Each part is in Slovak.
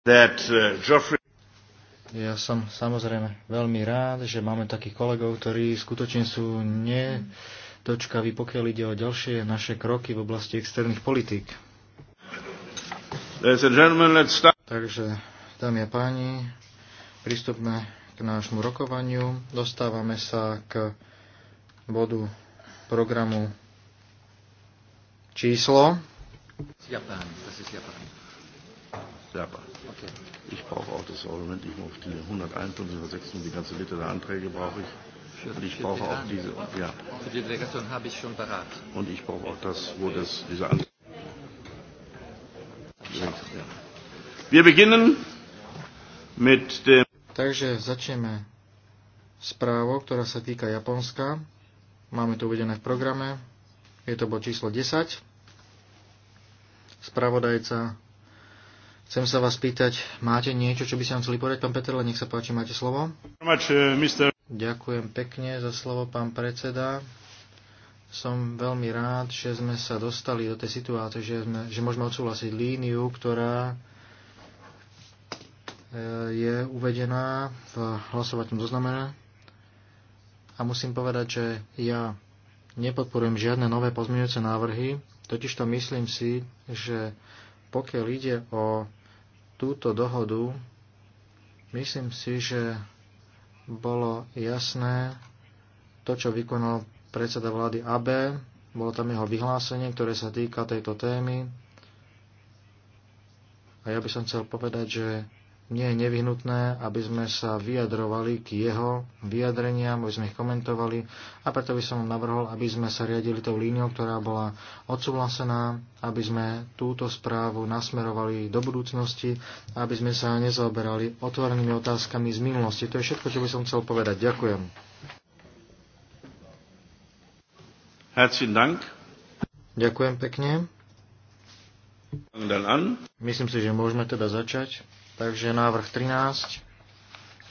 Uh, ja som samozrejme veľmi rád, že máme takých kolegov, ktorí skutočne sú netočkaví, pokiaľ ide o ďalšie naše kroky v oblasti externých politík. Takže, dámy a páni, pristupme k nášmu rokovaniu. Dostávame sa k bodu programu číslo. Japan, to je Japan selber. Okay. Ich brauche auch das Ordnung, ich brauche die 151, 106 und die ganze Liter der Anträge brauche ich. Für, und ich brauche auch diese, ja. Für die Delegation habe ich schon parat. Und ich brauche auch das, wo das, diese Anträge. Ja. Wir beginnen mit dem. Takže začneme správou, ktorá sa týka Japonska. Máme to uvedené v programe. Je to bod číslo 10. Spravodajca Chcem sa vás pýtať, máte niečo, čo by ste nám chceli povedať, pán Petrle, nech sa páči, máte slovo. Ďakujem pekne za slovo, pán predseda. Som veľmi rád, že sme sa dostali do tej situácie, že, sme, že môžeme odsúhlasiť líniu, ktorá e, je uvedená v hlasovacom zozname. A musím povedať, že ja nepodporujem žiadne nové pozmeňujúce návrhy, totižto myslím si, že pokiaľ ide o túto dohodu, myslím si, že bolo jasné to, čo vykonal predseda vlády AB, bolo tam jeho vyhlásenie, ktoré sa týka tejto témy. A ja by som chcel povedať, že nie je nevyhnutné, aby sme sa vyjadrovali k jeho vyjadreniam, aby sme ich komentovali a preto by som navrhol, aby sme sa riadili tou líniou, ktorá bola odsúhlasená, aby sme túto správu nasmerovali do budúcnosti, a aby sme sa nezaoberali otvorenými otázkami z minulosti. To je všetko, čo by som chcel povedať. Ďakujem. Herzlichen Dank. Ďakujem pekne. Myslím si, že môžeme teda začať. Takže návrh 13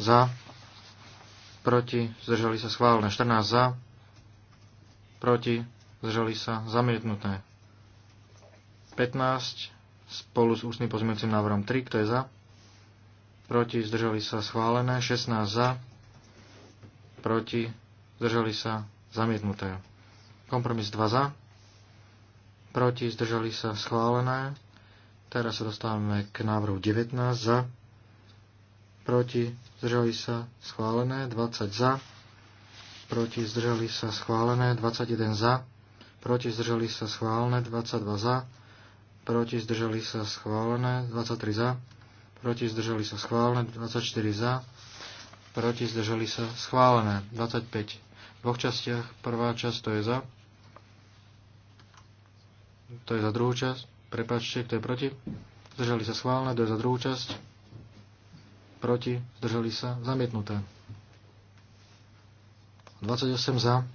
za, proti, zdržali sa schválené. 14 za, proti, zdržali sa zamietnuté. 15 spolu s ústnym pozmeňujúcim návrhom 3, kto je za, proti, zdržali sa schválené. 16 za, proti, zdržali sa zamietnuté. Kompromis 2 za, proti, zdržali sa schválené. Teraz sa dostávame k návrhu 19 za, proti, zdržali sa, schválené, 20 za, proti, zdržali sa, schválené, 21 za, proti, zdržali sa, schválené, 22 za, proti, zdržali sa, schválené, 23 za, proti, zdržali sa, schválené, 24 za, proti, zdržali sa, schválené, 25 v dvoch častiach. Prvá časť to je za. To je za druhú časť. Prepačte, kto je proti? Zdržali sa schválne, kto je za druhú časť? Proti, zdržali sa, zamietnuté. 28 za,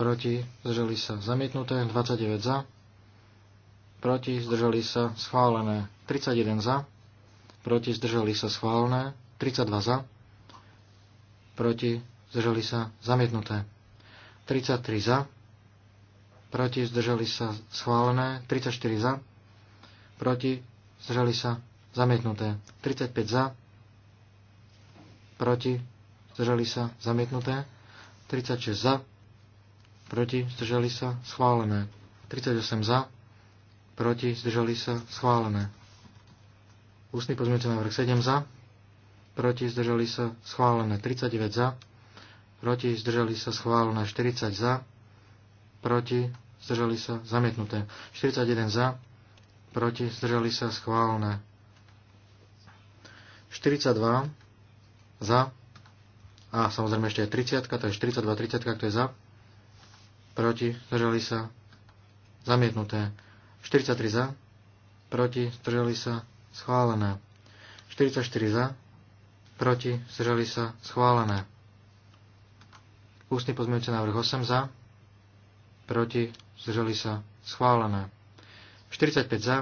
proti, zdržali sa, zamietnuté. 29 za, proti, zdržali sa, schválené. 31 za, proti, zdržali sa, schválené. 32 za, proti, zdržali sa, zamietnuté. 33 za, proti, zdržali sa schválené, 34 za, proti, zdržali sa zamietnuté, 35 za, proti, zdržali sa zamietnuté, 36 za, proti, zdržali sa schválené, 38 za, proti, zdržali sa schválené. Ústny pozmeňujúci návrh 7 za, proti, zdržali sa schválené, 39 za, proti, zdržali sa schválené, 40 za, proti, zdržali sa, zamietnuté. 41 za, proti, zdržali sa, schválené. 42 za, a samozrejme ešte je 30, to je 42, 30, to je za, proti, zdržali sa, zamietnuté. 43 za, proti, zdržali sa, schválené. 44 za, proti, zdržali sa, schválené. Ústny pozmeňujúci návrh 8 za, proti, zdržali sa, schválené. 45 za,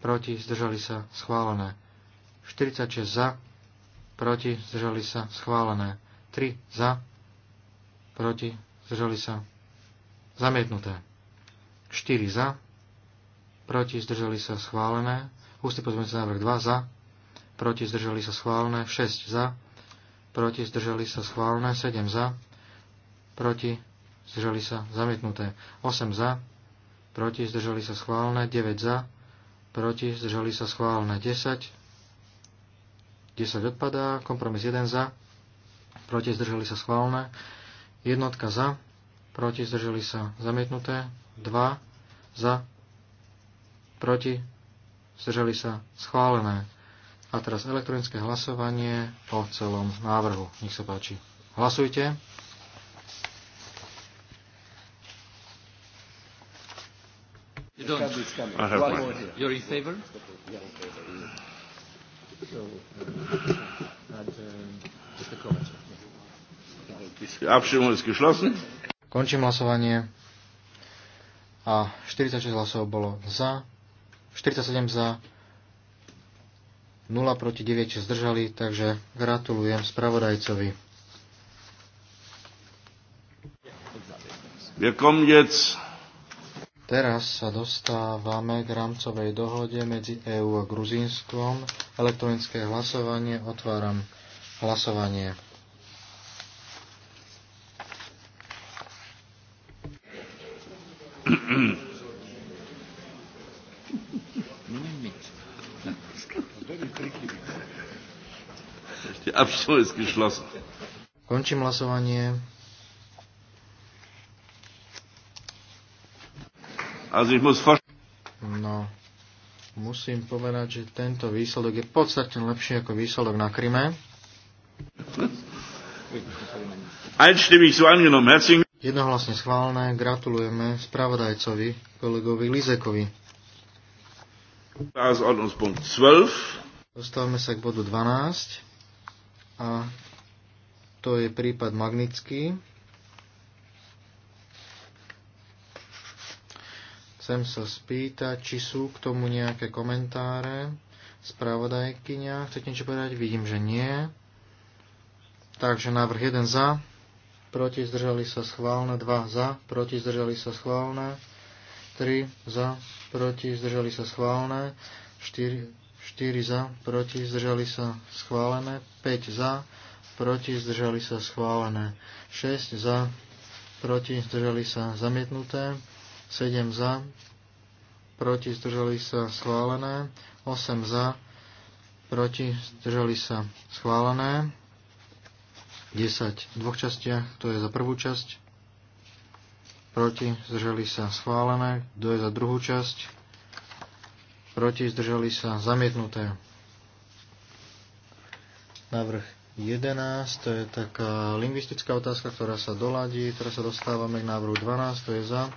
proti, zdržali sa, schválené. 46 za, proti, zdržali sa, schválené. 3 za, proti, zdržali sa, zamietnuté. 4 za, proti, zdržali sa, schválené. Ústny pozmeňujúci návrh 2 za, proti, zdržali sa, schválené. 6 za, proti, zdržali sa, schválené. 7 za, proti, zdržali sa, zamietnuté. 8 za, proti, zdržali sa, schválne. 9 za, proti, zdržali sa, schválne. 10, 10 odpadá, kompromis 1 za, proti, zdržali sa, schválne. Jednotka za, proti, zdržali sa, zamietnuté. 2 za, proti, zdržali sa, schválené. A teraz elektronické hlasovanie o celom návrhu. Nech sa páči. Hlasujte. You don't. I have one. one. You're in favor? Yeah, in favor. Končím hlasovanie. A 46 hlasov bolo za, 47 za, 0 proti 9 zdržali, takže gratulujem spravodajcovi. Wir kommen jetzt Teraz sa dostávame k rámcovej dohode medzi EÚ a Gruzínskom. Elektronické hlasovanie. Otváram hlasovanie. Končím hlasovanie. No, musím povedať, že tento výsledok je podstatne lepší ako výsledok na Kryme. Jednohlasne schválené, gratulujeme spravodajcovi, kolegovi Lizekovi. Dostávame sa k bodu 12 a to je prípad Magnický. Chcem sa spýtať, či sú k tomu nejaké komentáre. Spravodajkyňa, chcete niečo povedať? Vidím, že nie. Takže návrh 1 za, proti zdržali sa schválne, 2 za, proti zdržali sa schválne, 3 za, proti zdržali sa schválne, 4, 4 za, proti zdržali sa schválené, 5 za, proti zdržali sa schválené, 6 za, proti zdržali sa zamietnuté, 7 za, proti zdržali sa schválené, 8 za, proti zdržali sa schválené, 10 v dvoch častiach, to je za prvú časť, proti zdržali sa schválené, to je za druhú časť, proti zdržali sa zamietnuté. Návrh 11, to je taká lingvistická otázka, ktorá sa doladí, teraz sa dostávame k návrhu 12, to je za,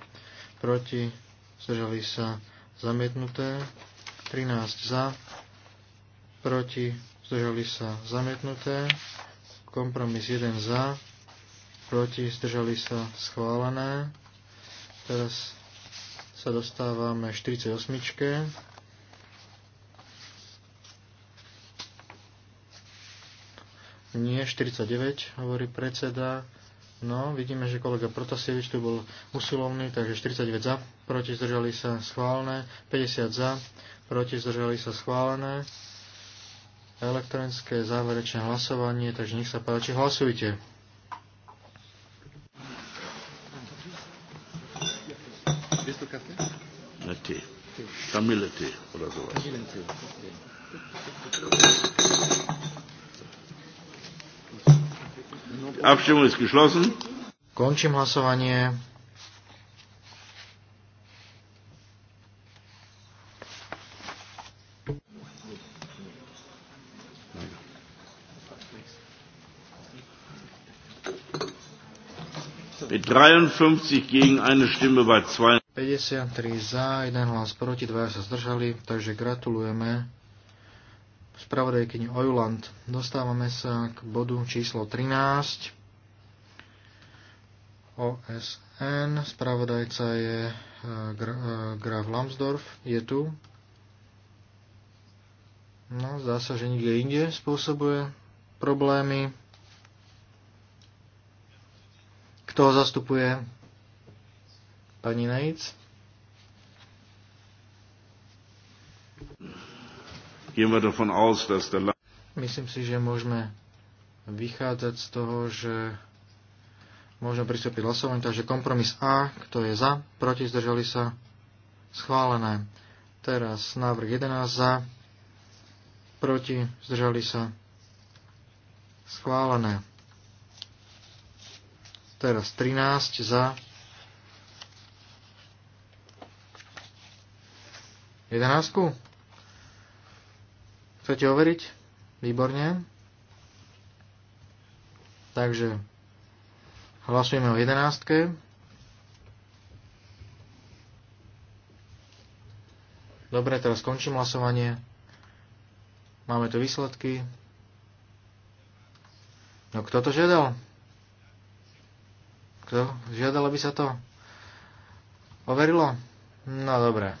proti, zdržali sa zamietnuté, 13 za, proti, zdržali sa zamietnuté, kompromis 1 za, proti, zdržali sa schválené. Teraz sa dostávame 48. Nie, 49, hovorí predseda. No, vidíme, že kolega Protasievič tu bol usilovný, takže 49 za, proti zdržali sa schválené, 50 za, proti zdržali sa schválené. Elektronické záverečné hlasovanie, takže nech sa páči, hlasujte. Ty. Tamilety. Tamilety. Abstimmung ist geschlossen. Končím hlasovanie. Mit 53 gegen eine Stimme bei 2. 53 za, jeden hlas proti, dvaja sa zdržali, takže gratulujeme spravodajkyni Ojuland. Dostávame sa k bodu číslo 13. OSN. Spravodajca je e, e, Graf Lambsdorff. Je tu. No, zdá sa, že nikde inde spôsobuje problémy. Kto ho zastupuje? Pani Nejc. Myslím si, že môžeme vychádzať z toho, že môžeme pristúpiť hlasovanie. Takže kompromis A, kto je za, proti, zdržali sa, schválené. Teraz návrh 11 za, proti, zdržali sa, schválené. Teraz 13 za, 11? Chcete overiť? Výborne. Takže hlasujeme o jedenástke. Dobre, teraz skončím hlasovanie. Máme tu výsledky. No kto to žiadal? Kto? Žiadalo by sa to? Overilo? No dobre.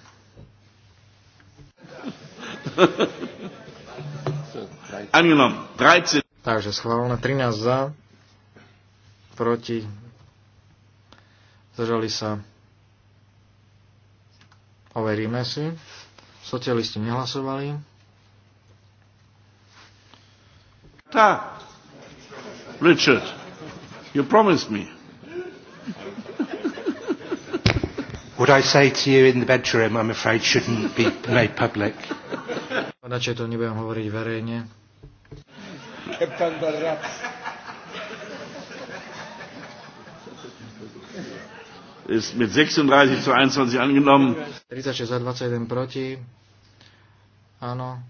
Angenommen. 13. Takže schválené 13 za, proti, zdržali sa. Overíme si. Socialisti nehlasovali. Tá. Richard, you promised me. What I say to you in the bedroom, I'm afraid, shouldn't be made public. Radšej to nebudem hovoriť verejne. Kapitán Barrat. Ist mit 36 zu 21 angenommen. 36 za 21 proti. Áno.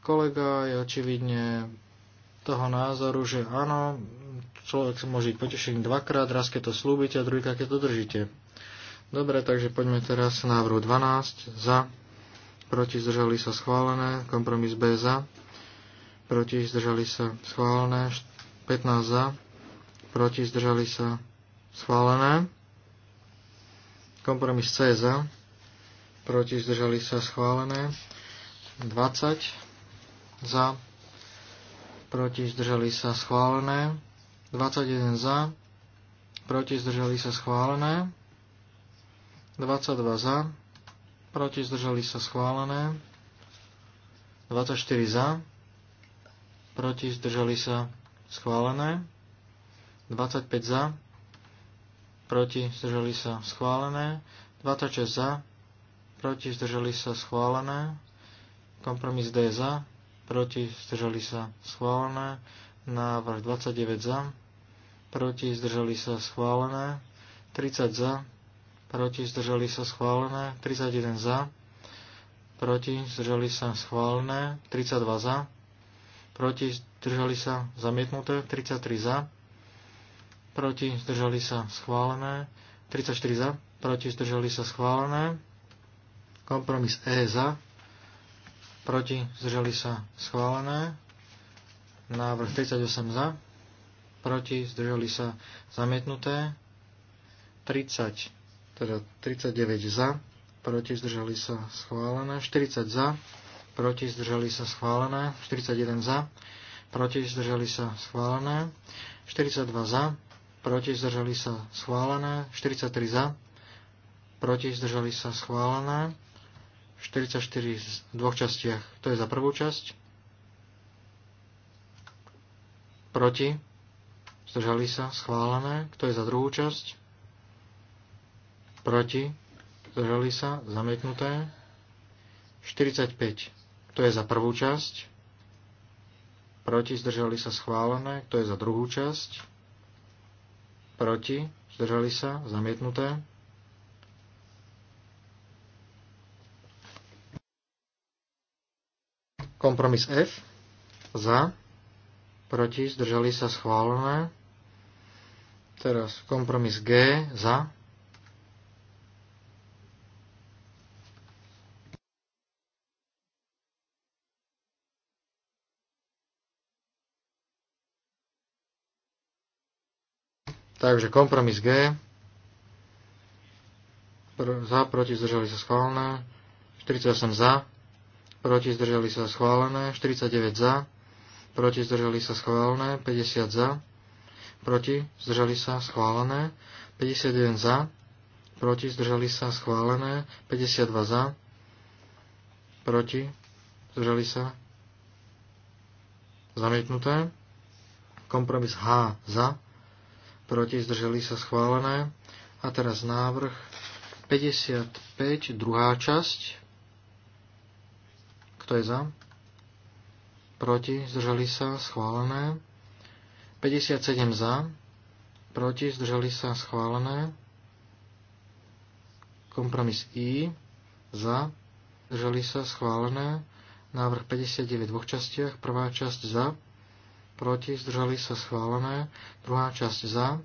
Kolega je očividne toho názoru, že áno, človek sa môže byť potešený dvakrát, raz keď to slúbite a druhýkrát keď to držíte. Dobre, takže poďme teraz na návrhu 12 za proti zdržali sa schválené, kompromis B za, proti zdržali sa schválené, 15 za, proti zdržali sa schválené, kompromis C za, proti zdržali sa schválené, 20 za, proti zdržali sa schválené, 21 za, proti zdržali sa schválené, 22 za, proti zdržali sa schválené, 24 za, proti zdržali sa schválené, 25 za, proti zdržali sa schválené, 26 za, proti zdržali sa schválené, kompromis D za, proti zdržali sa schválené, návrh 29 za, proti zdržali sa schválené, 30 za, proti, zdržali sa schválené, 31 za, proti, zdržali sa schválené, 32 za, proti, zdržali sa zamietnuté, 33 za, proti, zdržali sa schválené, 34 za, proti, zdržali sa schválené, kompromis E za, proti, zdržali sa schválené, návrh 38 za, proti, zdržali sa zamietnuté, 30 teda 39 za, proti zdržali sa schválené, 40 za, proti zdržali sa schválené, 41 za, proti zdržali sa schválené, 42 za, proti zdržali sa schválené, 43 za, proti zdržali sa schválené, 44 v dvoch častiach, to je za prvú časť, proti, zdržali sa schválené, kto je za druhú časť, proti, zdržali sa, zamietnuté. 45, to je za prvú časť, proti, zdržali sa, schválené, to je za druhú časť, proti, zdržali sa, zamietnuté. Kompromis F, za, proti, zdržali sa, schválené. Teraz kompromis G, za, Takže kompromis G. Pr- za, proti, zdržali sa schválené. 48 za. Proti, zdržali sa schválené. 49 za. Proti, zdržali sa schválené. 50 za. Proti, zdržali sa schválené. 51 za. Proti, zdržali sa schválené. 52 za. Proti, zdržali sa zamietnuté. Kompromis H za proti, zdrželi sa schválené. A teraz návrh 55, druhá časť. Kto je za? Proti, zdrželi sa schválené. 57 za, proti, zdrželi sa schválené. Kompromis I, za, zdrželi sa schválené. Návrh 59 v dvoch častiach, prvá časť za, proti, zdržali sa schválené. Druhá časť za,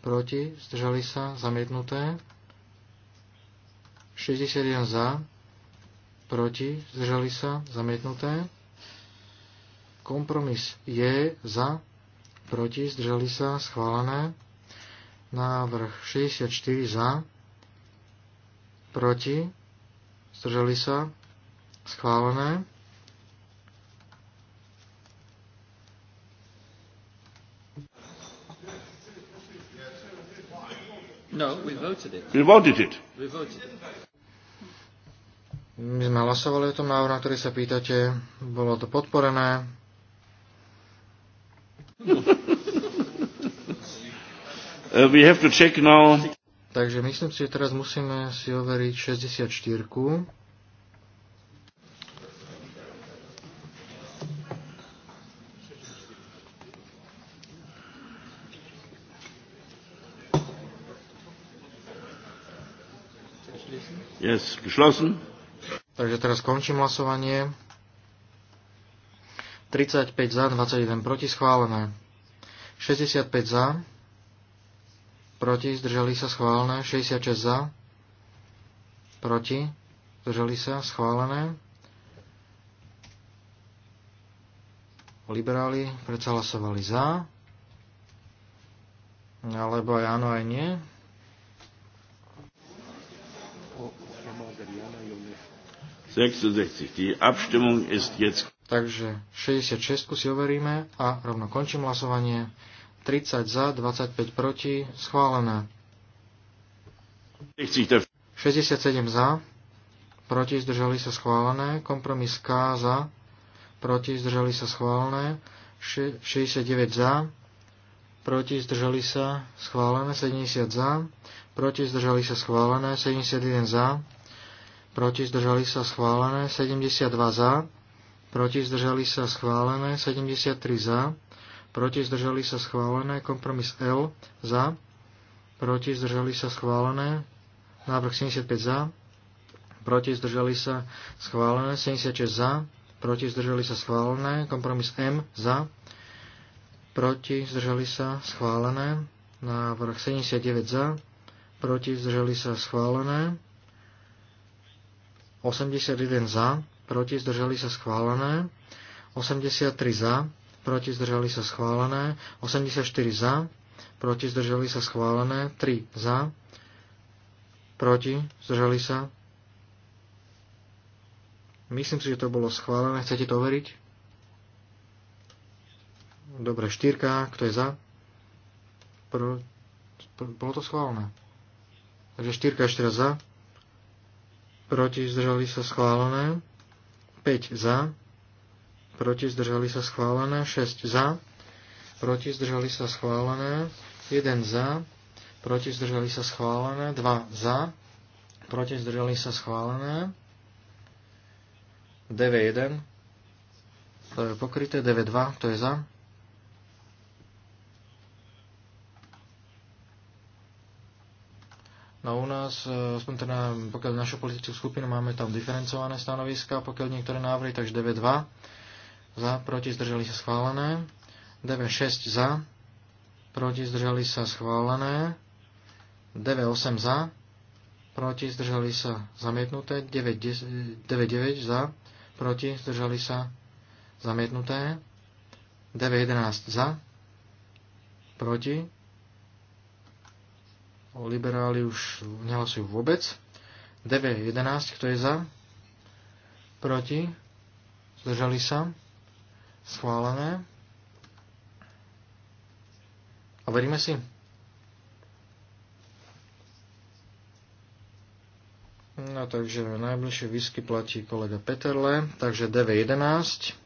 proti, zdržali sa zamietnuté. 61 za, proti, zdržali sa zamietnuté. Kompromis je za, proti, zdržali sa schválené. Návrh 64 za, proti, zdržali sa schválené. No, we voted it. We voted it. We voted it. My sme hlasovali o tom návrhu, na ktorý sa pýtate. Bolo to podporené. uh, we have to check now. Takže myslím si, že teraz musíme si overiť 64. -ku. Takže teraz končím hlasovanie. 35 za, 21 proti, schválené. 65 za, proti, zdržali sa, schválené. 66 za, proti, zdržali sa, schválené. Liberáli predsa hlasovali za, alebo aj áno, aj nie. 66. Die Abstimmung ist jetzt. Takže 66 si overíme a rovno končím hlasovanie. 30 za, 25 proti, schválené. 67 za, proti zdržali sa schválené, kompromis K za, proti zdržali sa schválené, 69 za, proti zdržali sa schválené, 70 za, proti zdržali sa schválené, 71 za, proti zdržali sa schválené, 72 za, proti zdržali sa schválené, 73 za, proti zdržali sa schválené, kompromis L za, proti zdržali sa schválené, návrh 75 za, proti zdržali sa schválené, 76 za, proti zdržali sa schválené, kompromis M za, proti zdržali sa schválené, návrh 79 za, proti zdržali sa schválené, 81 za, proti zdržali sa schválené, 83 za, proti zdržali sa schválené, 84 za, proti zdržali sa schválené, 3 za, proti zdržali sa. Myslím si, že to bolo schválené. Chcete to overiť? Dobre, štyrka, kto je za? Pro... Bolo to schválené. Takže štyrka ešte raz za proti zdržali sa schválené, 5 za, proti zdržali sa schválené, 6 za, proti zdržali sa schválené, 1 za, proti zdržali sa schválené, 2 za, proti zdržali sa schválené, DV1, to je pokryté, DV2, to je za, No u nás, e, aspoň teda, pokiaľ našu politickú skupinu, máme tam diferencované stanoviska, pokiaľ niektoré návrhy, takže 9 2 za, proti, zdržali sa schválené. 9 6 za, proti, zdržali sa schválené. 9 8 za, proti, zdržali sa zamietnuté. 9, 9, za, proti, zdržali sa zamietnuté. 9 11 za, proti, liberáli už nehlasujú vôbec. DV11, kto je za? Proti? Zdržali sa? Schválené. A veríme si? No takže najbližšie výsky platí kolega Peterle, takže DV11.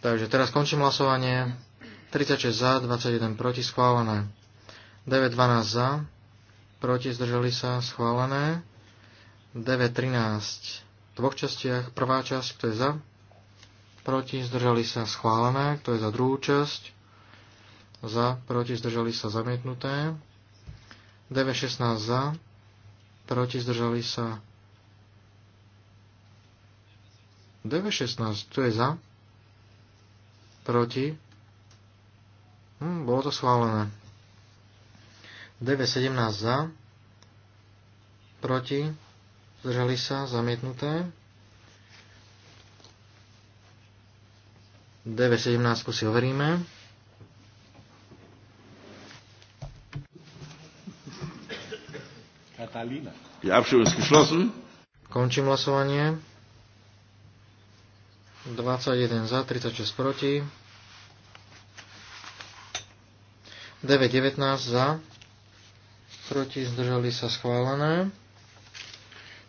Takže teraz končím hlasovanie. 36 za, 21 proti, schválené. 9, 12 za, proti, zdržali sa, schválené. 9, 13 v dvoch častiach, prvá časť, kto je za, proti, zdržali sa, schválené, kto je za druhú časť, za, proti, zdržali sa, zamietnuté. 9, 16 za, proti, zdržali sa, 9, 16, kto je za, proti, Hm, bolo to schválené. DV17 za, proti, zdržali sa, zamietnuté. DV17 si overíme. Katalína. Končím hlasovanie. 21 za, 36 proti. 9.19 za, proti zdržali sa schválené.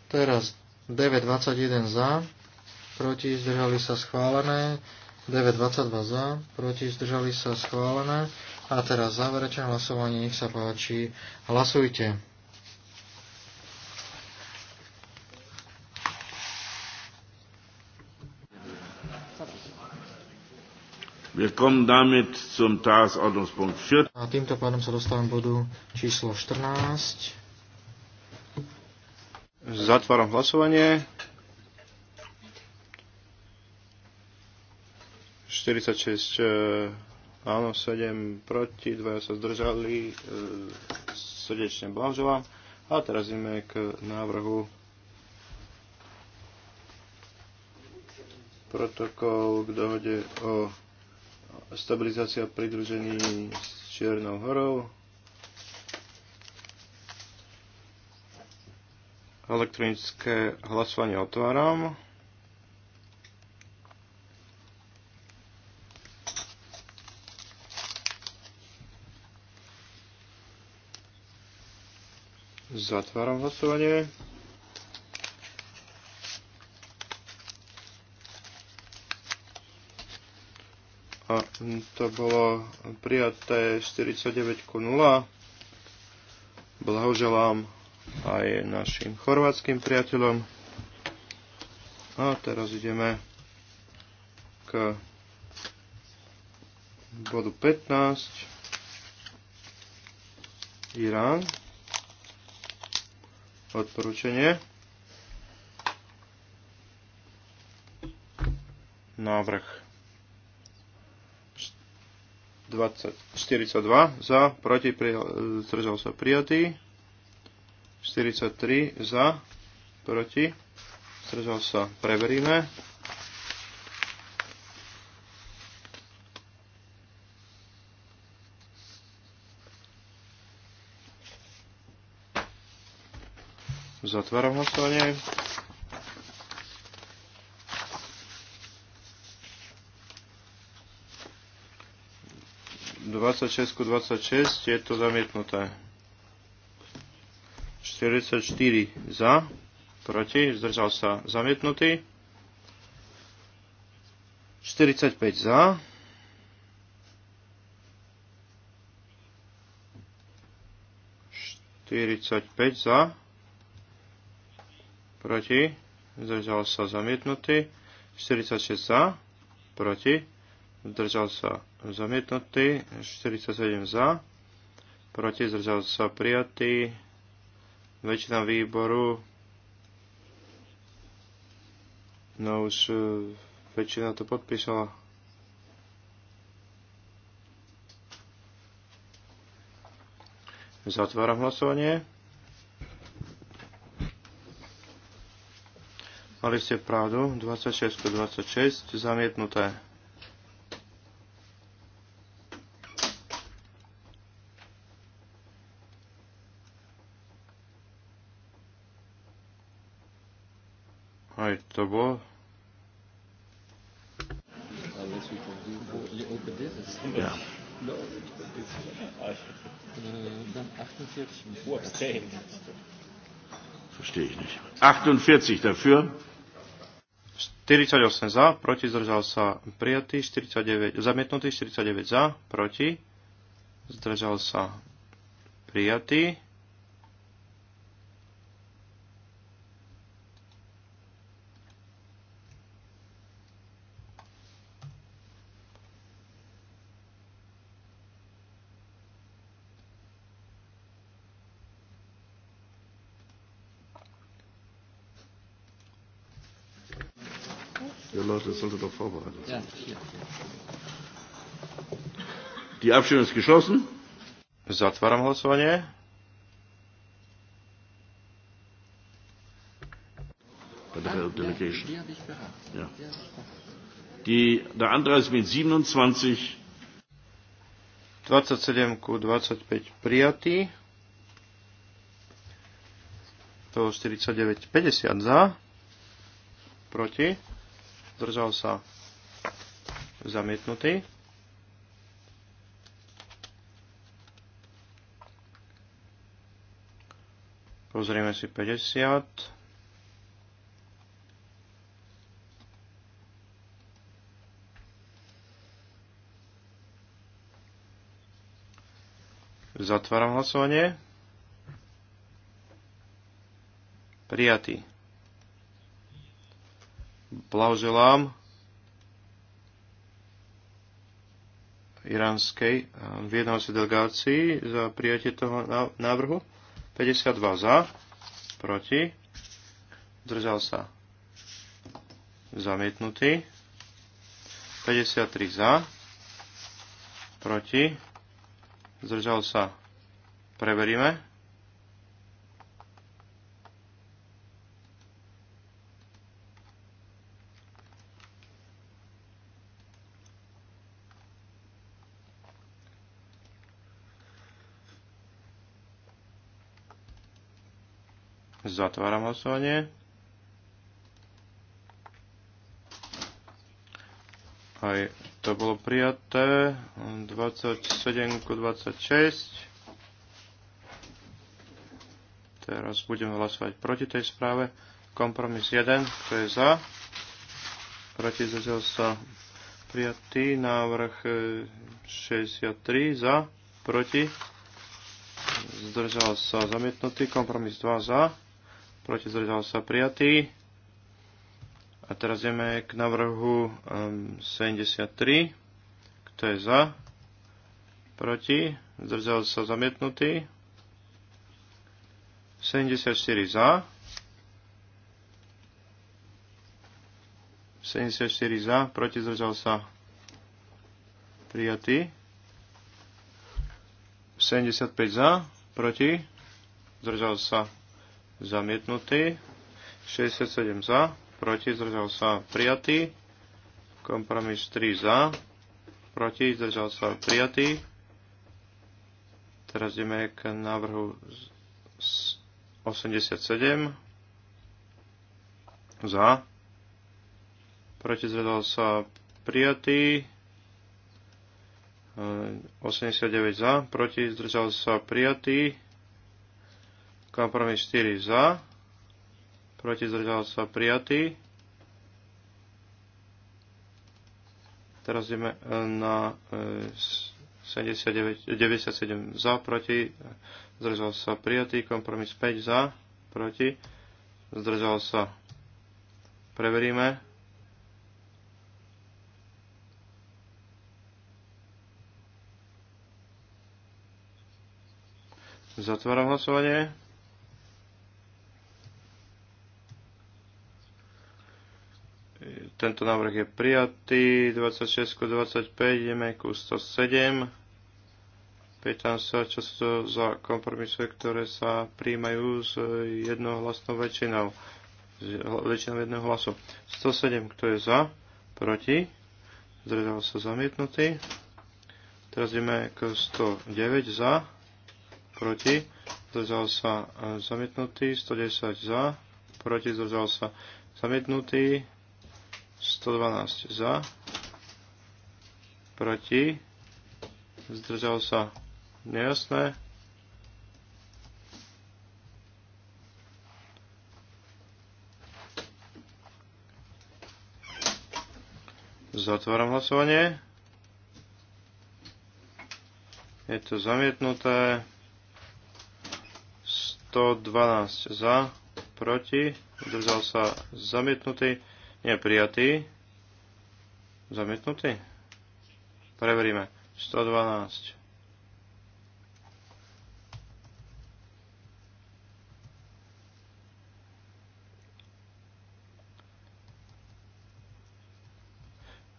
Teraz 9.21 za, proti zdržali sa schválené. 9.22 za, proti zdržali sa schválené. A teraz záverečné hlasovanie, nech sa páči, hlasujte. A týmto pádom sa dostávam bodu číslo 14. Zatváram hlasovanie. 46 e, áno, 7 proti, 2 sa zdržali. E, srdečne blahoželám. A teraz ideme k návrhu protokol k dohode o stabilizácia pridružení s Čiernou horou, elektronické hlasovanie otváram. Zatváram hlasovanie. a to bolo prijaté 49 ku 0. Blahoželám aj našim chorvátskym priateľom. A teraz ideme k bodu 15. Irán. Odporúčanie. Návrh 42 za, proti, e, zdržal sa prijatý. 43 za, proti, zdržal sa, preveríme. Zatváram hlasovanie. 26 ku 26 je to zamietnuté. 44 za, proti, zdržal sa zamietnutý. 45 za. 45 za. Proti. Zdržal sa zamietnutý. 46 za. Proti zdržal sa zamietnutý, 47 za, proti zdržal sa prijatý, väčšina výboru, no už e, väčšina to podpísala. Zatváram hlasovanie. Mali ste pravdu, 26 26, zamietnuté. to bol? Ja. No, Verstehe ich nicht. 48 dafür. 48 za, proti zdržal sa prijatý, 49, zamietnutý, 49 za, proti, zdržal sa prijatý. vorbereitet sind. Die Abstimmung ist geschlossen. Zatváram hlasovanie. Ja. Die, der Antrag ist mit 27 27 ku 25 prijatý. To 49 50 za. Proti. Zdržal sa zamietnutý. Pozrieme si 50. Zatváram hlasovanie. Prijatý. Blahoželám iránskej eh, vyjednávacej delegácii za prijatie toho návrhu. 52 za, proti, zdržal sa zamietnutý. 53 za, proti, zdržal sa, preveríme. Zatváram hlasovanie. Aj to bolo prijaté. 27 ku 26. Teraz budeme hlasovať proti tej správe. Kompromis 1, kto je za. Proti zdržal sa prijatý návrh 63 e, za. Proti zdržal sa zamietnutý. Kompromis 2 za proti zdržal sa prijatý. A teraz ideme k navrhu 73, um, kto je za, proti, zdržal sa zamietnutý. 74 za, 74 za, proti zdržal sa prijatý. 75 za, proti, zdržal sa zamietnutý, 67 za, proti zdržal sa prijatý, kompromis 3 za, proti zdržal sa prijatý. Teraz ideme k návrhu 87 za, proti zdržal sa prijatý, 89 za, proti zdržal sa prijatý, Kompromis 4 za. Proti zdržal sa prijatý. Teraz ideme e, na 97 e, za, proti, zdržal sa prijatý, kompromis 5 za, proti, zdržal sa. Preveríme. Zatváram hlasovanie. Tento návrh je prijatý. 26 ku 25 ideme ku 107. Pýtam sa, čo sú to za kompromisy, ktoré sa príjmajú s jednohlasnou väčšinou. Väčšinou jedného hlasu. 107, kto je za? Proti? Zdržal sa zamietnutý. Teraz ideme k 109 e, za, proti, zdržal sa zamietnutý, 110 za, proti, zdržal sa zamietnutý, 112 za, proti, zdržal sa nejasné. Zatváram hlasovanie. Je to zamietnuté. 112 za, proti, zdržal sa zamietnutý. Nie prijatý. Zamietnutý. Preveríme. 112.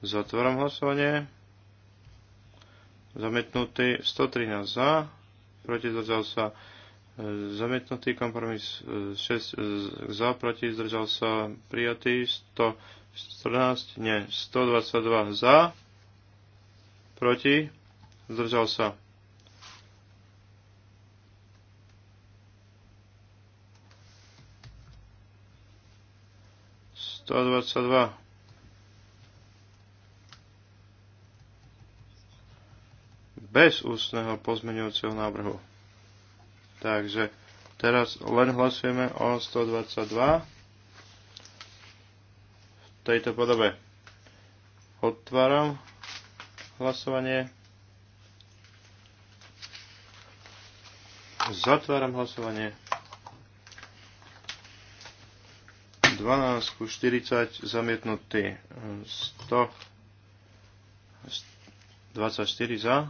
Zatváram hlasovanie. Zamietnutý 113 za, proti zdržal sa E, zamietnutý kompromis 6 e, e, za, proti, zdržal sa prijatý 114, nie, 122 za, proti, zdržal sa. Bez ústneho pozmeňujúceho návrhu. Takže teraz len hlasujeme o 122 v tejto podobe. Otváram hlasovanie. Zatváram hlasovanie. 12 ku 40 zamietnutý. 100 24 za,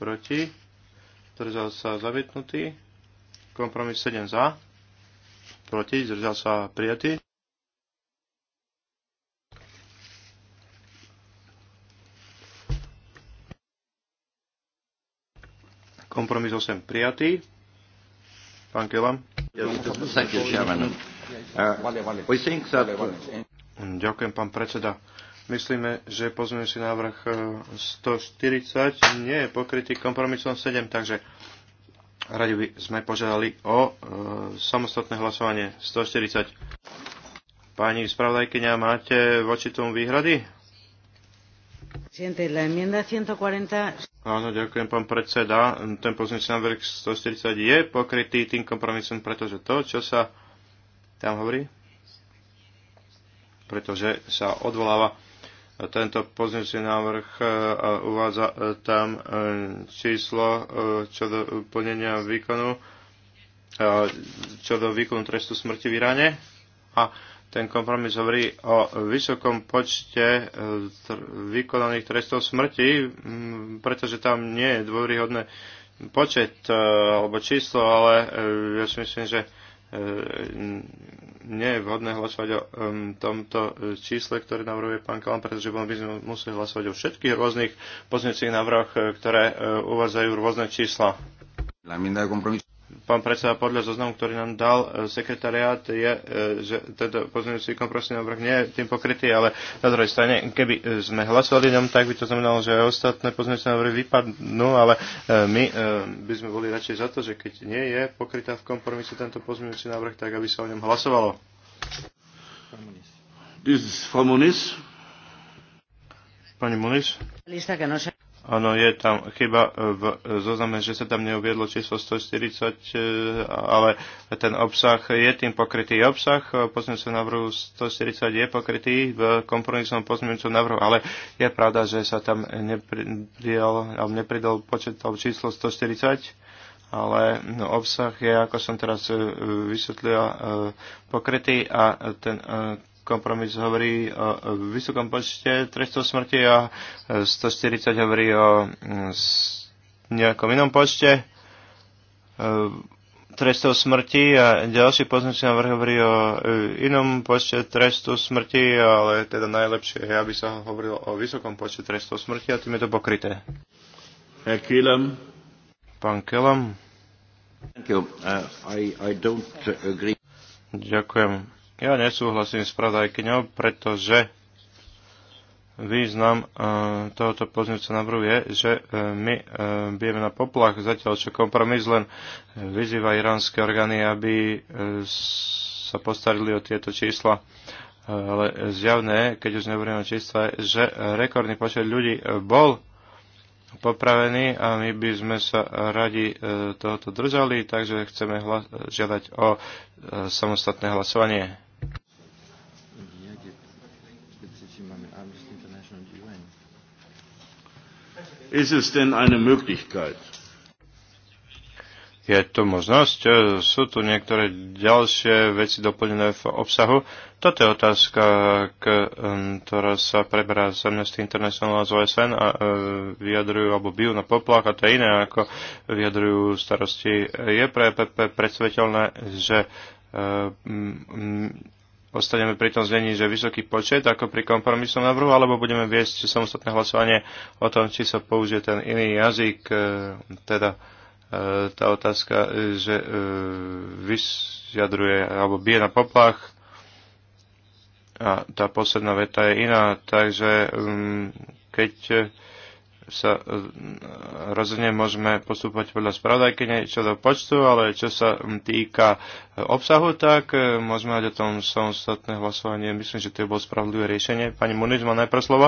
proti, zdržal sa zamietnutý. Kompromis 7 za. Proti. Zdržal sa prijatý. Kompromis 8 prijatý. Pán Kelam. Uh, Ďakujem, pán predseda. Myslíme, že pozmeňujúci návrh 140 uh, nie je pokrytý kompromisom 7, takže Radi by sme požiadali o e, samostatné hlasovanie 140. Pani spravodajkyňa, máte voči tomu výhrady? Áno, ďakujem, pán predseda. Ten pozmeňujúci návrh 140 je pokrytý tým kompromisom, pretože to, čo sa tam hovorí, pretože sa odvoláva tento pozmeňujúci návrh e, uvádza e, tam e, číslo čo do plnenia výkonu, čo do výkonu trestu smrti v Iráne. A ten kompromis hovorí o vysokom počte vykonaných trestov smrti, pretože tam nie je dôveryhodné počet alebo číslo, ale ja si myslím, že nie je vhodné hlasovať o um, tomto e, čísle, ktoré navrhuje pán Kalan, pretože by sme museli hlasovať o všetkých rôznych pozmeňujúcich návrhoch, e, ktoré uh, uvádzajú rôzne čísla pán predseda, podľa zoznamu, ktorý nám dal e, sekretariát, je, e, že tento pozmeňujúci kompromisný návrh nie je tým pokrytý, ale na druhej strane, keby e, sme hlasovali ňom, tak by to znamenalo, že aj ostatné pozmeňujúce návrhy vypadnú, ale my by sme boli radšej za to, že keď nie je pokrytá v kompromise tento pozmeňujúci návrh, tak aby sa o ňom hlasovalo. Pani Muniz. Áno, je tam chyba e, v zozname, že sa tam neuviedlo číslo 140, e, ale ten obsah je tým pokrytý. Obsah e, pozmeňujúceho návrhu 140 je pokrytý v kompromisnom pozmeňujúcom návrhu, ale je pravda, že sa tam nepridal, nepridal počet alebo číslo 140, ale no, obsah je, ako som teraz vysvetlil, pokrytý a ten kompromis hovorí o vysokom počte trestov smrti a 140 hovorí o mm, nejakom inom počte e, trestov smrti a ďalší poznačný návrh hovorí o e, inom počte trestu smrti, ale teda najlepšie je, aby sa hovorilo o vysokom počte trestov smrti a tým je to pokryté. Herr Pán Kelam. Uh, Ďakujem ja nesúhlasím s pravdajkyňou, pretože význam e, tohoto pozňujúca návrhu je, že e, my e, bijeme na poplach, zatiaľ čo kompromis len vyzýva iránske orgány, aby sa postarili o tieto čísla. Ale zjavné, keď už nehovoríme o čísla, je, že rekordný počet ľudí bol popravený a my by sme sa radi tohoto držali, takže chceme žiadať o samostatné hlasovanie. ist es denn eine Möglichkeit? je to možnosť. E, sú tu niektoré ďalšie veci doplnené v obsahu. Toto je otázka, ktorá sa preberá z Amnesty International z OSN a e, vyjadrujú alebo bijú na poplach a to je iné, ako vyjadrujú starosti. Je pre EPP predsvetelné, že e, ostaneme pri tom znení, že vysoký počet ako pri kompromisnom návrhu, alebo budeme viesť samostatné hlasovanie o tom, či sa použije ten iný jazyk, e, teda e, tá otázka, e, že vyjadruje alebo bije na poplach a tá posledná veta je iná, takže mm, keď sa e, rozhodne môžeme postúpať podľa spravodajkyne čo do počtu, ale čo sa týka e, obsahu, tak e, môžeme mať o tom samostatné hlasovanie. Myslím, že to je bolo spravodlivé riešenie. Pani Muniz má najprv slovo.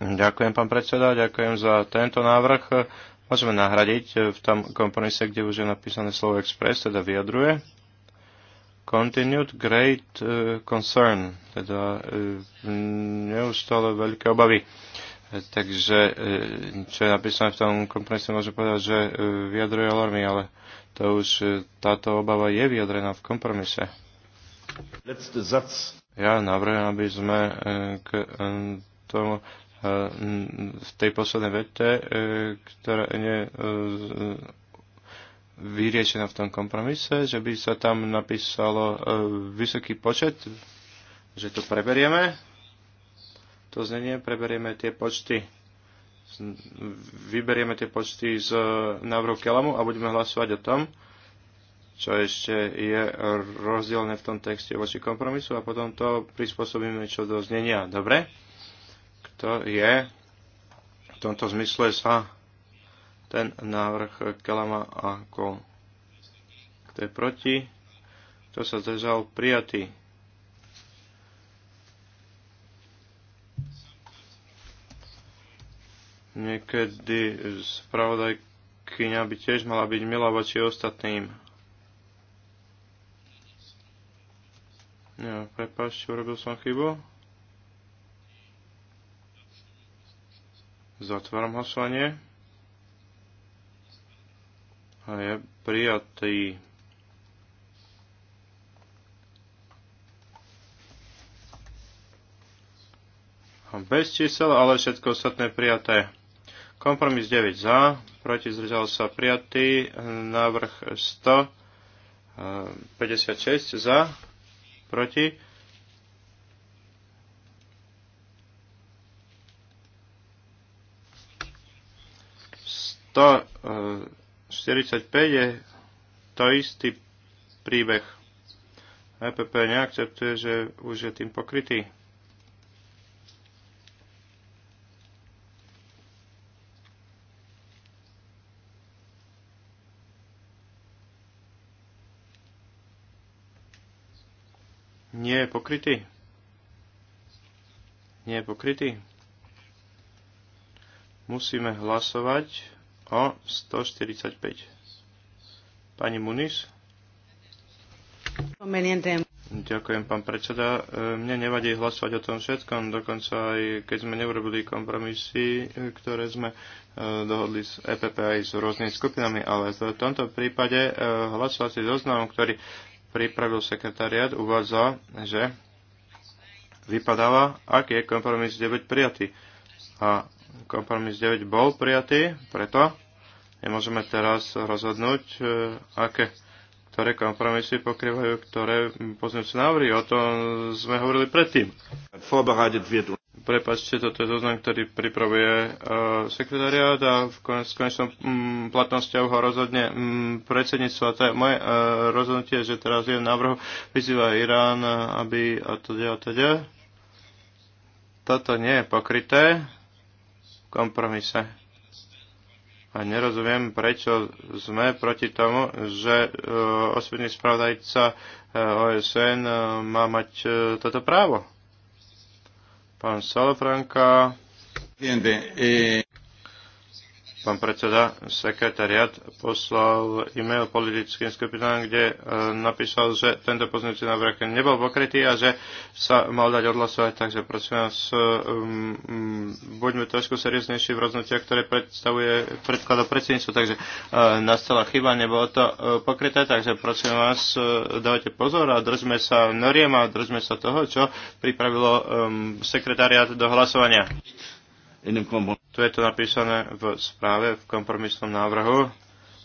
Ďakujem, pán predseda, ďakujem za tento návrh. Môžeme nahradiť v tom kompromise, kde už je napísané slovo express, teda vyjadruje. Continued great concern, teda neustále veľké obavy Takže e, čo je napísané v tom kompromise, môže povedať, že e, vyjadruje alarmy, ale to už e, táto obava je vyjadrená v kompromise. Ja navrhujem, aby sme k tomu v tej poslednej vete, ktorá je vyriešená v tom kompromise, že by sa tam napísalo vysoký počet, že to preberieme to znenie, preberieme tie počty vyberieme tie počty z návrhu Kelamu a budeme hlasovať o tom, čo ešte je rozdielne v tom texte voči kompromisu a potom to prispôsobíme čo do znenia. Dobre? Kto je v tomto zmysle sa ten návrh Kelama ako kto je proti? Kto sa zdržal? Prijatý. Niekedy spravodajkyňa by tiež mala byť milá voči ostatným. Ja, prepáčte, urobil som chybu. Zatváram hlasovanie. A je prijatý. bez čísel, ale všetko ostatné prijaté. Kompromis 9 za, proti zdržal sa prijatý. Návrh 156 eh, za, proti. To 45 eh, je to istý príbeh. EPP neakceptuje, že už je tým pokrytý. pokrytý? Nie je pokrytý? Musíme hlasovať o 145. Pani Muniz? Ďakujem, pán predseda. E, mne nevadí hlasovať o tom všetkom, dokonca aj keď sme neurobili kompromisy, e, ktoré sme e, dohodli s EPP aj s rôznymi skupinami, ale v tomto prípade hlasovací zoznam, ktorý pripravil sekretariat, uvádza, že vypadáva, ak je kompromis 9 prijatý. A kompromis 9 bol prijatý, preto nemôžeme teraz rozhodnúť, e, aké ktoré kompromisy pokrývajú ktoré pozmeňujúce návrhy. O tom sme hovorili predtým prepačte, toto je zoznam, ktorý pripravuje uh, sekretariát a v kon- konečnom um, mm, platnosti ho rozhodne um, predsedníctvo. A to je moje uh, rozhodnutie, že teraz je návrh, vyzýva Irán, e, aby a teda a teda. Toto nie je pokryté v kompromise. A nerozumiem, prečo sme proti tomu, že uh, osvedný spravodajca uh, OSN uh, má mať uh, toto právo. Pán Salafranka pán predseda, sekretariat poslal e-mail politickým skupinám, kde e, napísal, že tento poznúci návrh nebol pokrytý a že sa mal dať odhlasovať, takže prosím vás, e, m, buďme trošku serióznejší v rozhodnutiach, ktoré predstavuje, o predsedníctvo, takže e, nastala chyba, nebolo to e, pokryté, takže prosím vás, e, dávajte pozor a držme sa noriem a držme sa toho, čo pripravilo e, sekretariat do hlasovania. Tu je to napísané v správe, v kompromisnom návrhu.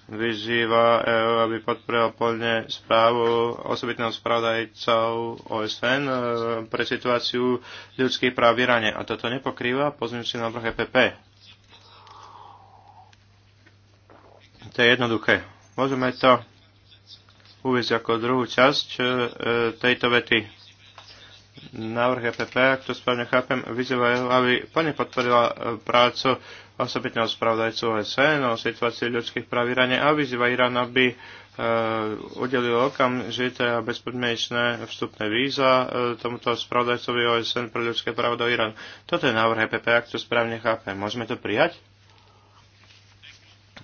Vyzýva EU, aby podporila plne správu osobitného spravodajcov OSN e, pre situáciu ľudských práv v Iráne. A toto nepokrýva pozmeňujúci návrh EPP. To je jednoduché. Môžeme to uvieť ako druhú časť e, e, tejto vety návrh EPP, ak to správne chápem, vyzývajú, aby plne podporila e, prácu osobitného spravodajcu OSN o situácii ľudských práv Iráne a vyzýva Irán, aby e, udelil okamžité a bezpodmienečné vstupné víza e, tomuto spravodajcovi OSN pre ľudské právo do Iránu. Toto je návrh EPP, ak to správne chápem. Môžeme to prijať?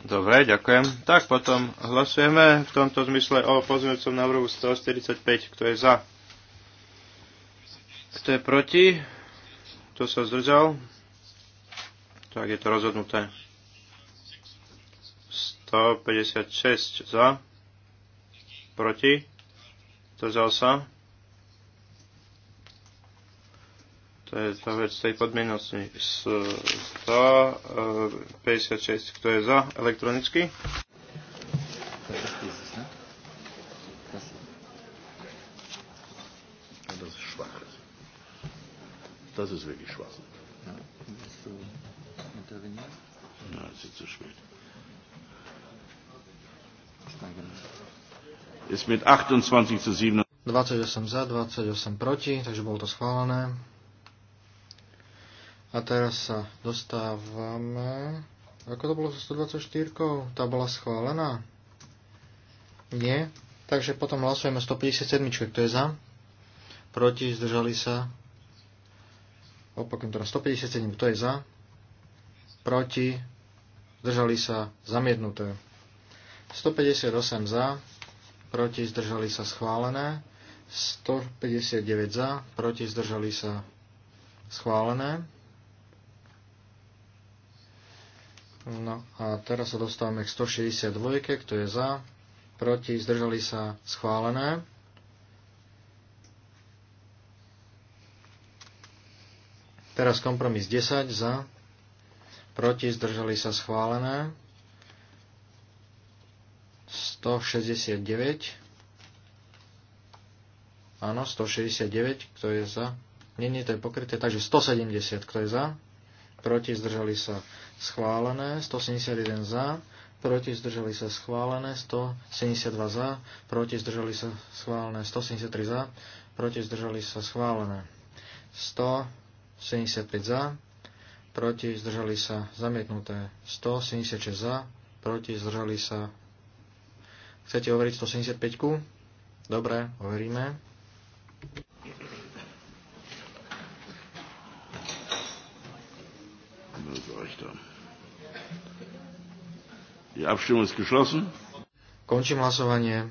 Dobre, ďakujem. Tak potom hlasujeme v tomto zmysle o pozmeňujúcom návrhu 145. Kto je za? Kto je proti? Kto sa zdržal? Tak je to rozhodnuté. 156 za. Proti. Zdržal sa. To je tá vec tej podmienosti. 156. E, Kto je za elektronicky? Das ist wirklich Schwachsinn. Ja. ist zu spät. Ist mit 28 zu 7. 28 za, 28 proti, takže bolo to schválené. A teraz sa dostávame... Ako to bolo so 124? Tá bola schválená? Nie. Takže potom hlasujeme 157, kto je za. Proti, zdržali sa, Opakujem teraz 157, kto je za, proti, zdržali sa, zamiednuté. 158 za, proti, zdržali sa, schválené. 159 za, proti, zdržali sa, schválené. No a teraz sa dostávame k 162, kto je za, proti, zdržali sa, schválené. Teraz kompromis 10 za, proti zdržali sa schválené. 169. Áno, 169, kto je za? Nie, nie, to je pokryté. Takže 170, kto je za? Proti zdržali sa schválené. 171 za, proti zdržali sa schválené. 172 za, proti zdržali sa schválené. 173 za, proti zdržali sa schválené. 100 75 za, proti zdržali sa zamietnuté 176 za, proti zdržali sa. Chcete overiť 175? -ku? Dobre, overíme. Končím hlasovanie.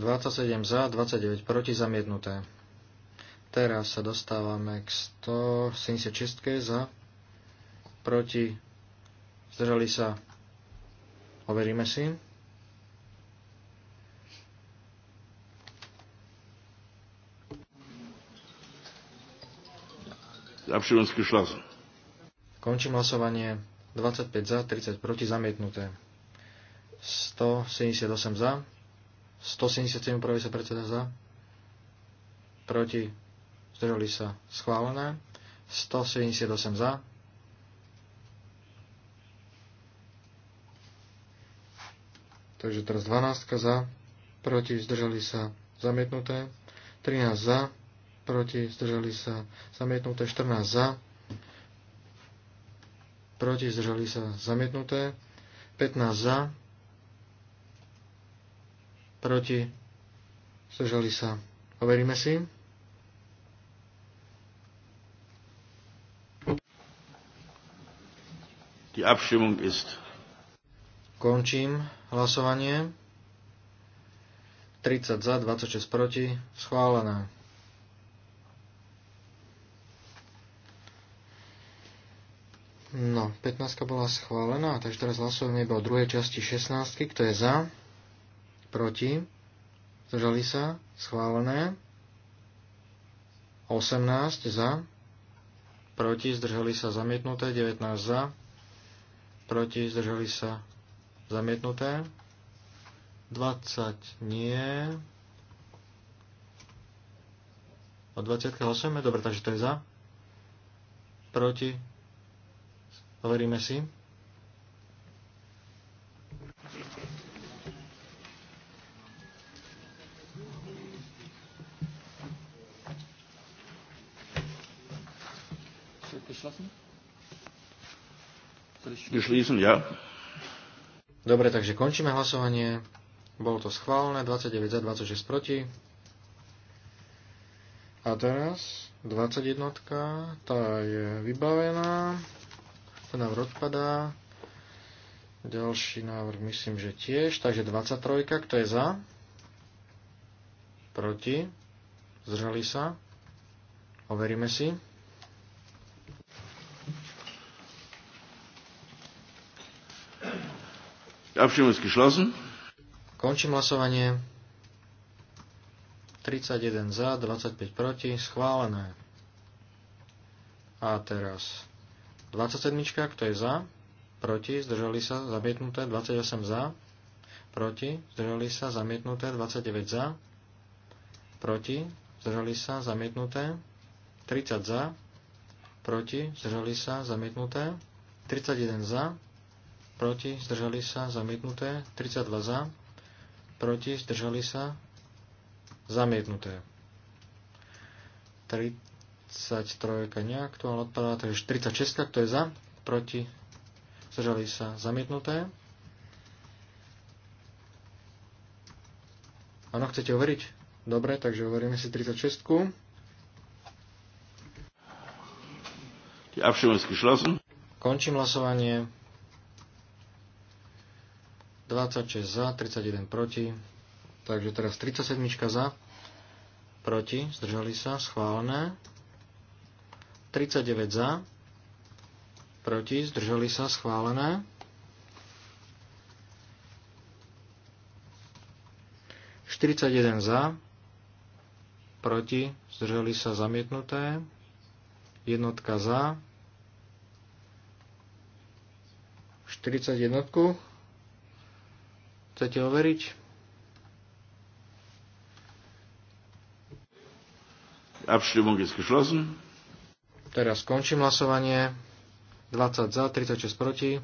27 za, 29 proti, zamietnuté. Teraz sa dostávame k 176 za, proti, zdržali sa, overíme si. Končím hlasovanie 25 za, 30 proti, zamietnuté. 178 za, 177 upravuje sa predseda za. Proti. Zdržali sa. Schválené. 178 za. Takže teraz 12 za. Proti. Zdržali sa. Zamietnuté. 13 za. Proti. Zdržali sa. Zamietnuté. 14 za. Proti. Zdržali sa. Zamietnuté. 15 za proti, zdržali sa. Overíme si. Die Abstimmung ist. Končím hlasovanie. 30 za, 26 proti. Schválené. No, 15 bola schválená, takže teraz hlasujeme iba o druhej časti 16, kto je za proti, zdržali sa, schválené. 18 za, proti, zdržali sa, zamietnuté. 19 za, proti, zdržali sa, zamietnuté. 20 nie. O 20 Dobre, takže to je za. Proti. Overíme si. geschlossen? ja. Dobre, takže končíme hlasovanie. Bolo to schválené, 29 za, 26 proti. A teraz 21, tá je vybavená. Ten návrh odpadá. Ďalší návrh myslím, že tiež. Takže 23, kto je za? Proti? Zdržali sa? Overíme si. Abstimmung ist geschlossen. Končím hlasovanie. 31 za, 25 proti, schválené. A teraz 27, kto je za, proti, zdržali sa, zamietnuté, 28 za, proti, zdržali sa, zamietnuté, 29 za, proti, zdržali sa, zamietnuté, 30 za, proti, zdržali sa, zamietnuté, 31 za, proti, zdržali sa, zamietnuté, 32 za, proti, zdržali sa, zamietnuté. 33 neaktuálne odpadá, takže 46, kto je za, proti, zdržali sa, zamietnuté. Áno, chcete overiť? Dobre, takže overíme si 36. Končím hlasovanie. 26 za, 31 proti. Takže teraz 37 za, proti, zdržali sa, schválené. 39 za, proti, zdržali sa, schválené. 41 za, proti, zdržali sa, zamietnuté. Jednotka za. 41. Chcete overiť? Abstimmung ist geschlossen. Teraz skončím hlasovanie. 20 za, 36 proti.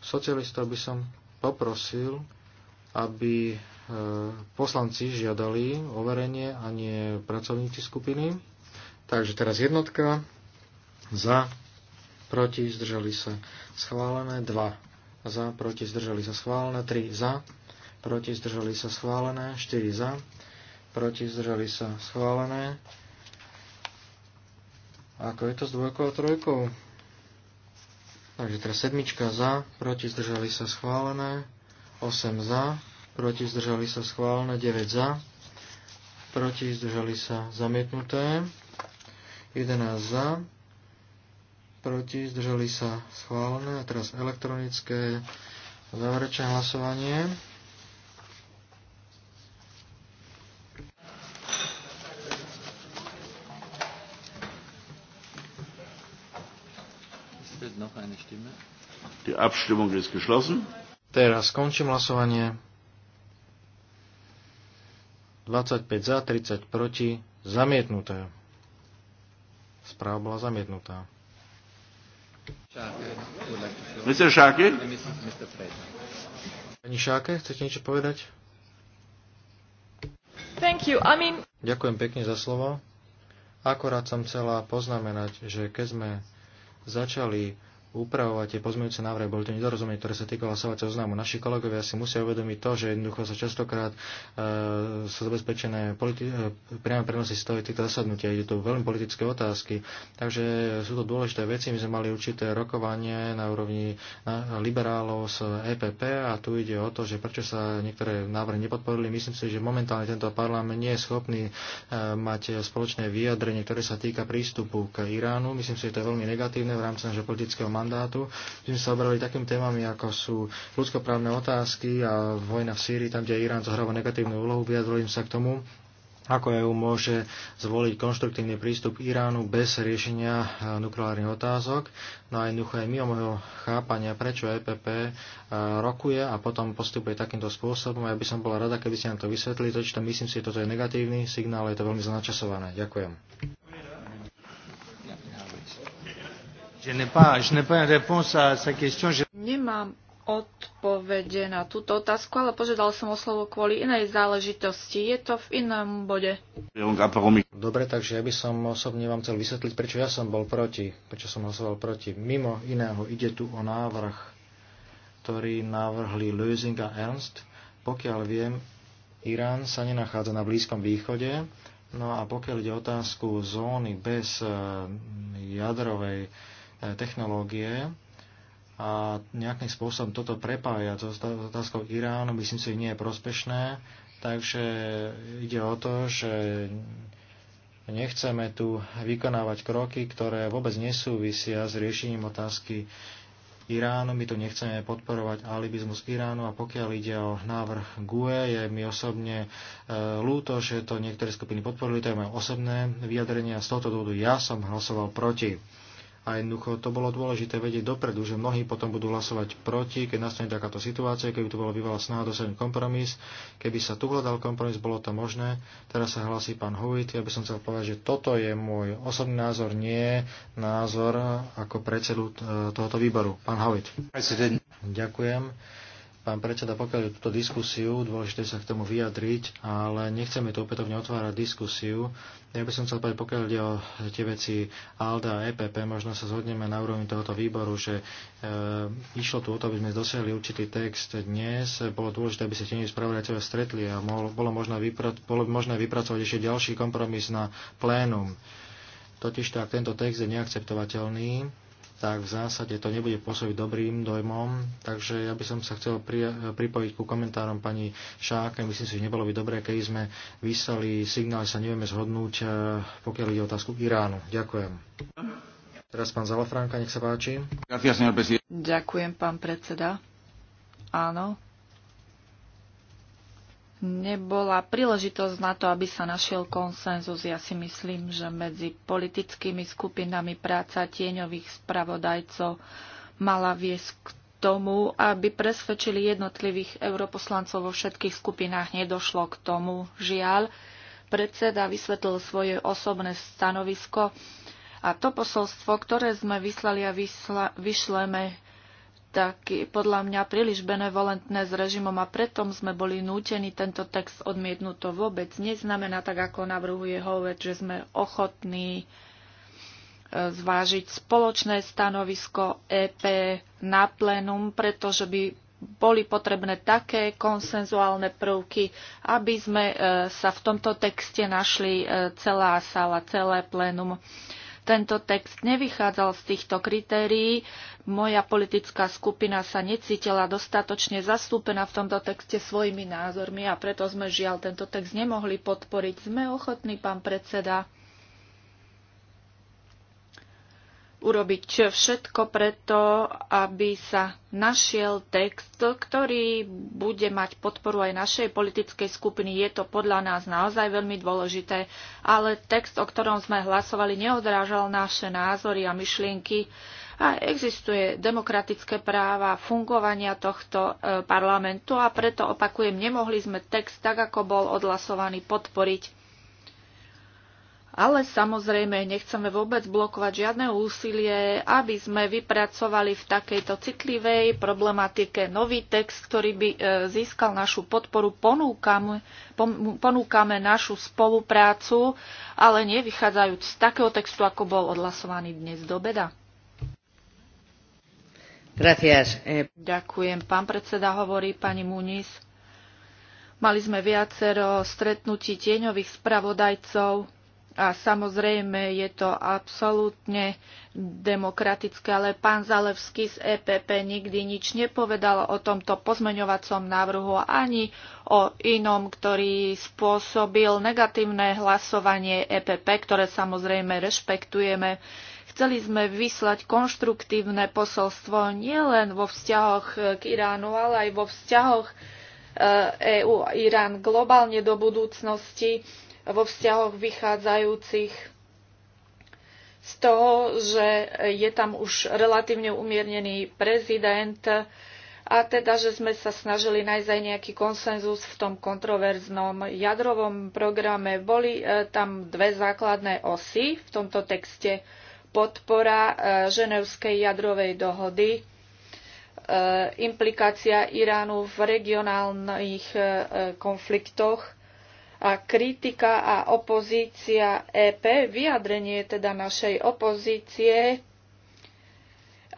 Socialistov by som poprosil, aby e, poslanci žiadali overenie a nie pracovníci skupiny. Takže teraz jednotka za, proti, zdržali sa schválené, 2 za, proti, zdržali sa schválené, 3 za, proti, zdržali sa schválené, 4 za, proti, zdržali sa schválené. Ako je to s dvojkou a trojkou? Takže teraz sedmička za, proti, zdržali sa schválené, 8 za, proti, zdržali sa schválené, 9 za, proti, zdržali sa zamietnuté, 11 za, proti, zdržali sa schválené. A teraz elektronické záverečné hlasovanie. Die Abstimmung ist geschlossen. Teraz skončím hlasovanie. 25 za, 30 proti, zamietnuté. Správa bola zamietnutá. Mr. Shaki? Pani Šáke, chcete niečo povedať? Thank you. I mean... Ďakujem pekne za slovo. Akorát som chcela poznamenať, že keď sme začali upravovať tie pozmeňujúce návrhy, boli to nedorozumenie, ktoré sa týkalo hlasovacieho zoznamu. Naši kolegovia si musia uvedomiť to, že jednoducho sa častokrát e, sú zabezpečené politi- e, priame prenosy z toho týchto zasadnutia. Je to veľmi politické otázky, takže sú to dôležité veci. My sme mali určité rokovanie na úrovni na liberálov z EPP a tu ide o to, že prečo sa niektoré návrhy nepodporili. Myslím si, že momentálne tento parlament nie je schopný e, mať spoločné vyjadrenie, ktoré sa týka prístupu k Iránu. Myslím si, že to je veľmi negatívne v rámci nášho politického mandátu mandátu, že sme sa obrali takým témami, ako sú ľudskoprávne otázky a vojna v Sýrii, tam, kde Irán zohráva negatívnu úlohu, vyjadrujem sa k tomu, ako EU môže zvoliť konštruktívny prístup Iránu bez riešenia eh, nukleárnych otázok. No a jednoducho aj mimo môjho chápania, prečo EPP eh, rokuje a potom postupuje takýmto spôsobom. Ja by som bola rada, keby ste nám to vysvetlili, totiž to myslím si, toto je negatívny signál, je to veľmi zanačasované. Ďakujem. Nemám odpovede na túto otázku, ale požiadal som o slovo kvôli inej záležitosti. Je to v inom bode. Dobre, takže ja by som osobne vám chcel vysvetliť, prečo ja som bol proti, prečo som hlasoval proti. Mimo iného ide tu o návrh, ktorý navrhli Lösing a Ernst. Pokiaľ viem, Irán sa nenachádza na Blízkom východe, no a pokiaľ ide otázku zóny bez eh, jadrovej E, technológie a nejakým spôsobom toto prepája, s otázkou Iránu, myslím si, že nie je prospešné. Takže ide o to, že nechceme tu vykonávať kroky, ktoré vôbec nesúvisia s riešením otázky Iránu, my tu nechceme podporovať alibizmus Iránu a pokiaľ ide o návrh GUE, je mi osobne e, ľúto, že to niektoré skupiny podporili, to je moje osobné vyjadrenie a z tohto dôvodu ja som hlasoval proti. A jednoducho to bolo dôležité vedieť dopredu, že mnohí potom budú hlasovať proti, keď nastane takáto situácia, keby tu bolo bývalá snaha dosiahnuť kompromis, keby sa tu hľadal kompromis, bolo to možné. Teraz sa hlasí pán Hovit, ja by som chcel povedať, že toto je môj osobný názor, nie názor ako predsedu e, tohoto výboru. Pán Hovit. Ďakujem. Pán predseda, pokiaľ je túto diskusiu, dôležité sa k tomu vyjadriť, ale nechceme tu opätovne otvárať diskusiu. Ja by som chcel povedať, pokiaľ ide o tie veci ALDA a EPP, možno sa zhodneme na úrovni tohoto výboru, že e, išlo tu o to, aby sme dosiahli určitý text dnes. Bolo dôležité, aby sa tie spravodajcovia stretli a mohol, bolo, možné vypra- bolo možné vypracovať ešte ďalší kompromis na plénum. Totiž tak tento text je neakceptovateľný, tak v zásade to nebude pôsobiť dobrým dojmom. Takže ja by som sa chcel pripojiť ku komentárom pani Šáke. Myslím si, že nebolo by dobré, keď sme vysali signál, že sa nevieme zhodnúť, eh, pokiaľ ide o otázku Iránu. Ďakujem. Teraz pán Zalafránka, nech sa páči. Ďakujem, pán predseda. Áno, nebola príležitosť na to, aby sa našiel konsenzus. Ja si myslím, že medzi politickými skupinami práca tieňových spravodajcov mala viesť k tomu, aby presvedčili jednotlivých europoslancov vo všetkých skupinách. Nedošlo k tomu, žiaľ. Predseda vysvetlil svoje osobné stanovisko a to posolstvo, ktoré sme vyslali a vysla, vyšleme taký, podľa mňa, príliš benevolentné s režimom a preto sme boli nútení tento text odmietnúť. To vôbec neznamená, tak ako navrhuje Hovec, že sme ochotní e, zvážiť spoločné stanovisko EP na plénum, pretože by boli potrebné také konsenzuálne prvky, aby sme e, sa v tomto texte našli e, celá sala, celé plénum tento text nevychádzal z týchto kritérií. Moja politická skupina sa necítila dostatočne zastúpená v tomto texte svojimi názormi a preto sme žiaľ tento text nemohli podporiť. Sme ochotní, pán predseda, urobiť všetko preto, aby sa našiel text, ktorý bude mať podporu aj našej politickej skupiny. Je to podľa nás naozaj veľmi dôležité, ale text, o ktorom sme hlasovali, neodrážal naše názory a myšlienky a existuje demokratické práva fungovania tohto e, parlamentu a preto opakujem, nemohli sme text tak, ako bol odhlasovaný, podporiť. Ale samozrejme nechceme vôbec blokovať žiadne úsilie, aby sme vypracovali v takejto citlivej problematike nový text, ktorý by e, získal našu podporu. Ponúkame, ponúkame našu spoluprácu, ale nevychádzajúc z takého textu, ako bol odhlasovaný dnes do beda. Gracias. E, Ďakujem. Pán predseda hovorí pani Muniz. Mali sme viacero stretnutí tieňových spravodajcov a samozrejme je to absolútne demokratické, ale pán Zalevský z EPP nikdy nič nepovedal o tomto pozmeňovacom návrhu ani o inom, ktorý spôsobil negatívne hlasovanie EPP, ktoré samozrejme rešpektujeme. Chceli sme vyslať konštruktívne posolstvo nielen vo vzťahoch k Iránu, ale aj vo vzťahoch EÚ-Irán e globálne do budúcnosti vo vzťahoch vychádzajúcich z toho, že je tam už relatívne umiernený prezident a teda, že sme sa snažili nájsť aj nejaký konsenzus v tom kontroverznom jadrovom programe. Boli e, tam dve základné osy v tomto texte. Podpora e, Ženevskej jadrovej dohody, e, implikácia Iránu v regionálnych konfliktoch a kritika a opozícia EP, vyjadrenie teda našej opozície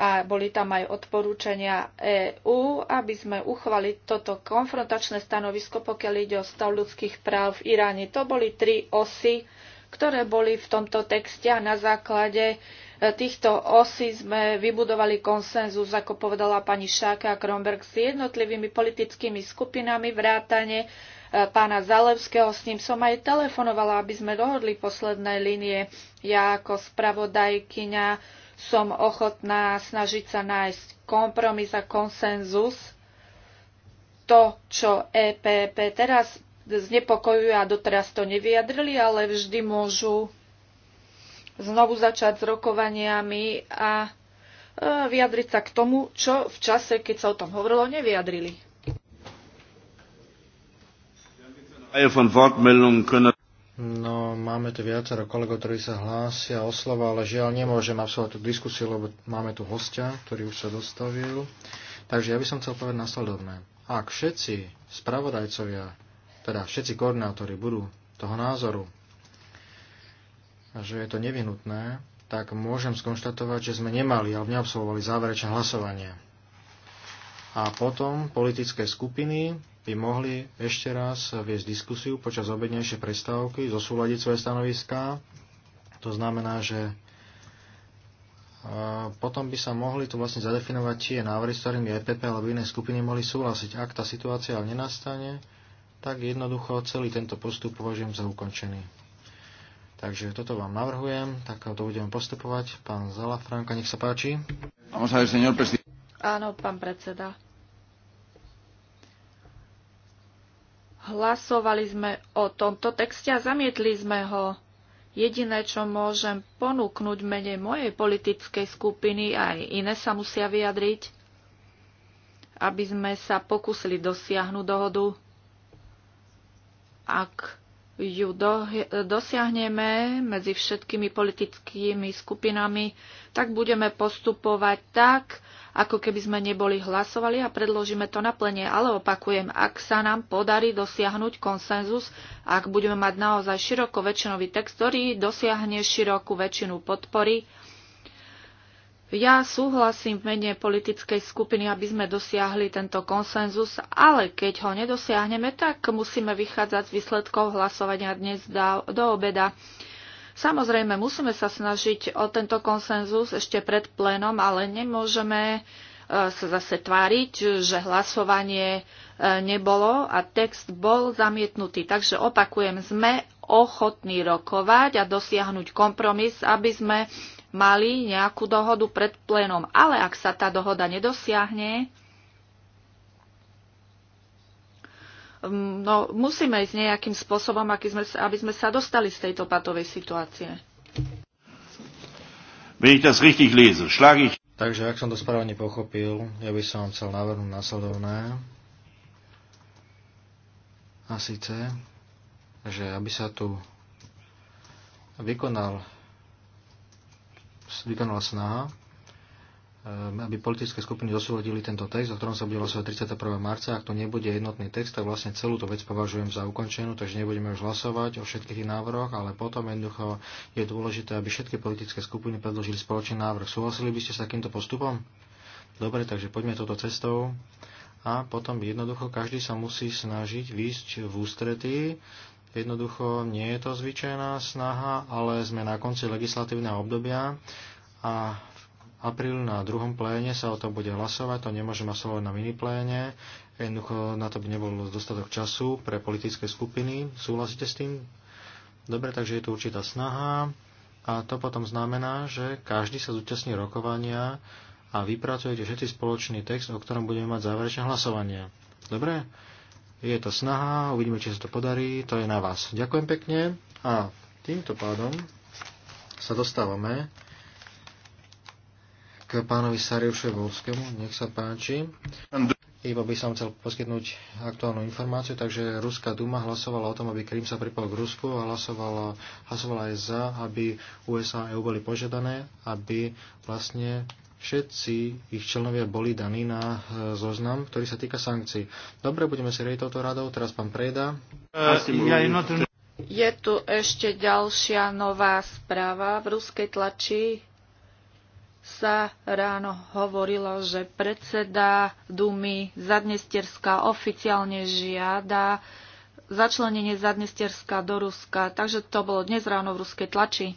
a boli tam aj odporúčania EÚ, aby sme uchvali toto konfrontačné stanovisko, pokiaľ ide o stav ľudských práv v Iráne. To boli tri osy, ktoré boli v tomto texte a na základe e, týchto osí sme vybudovali konsenzus, ako povedala pani Šáka a Kronberg, s jednotlivými politickými skupinami vrátane e, pána Zalevského. S ním som aj telefonovala, aby sme dohodli posledné línie. Ja ako spravodajkyňa som ochotná snažiť sa nájsť kompromis a konsenzus. To, čo EPP teraz znepokojujú a doteraz to nevyjadrili, ale vždy môžu znovu začať s rokovaniami a e, vyjadriť sa k tomu, čo v čase, keď sa o tom hovorilo, nevyjadrili. No, máme tu viacero kolegov, ktorí sa hlásia o slovo, ale žiaľ nemôžem absolvovať tú diskusiu, lebo máme tu hostia, ktorý už sa dostavil. Takže ja by som chcel povedať nasledovné. Ak všetci spravodajcovia teda všetci koordinátori budú toho názoru, že je to nevyhnutné, tak môžem skonštatovať, že sme nemali alebo neabsolvovali záverečné hlasovanie. A potom politické skupiny by mohli ešte raz viesť diskusiu počas obednejšej prestávky, zosúľadiť svoje stanoviská. To znamená, že e, potom by sa mohli tu vlastne zadefinovať tie návrhy, s ktorými EPP alebo iné skupiny mohli súhlasiť. Ak tá situácia nenastane, tak jednoducho celý tento postup považujem za ukončený. Takže toto vám navrhujem, tak to budeme postupovať. Pán Zala Franka, nech sa páči. Áno, pán predseda. Hlasovali sme o tomto texte a zamietli sme ho. Jediné, čo môžem ponúknuť menej mojej politickej skupiny, aj iné sa musia vyjadriť, aby sme sa pokusili dosiahnuť dohodu ak ju do, dosiahneme medzi všetkými politickými skupinami, tak budeme postupovať tak, ako keby sme neboli hlasovali a predložíme to na plenie. Ale opakujem, ak sa nám podarí dosiahnuť konsenzus, ak budeme mať naozaj široko väčšinový text, ktorý dosiahne širokú väčšinu podpory, ja súhlasím v mene politickej skupiny, aby sme dosiahli tento konsenzus, ale keď ho nedosiahneme, tak musíme vychádzať z výsledkov hlasovania dnes do obeda. Samozrejme, musíme sa snažiť o tento konsenzus ešte pred plénom, ale nemôžeme e, sa zase tváriť, že hlasovanie e, nebolo a text bol zamietnutý. Takže opakujem, sme ochotní rokovať a dosiahnuť kompromis, aby sme mali nejakú dohodu pred plénom. Ale ak sa tá dohoda nedosiahne, no, musíme ísť nejakým spôsobom, aký sme, aby sme sa dostali z tejto patovej situácie. Takže ak som to správne pochopil, ja by som chcel navrhnúť nasledovné. A síce, že aby sa tu vykonal vykonala snaha, eh, aby politické skupiny zosúladili tento text, o ktorom sa bude hlasovať 31. marca. Ak to nebude jednotný text, tak vlastne celú tú vec považujem za ukončenú, takže nebudeme už hlasovať o všetkých tých návrhoch, ale potom jednoducho je dôležité, aby všetky politické skupiny predložili spoločný návrh. Súhlasili by ste s takýmto postupom? Dobre, takže poďme touto cestou. A potom jednoducho každý sa musí snažiť výjsť v ústrety Jednoducho nie je to zvyčajná snaha, ale sme na konci legislatívneho obdobia a v apríli na druhom pléne sa o tom bude hlasovať, to nemôžeme hlasovať na mini pléne, jednoducho na to by nebol dostatok času pre politické skupiny. Súhlasíte s tým? Dobre, takže je tu určitá snaha a to potom znamená, že každý sa zúčastní rokovania a vypracujete všetci spoločný text, o ktorom budeme mať záverečné hlasovanie. Dobre? Je to snaha, uvidíme, či sa to podarí, to je na vás. Ďakujem pekne a týmto pádom sa dostávame k pánovi Sariušovi Volskému. Nech sa páči. Iba by som chcel poskytnúť aktuálnu informáciu, takže Ruská Duma hlasovala o tom, aby Krym sa pripal k Rusku a hlasovala, hlasovala aj za, aby USA a EU boli požiadané, aby vlastne všetci ich členovia boli daní na e, zoznam, ktorý sa týka sankcií. Dobre, budeme si rejiť touto radou. Teraz pán Preda. Je tu ešte ďalšia nová správa. V ruskej tlači sa ráno hovorilo, že predseda Dumy Zadnestierska oficiálne žiada začlenenie Zadnestierska do Ruska. Takže to bolo dnes ráno v ruskej tlači.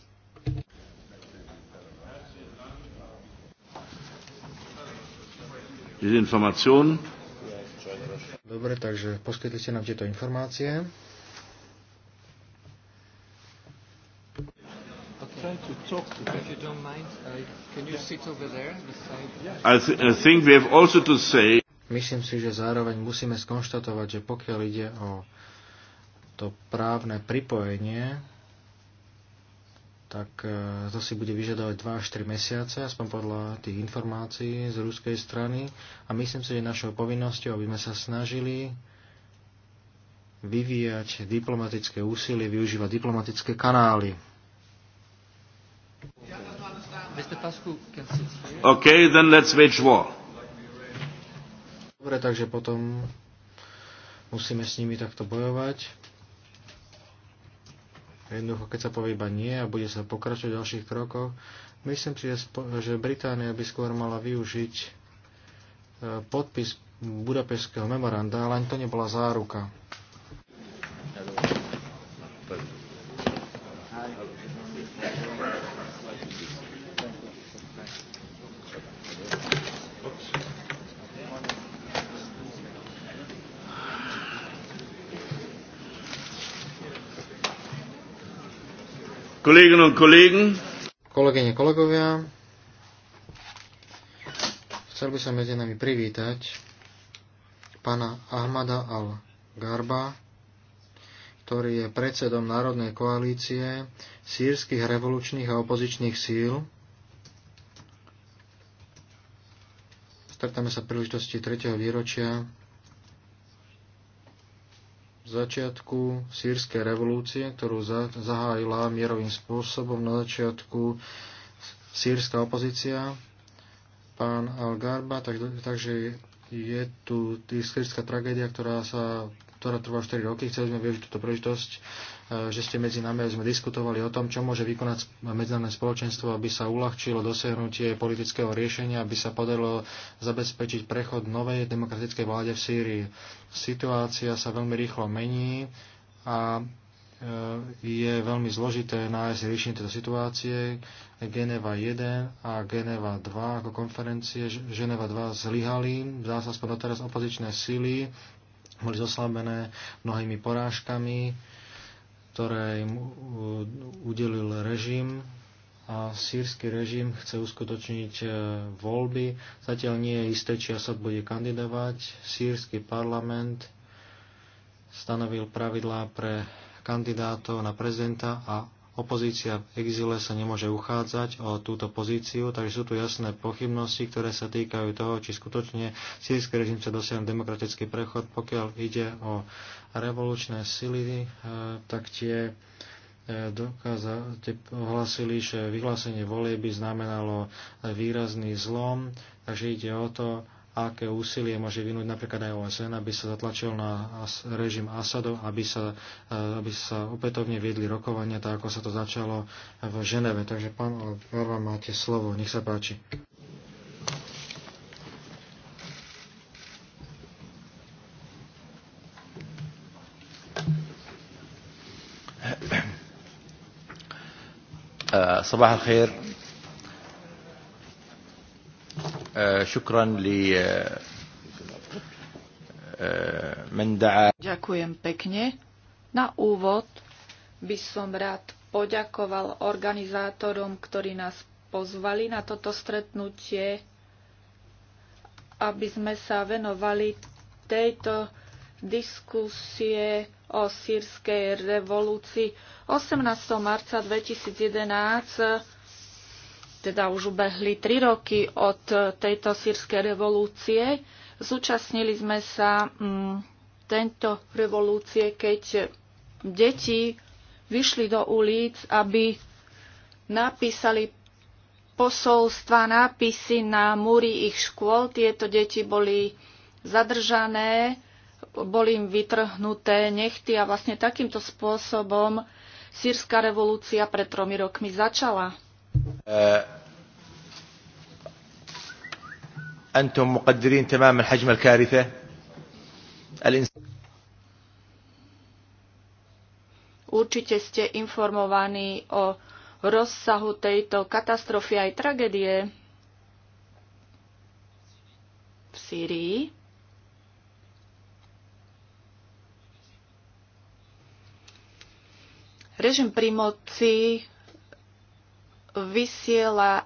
diese Informationen. Dobre, takže poskytli ste nám tieto informácie. Myslím si, že zároveň musíme skonštatovať, že pokiaľ ide o to právne pripojenie tak e, to si bude vyžadovať 2 až 3 mesiace, aspoň podľa tých informácií z ruskej strany. A myslím si, že našou povinnosťou, aby sme sa snažili vyvíjať diplomatické úsilie, využívať diplomatické kanály. OK, then let's wage war. Dobre, takže potom musíme s nimi takto bojovať. Jednoducho, keď sa povie iba nie a bude sa pokračovať v ďalších krokoch, myslím si, že Británia by skôr mala využiť e, podpis Budapešského memoranda, ale ani to nebola záruka. Kolleginnen und Kollegen. Kolegyne, kolegovia. Chcel by som medzi nami privítať pána Ahmada Al-Garba, ktorý je predsedom Národnej koalície sírskych revolučných a opozičných síl. Stretáme sa príležitosti 3. výročia začiatku sírskej revolúcie, ktorú zahájila mierovým spôsobom na začiatku sírska opozícia, pán Al-Garba, tak, takže je tu sírska tragédia, ktorá sa ktorá trvá 4 roky. Chceli sme využiť túto príležitosť, e, že ste medzi nami, aby sme diskutovali o tom, čo môže vykonať medzinárodné spoločenstvo, aby sa uľahčilo dosiahnutie politického riešenia, aby sa podarilo zabezpečiť prechod novej demokratickej vláde v Sýrii. Situácia sa veľmi rýchlo mení a e, je veľmi zložité nájsť riešenie tejto situácie. Geneva 1 a Geneva 2 ako konferencie, Geneva 2 zlyhali, dá sa aspoň teraz opozičné síly boli zoslabené mnohými porážkami, ktoré im udelil režim a sírsky režim chce uskutočniť e, voľby. Zatiaľ nie je isté, či Asad bude kandidovať. Sírsky parlament stanovil pravidlá pre kandidátov na prezidenta a Opozícia v exile sa nemôže uchádzať o túto pozíciu, takže sú tu jasné pochybnosti, ktoré sa týkajú toho, či skutočne sírsky režim sa dosiahne demokratický prechod. Pokiaľ ide o revolučné sily, e, tak tie e, dokázali ohlasili, že vyhlásenie volie by znamenalo výrazný zlom, takže ide o to, aké úsilie môže vynúť napríklad aj OSN, aby sa zatlačil na režim Asado, aby sa, aby sa opätovne viedli rokovania, tak ako sa to začalo v Ženeve. Takže pán Orva, máte slovo, nech sa páči. صباح الخير Eh, شكرا ل eh, eh, من دعا Ďakujem pekne. Na úvod by som rád poďakoval organizátorom, ktorí nás pozvali na toto stretnutie, aby sme sa venovali tejto diskusie o sírskej revolúcii. 18. marca 2011 teda už ubehli tri roky od tejto sírskej revolúcie. Zúčastnili sme sa m, mm, tento revolúcie, keď deti vyšli do ulic, aby napísali posolstva, nápisy na múry ich škôl. Tieto deti boli zadržané, boli im vytrhnuté nechty a vlastne takýmto spôsobom sírska revolúcia pred tromi rokmi začala. أنتم مقدرين تماما حجم الكارثة Určite ste informovaní o rozsahu tejto katastrofy aj tragédie v Sýrii. Režim pri moci vysiela e,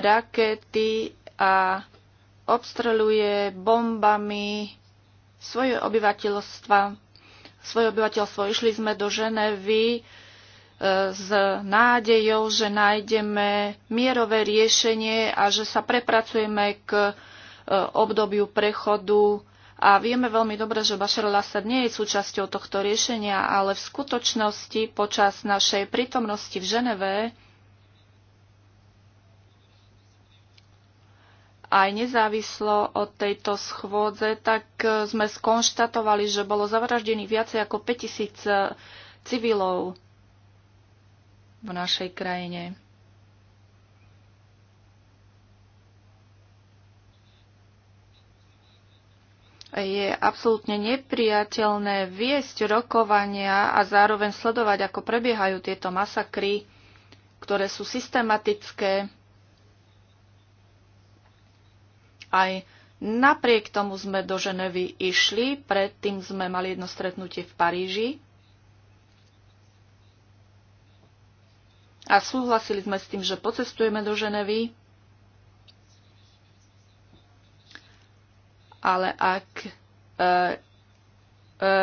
rakety a obstreluje bombami svoje obyvateľstva, svoje obyvateľstvo. Išli sme do Ženevy e, s nádejou, že nájdeme mierové riešenie a že sa prepracujeme k e, obdobiu prechodu. A vieme veľmi dobre, že Bashar al-Assad nie je súčasťou tohto riešenia, ale v skutočnosti počas našej prítomnosti v Ženeve aj nezávislo od tejto schôdze, tak e, sme skonštatovali, že bolo zavraždených viacej ako 5000 e, civilov v našej krajine. Je absolútne nepriateľné viesť rokovania a zároveň sledovať, ako prebiehajú tieto masakry, ktoré sú systematické Aj napriek tomu sme do Ženevy išli, predtým sme mali jedno stretnutie v Paríži a súhlasili sme s tým, že pocestujeme do Ženevy, ale ak e, e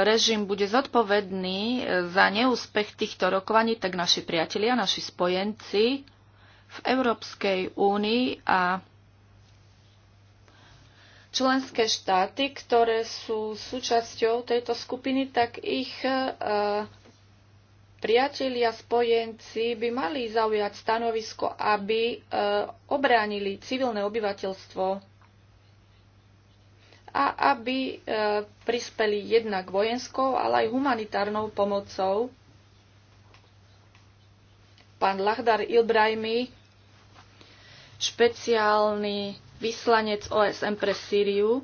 režim bude zodpovedný e, za neúspech týchto rokovaní, tak naši priatelia, naši spojenci v Európskej únii a členské štáty, ktoré sú súčasťou tejto skupiny, tak ich e, priatelia, spojenci by mali zaujať stanovisko, aby e, obránili civilné obyvateľstvo a aby e, prispeli jednak vojenskou, ale aj humanitárnou pomocou. Pán Lahdar Ilbrajmi, špeciálny vyslanec OSM pre Sýriu.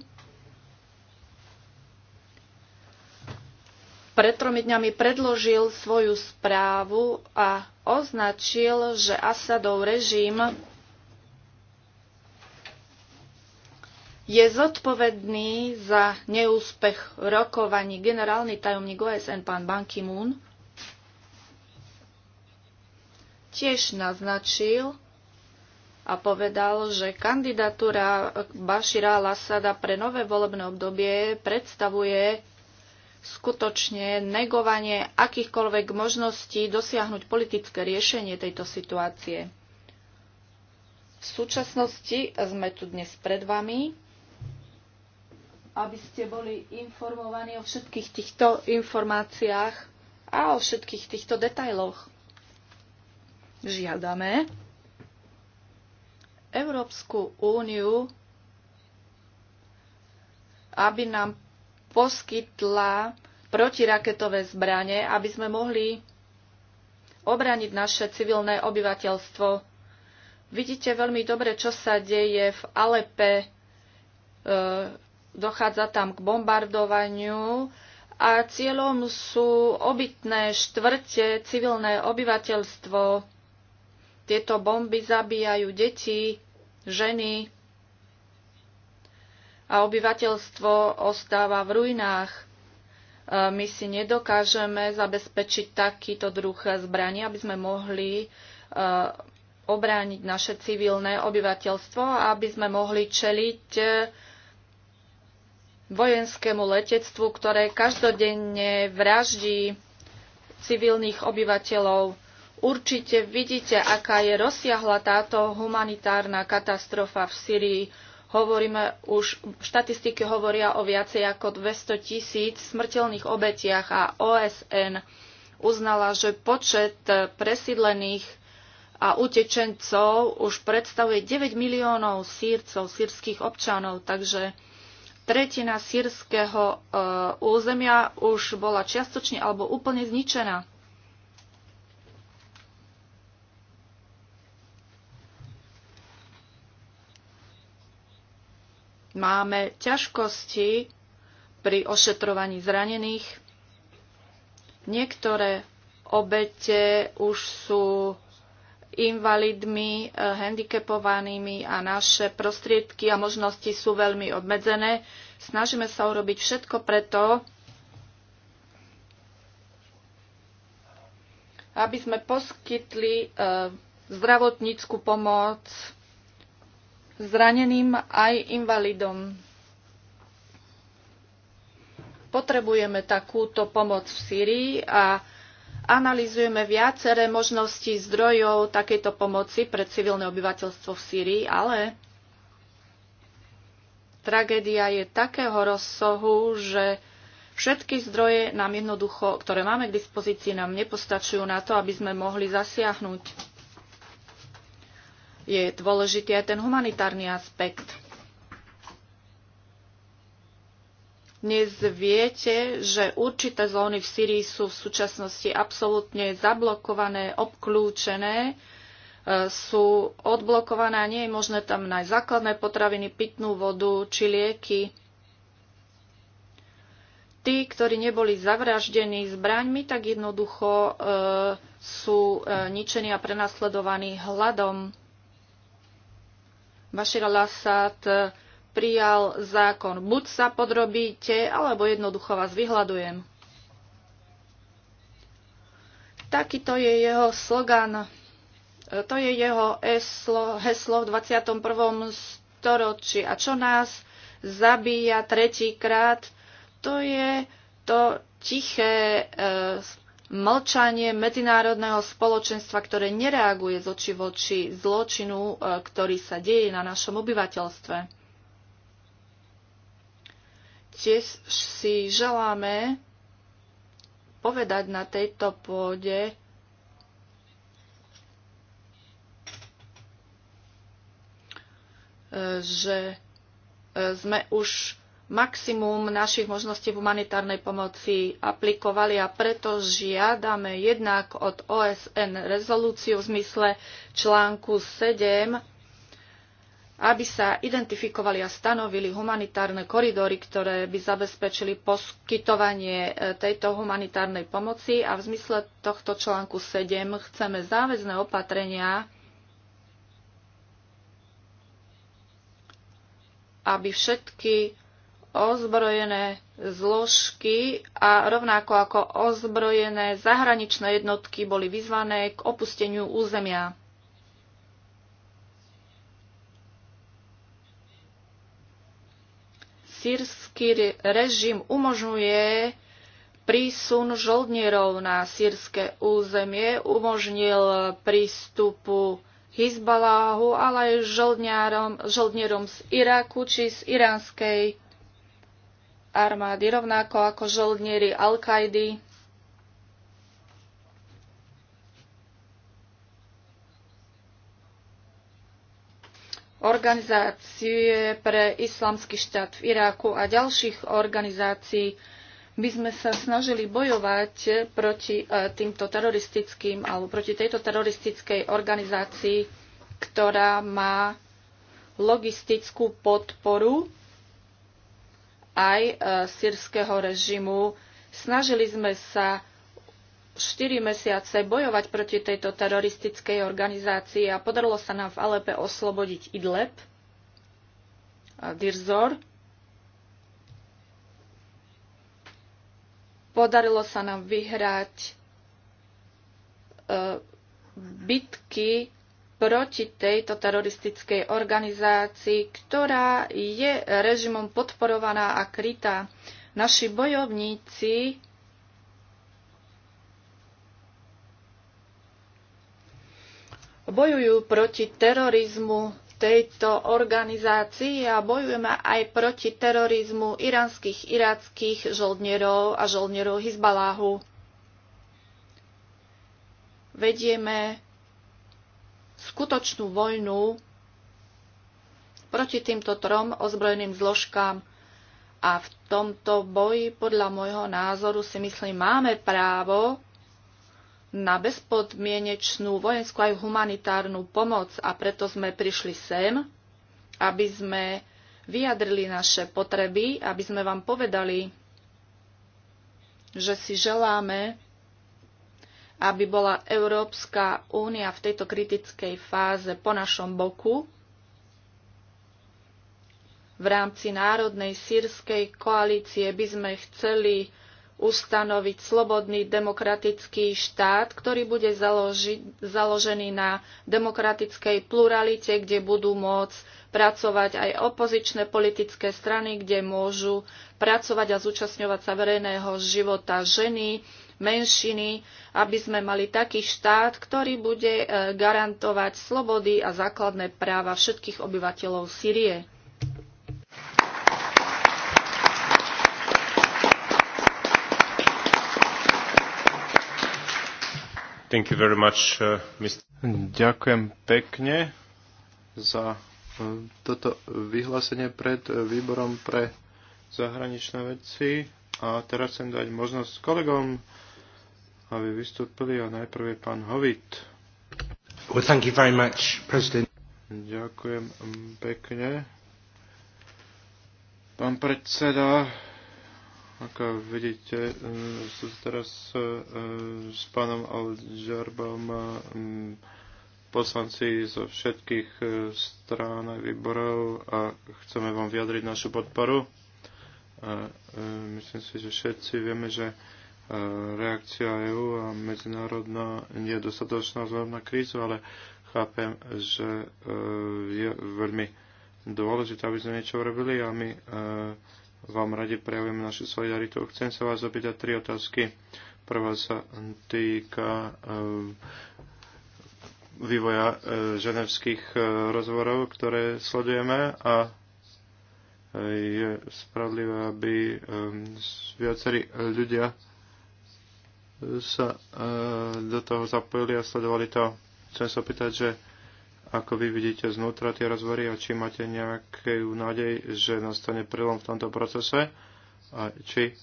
Pred tromi dňami predložil svoju správu a označil, že Asadov režim je zodpovedný za neúspech rokovaní generálny tajomník OSN pán Ban Ki-moon. Tiež naznačil, a povedal, že kandidatúra Bašira Lasada pre nové volebné obdobie predstavuje skutočne negovanie akýchkoľvek možností dosiahnuť politické riešenie tejto situácie. V súčasnosti sme tu dnes pred vami, aby ste boli informovaní o všetkých týchto informáciách a o všetkých týchto detailoch. Žiadame, Európsku úniu, aby nám poskytla protiraketové zbranie, aby sme mohli obraniť naše civilné obyvateľstvo. Vidíte veľmi dobre, čo sa deje v Alepe. E, dochádza tam k bombardovaniu a cieľom sú obytné štvrte, civilné obyvateľstvo tieto bomby zabíjajú deti, ženy a obyvateľstvo ostáva v ruinách. E, my si nedokážeme zabezpečiť takýto druh zbraní, aby sme mohli e, obrániť naše civilné obyvateľstvo a aby sme mohli čeliť e, vojenskému letectvu, ktoré každodenne vraždí civilných obyvateľov. Určite vidíte, aká je rozsiahla táto humanitárna katastrofa v Syrii. Hovoríme už, štatistiky hovoria o viacej ako 200 tisíc smrteľných obetiach a OSN uznala, že počet presídlených a utečencov už predstavuje 9 miliónov sírcov, sírskych občanov, takže tretina sírskeho e, územia už bola čiastočne alebo úplne zničená. máme ťažkosti pri ošetrovaní zranených. Niektoré obete už sú invalidmi, eh, handicapovanými a naše prostriedky a možnosti sú veľmi obmedzené. Snažíme sa urobiť všetko preto, aby sme poskytli eh, zdravotníckú pomoc zraneným aj invalidom. Potrebujeme takúto pomoc v Syrii a analizujeme viaceré možnosti zdrojov takejto pomoci pre civilné obyvateľstvo v Sýrii, ale tragédia je takého rozsahu, že všetky zdroje nám jednoducho, ktoré máme k dispozícii, nám nepostačujú na to, aby sme mohli zasiahnuť je dôležitý aj ten humanitárny aspekt. Dnes viete, že určité zóny v Syrii sú v súčasnosti absolútne zablokované, obklúčené, e, sú odblokované a nie je možné tam nájsť základné potraviny, pitnú vodu či lieky. Tí, ktorí neboli zavraždení zbraňmi, tak jednoducho e, sú e, ničení a prenasledovaní hladom. Bashir al-Assad eh, prijal zákon buď sa podrobíte, alebo jednoducho vás vyhľadujem. Takýto je jeho slogan. Eh, to je jeho eslo, heslo v 21. storočí. A čo nás zabíja tretíkrát, to je to tiché eh, mlčanie medzinárodného spoločenstva, ktoré nereaguje z oči voči zločinu, e, ktorý sa deje na našom obyvateľstve. Tiež si želáme povedať na tejto pôde, e, že e, sme už maximum našich možností humanitárnej pomoci aplikovali a preto žiadame jednak od OSN rezolúciu v zmysle článku 7, aby sa identifikovali a stanovili humanitárne koridory, ktoré by zabezpečili poskytovanie e, tejto humanitárnej pomoci a v zmysle tohto článku 7 chceme záväzné opatrenia, aby všetky ozbrojené zložky a rovnako ako ozbrojené zahraničné jednotky boli vyzvané k opusteniu územia. Sýrsky režim umožňuje prísun žoldnierov na sírske územie, umožnil prístupu Hizbaláhu, ale aj žoldnierom z Iraku či z iránskej armády, rovnako ako žoldnieri Al-Kaidy. organizácie pre islamský štát v Iráku a ďalších organizácií by sme sa snažili bojovať proti e, týmto teroristickým alebo proti tejto teroristickej organizácii, ktorá má logistickú podporu aj e, sírskeho režimu. Snažili sme sa 4 mesiace bojovať proti tejto teroristickej organizácii a podarilo sa nám v Alepe oslobodiť Idleb Dirzor. Podarilo sa nám vyhrať e, bitky proti tejto teroristickej organizácii, ktorá je režimom podporovaná a krytá. Naši bojovníci bojujú proti terorizmu tejto organizácii a bojujeme aj proti terorizmu iránskych, iráckých žoldnierov a žoldnierov Hizbaláhu. Vedieme skutočnú vojnu proti týmto trom ozbrojeným zložkám. A v tomto boji, podľa môjho názoru, si myslím, máme právo na bezpodmienečnú vojenskú aj humanitárnu pomoc a preto sme prišli sem, aby sme vyjadrili naše potreby, aby sme vám povedali, že si želáme aby bola Európska únia v tejto kritickej fáze po našom boku v rámci Národnej sírskej koalície by sme chceli ustanoviť slobodný demokratický štát, ktorý bude založi- založený na demokratickej pluralite, kde budú môcť pracovať aj opozičné politické strany, kde môžu pracovať a zúčastňovať sa verejného života ženy, menšiny, aby sme mali taký štát, ktorý bude e, garantovať slobody a základné práva všetkých obyvateľov Sýrie. Much, uh, Ďakujem pekne za uh, toto vyhlásenie pred uh, výborom pre zahraničné veci. A teraz chcem dať možnosť kolegom aby vystúpili a najprv je pán Hovit. Well, thank you very much, President. Ďakujem pekne. Pán predseda, ako vidíte, eh, sú teraz eh, s pánom Alžarbom eh, poslanci zo všetkých strán a výborov a chceme vám vyjadriť našu podporu. A myslím si, že všetci vieme, že reakcia EÚ a medzinárodná nie je dostatočná vzhľadom na krízu, ale chápem, že e, je veľmi dôležité, aby sme niečo robili a my e, vám radi prejavujeme našu solidaritu. Chcem sa vás opýtať tri otázky. Prvá sa týka e, vývoja ženevských rozhovorov, ktoré sledujeme a je spravlivé, aby viacerí ľudia sa e, do toho zapojili a sledovali to. Chcem sa pýtať, že ako vy vidíte znútra tie rozvory a či máte nejakú nádej, že nastane prilom v tomto procese a či e,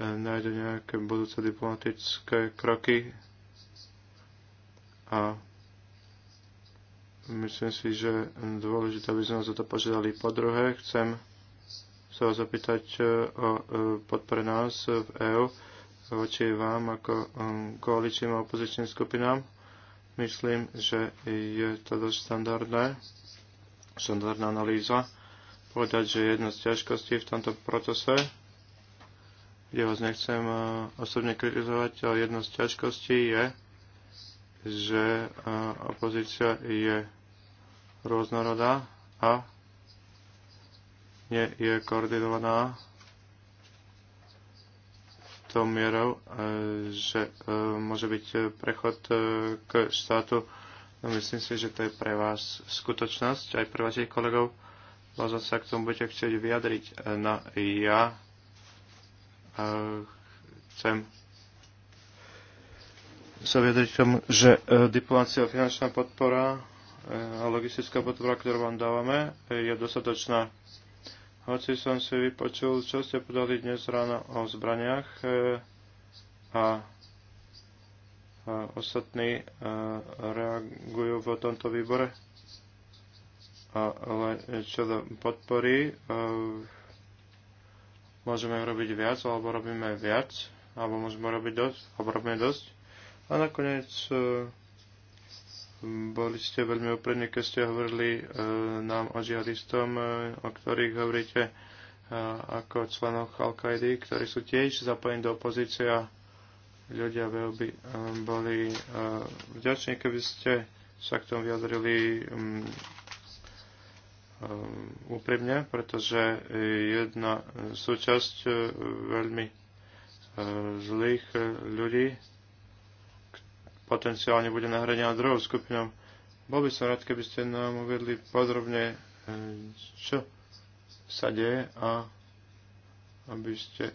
nájdu nejaké budúce diplomatické kroky a myslím si, že dôležité, aby sme za to požiadali. Po druhé, chcem sa vás zapýtať e, o podpore nás v EÚ voči vám ako um, koaličným a opozičným skupinám. Myslím, že je to dosť štandardné, štandardná analýza povedať, že jedna z ťažkostí v tomto procese, kde vás nechcem uh, osobne kritizovať, ale jedna z ťažkostí je, že uh, opozícia je rôznorodá a nie je koordinovaná tou mierou, e, že e, môže byť e, prechod k štátu. No myslím si, že to je pre vás skutočnosť, aj pre vašich kolegov. vás sa k tomu budete chcieť vyjadriť. No ja chcem sa vyjadriť k tomu, že diplomácia a finančná podpora a logistická podpora, ktorú vám dávame, je dostatočná hoci som si vypočul, čo ste podali dnes ráno o zbraniach e, a ostatní e, reagujú v tomto výbore. Ale čo do podpory, e, môžeme robiť viac, alebo robíme viac, alebo môžeme robiť dosť, alebo robíme dosť. A nakoniec boli ste veľmi úprimní, keď ste hovorili e, nám o džihadistom, e, o ktorých hovoríte e, ako členoch Al-Qaidi, ktorí sú tiež zapojení do opozície a ľudia by e, boli e, vďační, keby ste sa k tomu vyjadrili um, um, úprimne, pretože jedna súčasť e, veľmi e, zlých ľudí potenciálne bude nahradená druhou skupinou. Bol by som rád, keby ste nám uvedli podrobne, e, čo sa deje a aby ste e,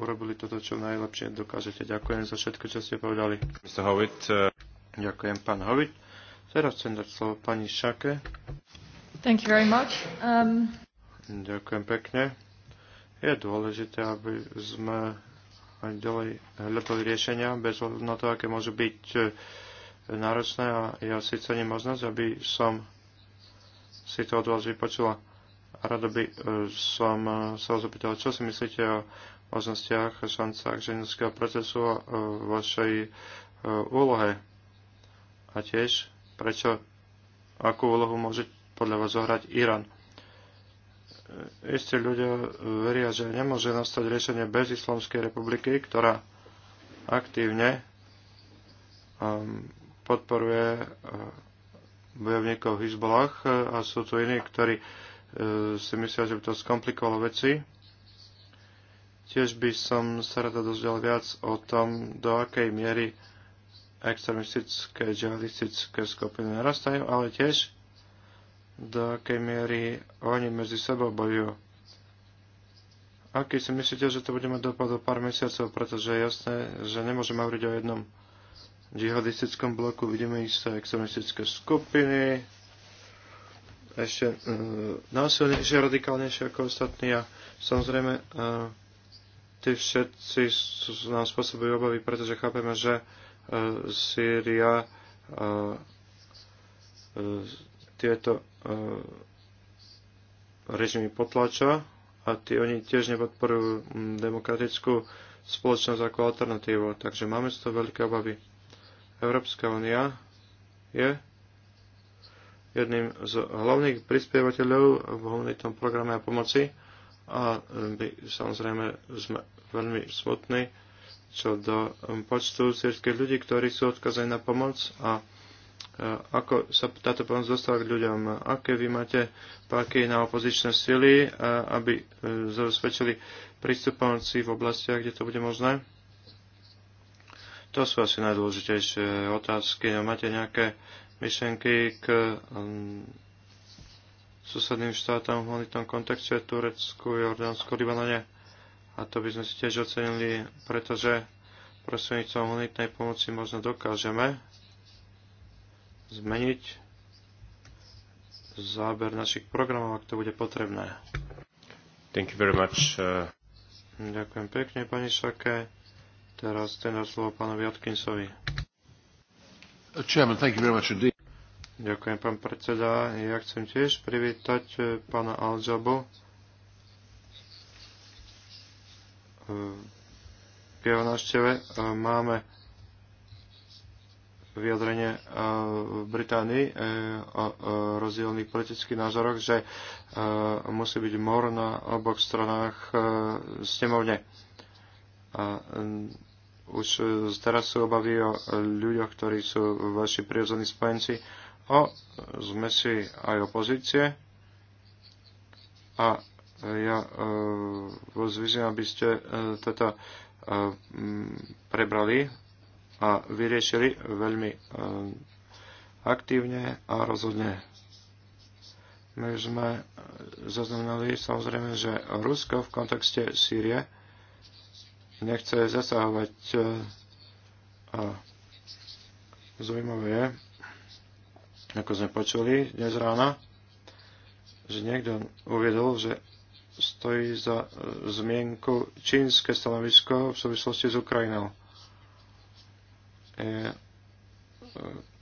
urobili toto, čo najlepšie dokážete. Ďakujem za všetko, čo ste povedali. Mr. Howitt. E, Ďakujem, pán Hovit. Teraz chcem dať slovo pani Šake. Thank you very much. Um... Ďakujem pekne. Je dôležité, aby sme ďalej hľadali riešenia bez hľadu na to, aké môžu byť e, náročné a ja si cením možnosť, aby som si to od vás vypočula. A rado by e, som e, sa vás opýtal, čo si myslíte o možnostiach a šancách ženského procesu a vašej úlohe. A tiež, prečo, akú úlohu môže podľa vás zohrať Irán. Isté ľudia veria, že nemôže nastať riešenie bez Islamskej republiky, ktorá aktívne um, podporuje uh, bojovníkov v izbolách uh, a sú tu iní, ktorí uh, si myslia, že by to skomplikovalo veci. Tiež by som sa rada dozvedel viac o tom, do akej miery extremistické, džihadistické skupiny narastajú, ale tiež do akej miery oni medzi sebou bojujú. Aký si myslíte, že to bude mať dopad o pár mesiacov, pretože je jasné, že nemôžeme hovoriť o jednom džihadistickom bloku. Vidíme isté extremistické skupiny, ešte e, násilnejšie, radikálnejšie ako ostatní a samozrejme e, tí všetci nám spôsobujú obavy, pretože chápeme, že e, Sýria e, tieto e, režimy potlača a tí, oni tiež nepodporujú demokratickú spoločnosť ako alternatívu. Takže máme z toho veľké obavy. Európska únia je jedným z hlavných prispievateľov v humanitnom programe a pomoci a by, e, samozrejme sme veľmi smutní čo do počtu sírskych ľudí, ktorí sú odkazaní na pomoc a ako sa táto pomoc dostala k ľuďom, aké vy máte páky na opozičné sily, aby e, zabezpečili prístup pomoci v oblastiach, kde to bude možné? To sú asi najdôležitejšie otázky. No, máte nejaké myšlenky k um, susedným štátom v hlavnom kontexte Turecku, Jordánsku, Libanone. A to by sme si tiež ocenili, pretože prostredníctvom humanitnej pomoci možno dokážeme zmeniť záber našich programov, ak to bude potrebné. Thank you very much. Uh... Ďakujem pekne, pani Šake. Teraz ten dá slovo pánovi Atkinsovi. chairman, thank you very much indeed. Ďakujem, pán predseda. Ja chcem tiež privítať eh, pána Alžabu. K eh, jeho návšteve eh, máme vyjadrenie e, v Británii e, o rozdielných politických názoroch, že e, musí byť mor na oboch stranách snemovne. A už teraz sú obavy o ľuďoch, ktorí sú vaši prirodzení spojenci, o zmesi aj opozície. A ja vás vyzývam, aby ste toto prebrali a vyriešili veľmi eh, aktívne a rozhodne. My sme eh, zaznamenali samozrejme, že Rusko v kontexte Sýrie nechce zasahovať eh, a zaujímavé je, ako sme počuli dnes rána, že niekto uviedol, že stojí za zmienku čínske stanovisko v súvislosti s Ukrajinou. E, e,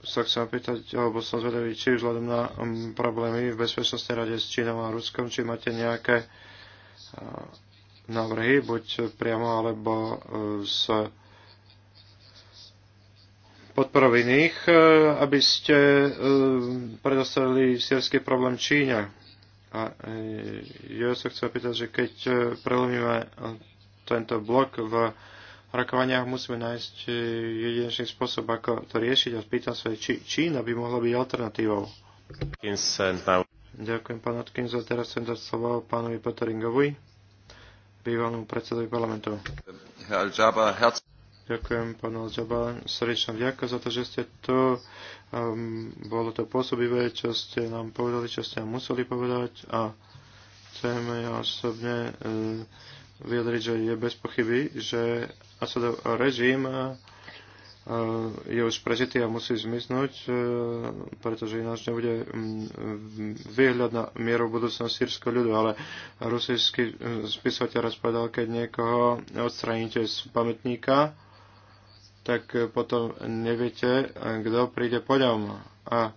sa chcem pýtať, alebo som zvedavý, či vzhľadom na um, problémy v Bezpečnostnej rade s Čínou a Ruskom, či máte nejaké e, návrhy, buď priamo alebo z podporov iných, aby ste predostreli sírsky problém Číne. A ja sa chcem pýtať, že keď prelomíme tento blok v rokovaniach musíme nájsť e, jedinečný spôsob, ako to riešiť a spýtam sa, či Čína by mohla byť alternatívou. Ďakujem, pán Atkins, a teraz chcem dať slovo pánovi Peteringovi, bývalnému predsedovi parlamentu. Ďakujem, pán Alžaba, srdečná vďaka za to, že ste tu. Um, bolo to pôsobivé, čo ste nám povedali, čo ste nám museli povedať a chcem ja osobne um, vyjadriť, že je bez pochyby, že Asadov režim je už prežitý a musí zmiznúť, pretože ináč nebude výhľad na mieru budúcnosti sírskeho ľudu. Ale rusijský e, spisovateľ rozpovedal, keď niekoho odstraníte z pamätníka, tak potom neviete, kto príde po ňom. A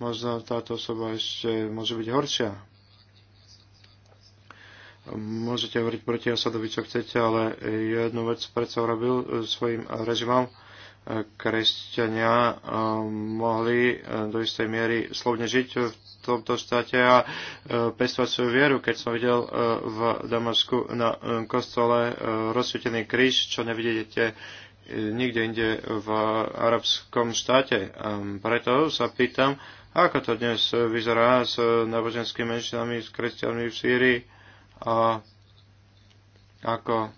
možno táto osoba ešte môže byť horšia môžete hovoriť proti Asadovi, čo chcete, ale jednu vec predsa urobil e, svojim e, režimom. E, kresťania mohli do istej miery slovne žiť v tomto štáte a pestovať svoju vieru. Keď som videl v Damasku na kostole rozsvietený kríž, čo nevidíte nikde inde v arabskom štáte. Preto sa pýtam, ako to dnes vyzerá s náboženskými menšinami, s kresťanmi v Sýrii a ako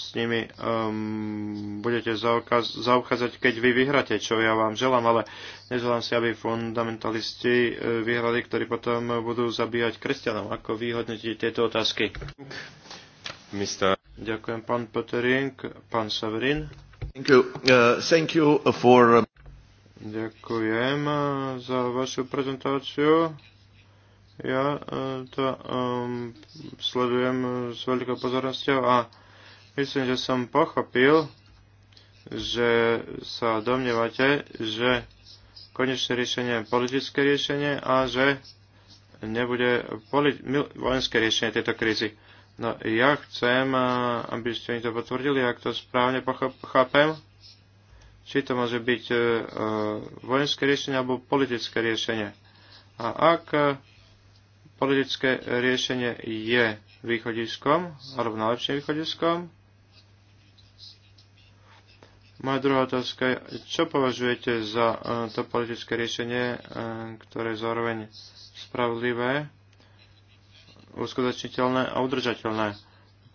s nimi um, budete zaobchádzať, keď vy vyhráte, čo ja vám želám, ale neželám si, aby fundamentalisti uh, vyhrali, ktorí potom budú zabíjať kresťanov. Ako vyhodnotíte tieto otázky? Mister. Ďakujem, pán Petering, pán Severin. Thank you. Uh, thank you for... Um- Ďakujem uh, za vašu prezentáciu. Ja e, to um, sledujem s veľkou pozornosťou a myslím, že som pochopil, že sa domnievate, že konečné riešenie je politické riešenie a že nebude vojenské riešenie tejto krízy. No ja chcem, e, aby ste mi to potvrdili, ak to správne pochápem, či to môže byť e, vojenské riešenie alebo politické riešenie. A ak Politické riešenie je východiskom, alebo najlepším východiskom. Moja druhá otázka je, čo považujete za e, to politické riešenie, e, ktoré je zároveň spravodlivé, uskutočniteľné a udržateľné?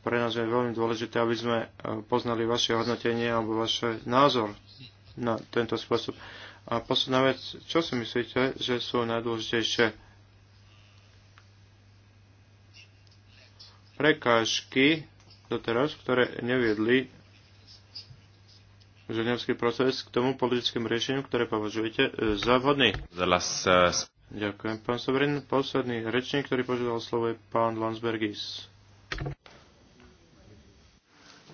Pre nás je veľmi dôležité, aby sme e, poznali vaše hodnotenie alebo vaš názor na tento spôsob. A posledná vec, čo si myslíte, že sú najdôležitejšie prekážky doteraz, ktoré neviedli ženevský proces k tomu politickému riešeniu, ktoré považujete e, za vhodný. E, Ďakujem, pán Sobrin. Posledný rečník, ktorý požiadal slovo, je pán Landsbergis.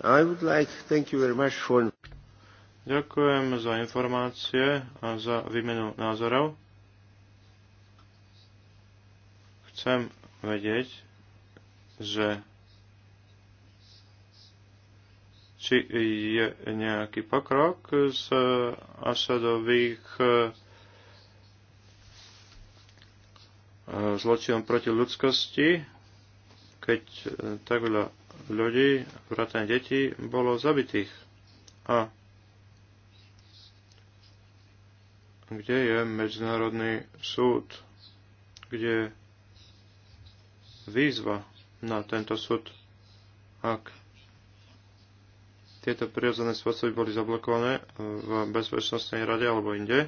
I would like, thank you very much for... Ďakujem za informácie a za výmenu názorov. Chcem vedieť, že či je nejaký pokrok z asadových e, zločinom proti ľudskosti, keď e, tak veľa ľudí, vrátane detí, bolo zabitých. A kde je Medzinárodný súd, kde výzva na tento súd. Ak tieto prirodzené spôsoby boli zablokované eh, v Bezpečnostnej rade alebo inde,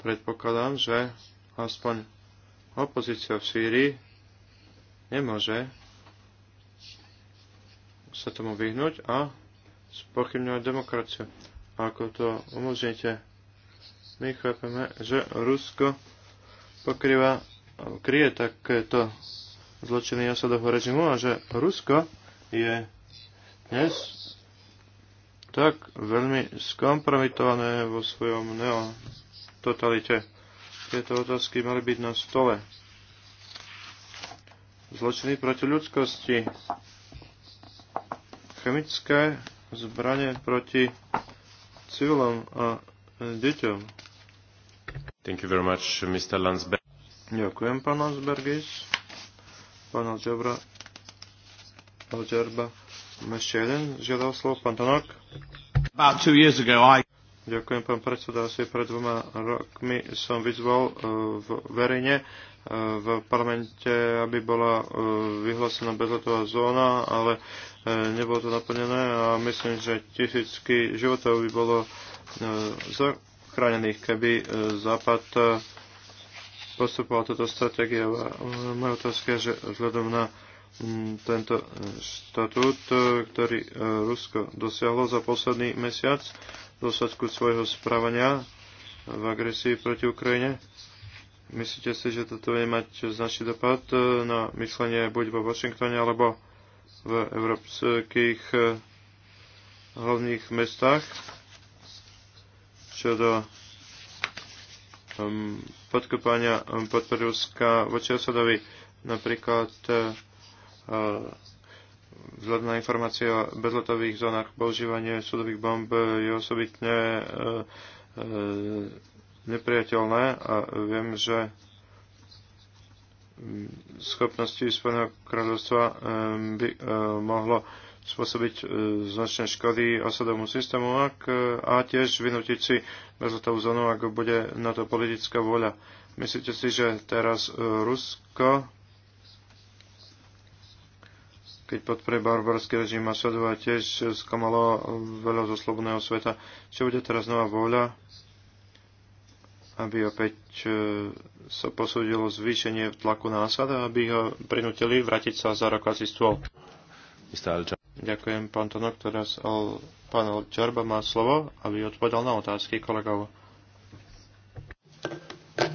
predpokladám, že aspoň opozícia v Sýrii nemôže sa tomu vyhnúť a spochybňovať demokraciu. Ako to umožníte? My chápeme, že Rusko pokrýva, kryje takéto zločiny Asadovho režimu a že Rusko je dnes tak veľmi skompromitované vo svojom neototalite. Tieto otázky mali byť na stole. Zločiny proti ľudskosti, chemické zbranie proti civilom a deťom. Thank you very much, Mr. Landsberg. Ďakujem, pán Landsbergis. Pán Algebra. Algerba. Ešte jeden žiadal slovo, pán Tanok. About two years ago, I... Ďakujem, pán predseda. Asi pred dvoma rokmi som vyzval eh, v verejne eh, v parlamente, aby bola eh, vyhlásená bezletová zóna, ale nebolo to naplnené a myslím, že tisícky životov by bolo chránených, keby e, Západ e, postupoval toto stratégiou. E, moja otázka je, že vzhľadom na tento štatút, ktorý Rusko dosiahlo za posledný mesiac v dôsledku svojho správania v agresii proti Ukrajine. Myslíte si, že toto bude mať značný dopad na myslenie buď vo Washingtone alebo v európskych hlavných mestách? čo do um, podkopania um, podporúska voči osadovi. Napríklad uh, vzhľad na informácie o bezletových zónach používanie sudových bomb je osobitne uh, uh, nepriateľné a viem, že um, schopnosti Spojeného kráľovstva um, by uh, mohlo spôsobiť e, značné škody osadovému systému ak, e, a tiež vynútiť si bezletovú zónu, ak bude na to politická voľa. Myslíte si, že teraz e, Rusko, keď podporuje barbarský režim a a tiež skamalo veľa zo slobodného sveta, či bude teraz nová voľa, aby opäť sa posúdilo zvýšenie tlaku na Asada, aby ho prinútili vrátiť sa za rokovací stôl? Mr. Ďakujem, pán Tonok. Teraz al, pán Čarba má slovo, aby odpovedal na otázky kolegov. Eh,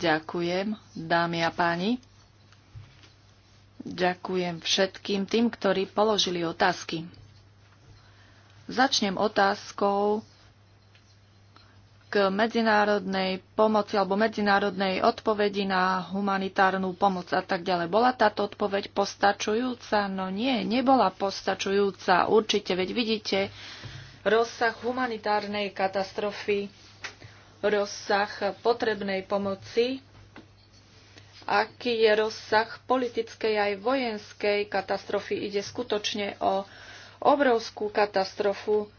Ďakujem, dámy a páni. Ďakujem všetkým tým, ktorí položili otázky. Začnem otázkou k medzinárodnej pomoci alebo medzinárodnej odpovedi na humanitárnu pomoc a tak ďalej. Bola táto odpoveď postačujúca? No nie, nebola postačujúca. Určite, veď vidíte rozsah humanitárnej katastrofy, rozsah potrebnej pomoci, aký je rozsah politickej aj vojenskej katastrofy. Ide skutočne o obrovskú katastrofu,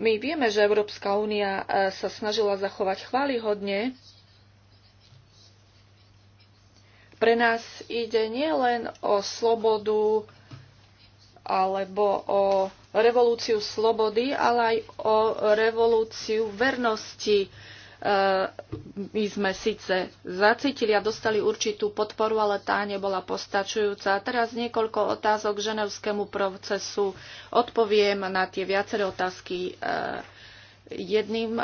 my vieme, že Európska únia e, sa snažila zachovať chválihodne. Pre nás ide nielen o slobodu alebo o revolúciu slobody, ale aj o revolúciu vernosti. E, my sme síce zacítili a dostali určitú podporu, ale tá nebola postačujúca. A teraz niekoľko otázok k ženevskému procesu. Odpoviem na tie viaceré otázky e, jedným,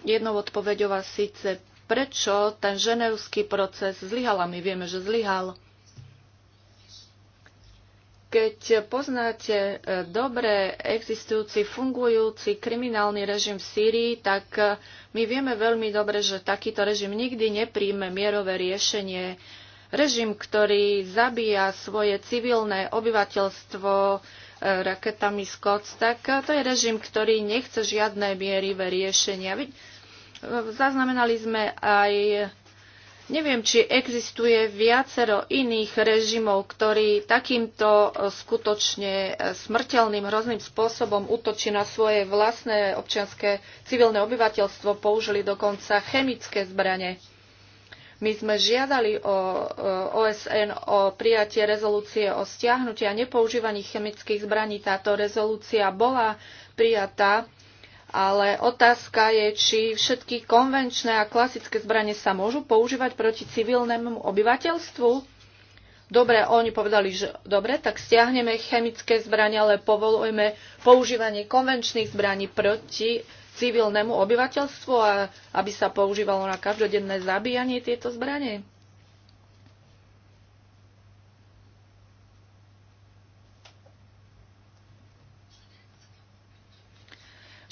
jednou odpoveďou a síce prečo ten ženevský proces zlyhal a my vieme, že zlyhal. Keď poznáte e, dobre existujúci, fungujúci kriminálny režim v Sýrii, tak e, my vieme veľmi dobre, že takýto režim nikdy nepríjme mierové riešenie. Režim, ktorý zabíja svoje civilné obyvateľstvo e, raketami z koc, tak to je režim, ktorý nechce žiadne mierivé riešenia. Zaznamenali sme aj Neviem, či existuje viacero iných režimov, ktorí takýmto e, skutočne e, smrteľným hrozným spôsobom útočí na svoje vlastné občianské civilné obyvateľstvo, použili dokonca chemické zbranie. My sme žiadali o e, OSN o prijatie rezolúcie o stiahnutí a nepoužívaní chemických zbraní. Táto rezolúcia bola prijatá ale otázka je, či všetky konvenčné a klasické zbranie sa môžu používať proti civilnému obyvateľstvu. Dobre, oni povedali, že dobre, tak stiahneme chemické zbranie, ale povolujeme používanie konvenčných zbraní proti civilnému obyvateľstvu a aby sa používalo na každodenné zabíjanie tieto zbranie.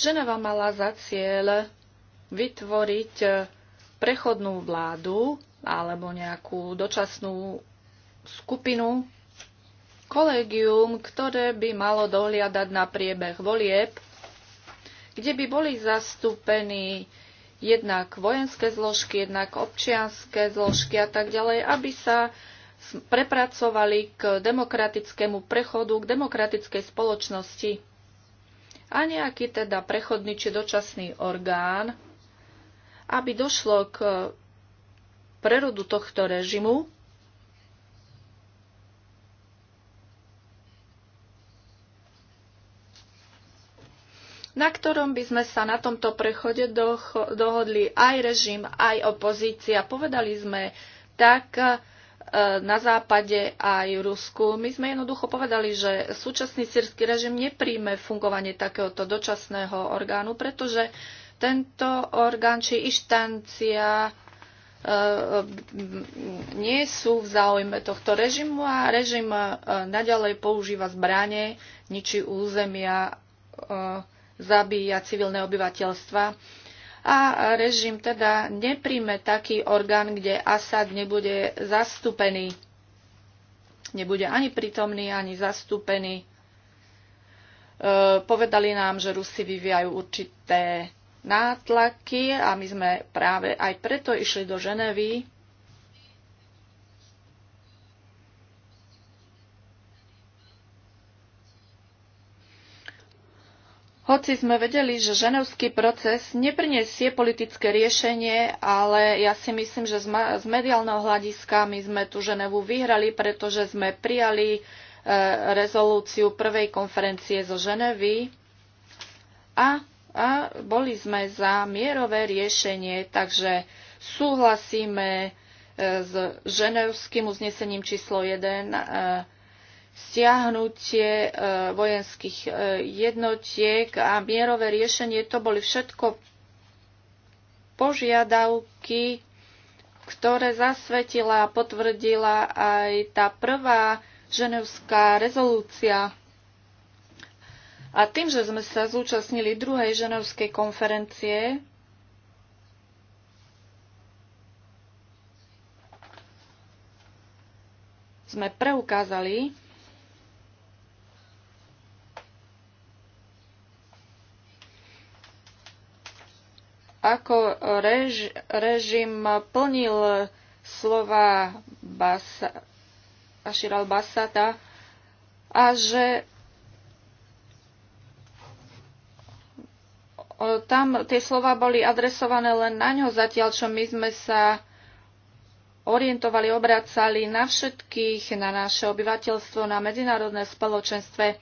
Ženeva mala za cieľ vytvoriť e, prechodnú vládu alebo nejakú dočasnú skupinu, kolégium, ktoré by malo dohliadať na priebeh volieb, kde by boli zastúpení jednak vojenské zložky, jednak občianské zložky a tak ďalej, aby sa prepracovali k demokratickému prechodu, k demokratickej spoločnosti a nejaký teda prechodný či dočasný orgán, aby došlo k prerodu tohto režimu na ktorom by sme sa na tomto prechode dohodli aj režim, aj opozícia. Povedali sme tak, E, na západe aj v Rusku. My sme jednoducho povedali, že súčasný sírsky režim nepríjme fungovanie takéhoto dočasného orgánu, pretože tento orgán či inštancia e, nie sú v záujme tohto režimu a režim e, naďalej používa zbranie, ničí územia, zabíja civilné obyvateľstva a režim teda nepríjme taký orgán, kde Asad nebude zastúpený. Nebude ani prítomný, ani zastúpený. E, povedali nám, že Rusi vyvíjajú určité nátlaky a my sme práve aj preto išli do Ženevy Hoci sme vedeli, že ženevský proces neprinesie politické riešenie, ale ja si myslím, že z mediálneho hľadiska my sme tú Ženevu vyhrali, pretože sme prijali e, rezolúciu prvej konferencie zo Ženevy a, a boli sme za mierové riešenie, takže súhlasíme e, s ženevským uznesením číslo 1 stiahnutie e, vojenských e, jednotiek a mierové riešenie, to boli všetko požiadavky, ktoré zasvetila a potvrdila aj tá prvá ženevská rezolúcia. A tým, že sme sa zúčastnili druhej ženevskej konferencie, sme preukázali, ako rež, režim plnil slova Basa, Aširal basata a že tam tie slova boli adresované len na ňo, zatiaľ čo my sme sa orientovali, obracali na všetkých, na naše obyvateľstvo, na medzinárodné spoločenstve.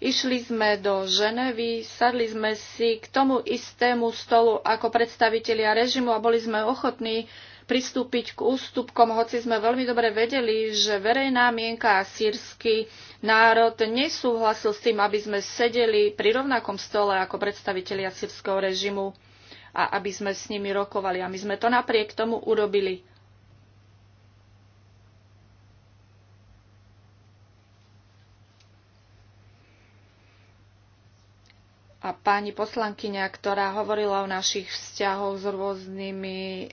Išli sme do Ženevy, sadli sme si k tomu istému stolu ako predstavitelia režimu a boli sme ochotní pristúpiť k ústupkom, hoci sme veľmi dobre vedeli, že verejná mienka a sírsky národ nesúhlasil s tým, aby sme sedeli pri rovnakom stole ako predstavitelia sírskeho režimu a aby sme s nimi rokovali. A my sme to napriek tomu urobili. a pani poslankyňa, ktorá hovorila o našich vzťahoch s rôznymi eh,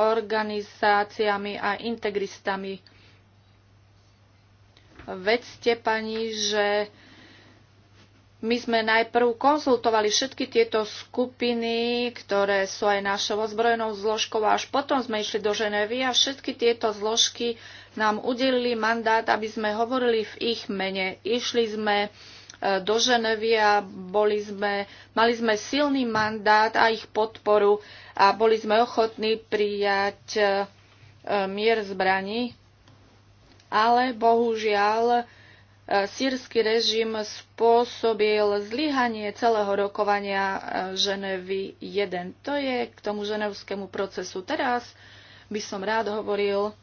organizáciami a integristami. Vedzte, pani, že my sme najprv konzultovali všetky tieto skupiny, ktoré sú aj našou ozbrojenou zložkou a až potom sme išli do Ženevy a všetky tieto zložky nám udelili mandát, aby sme hovorili v ich mene. Išli sme Eh, do Ženevy a boli sme, mali sme silný mandát a ich podporu a boli sme ochotní prijať eh, eh, mier zbraní, ale bohužiaľ sírsky režim spôsobil zlyhanie celého rokovania Ženevy 1. To je k tomu ženevskému procesu. Teraz by som rád hovoril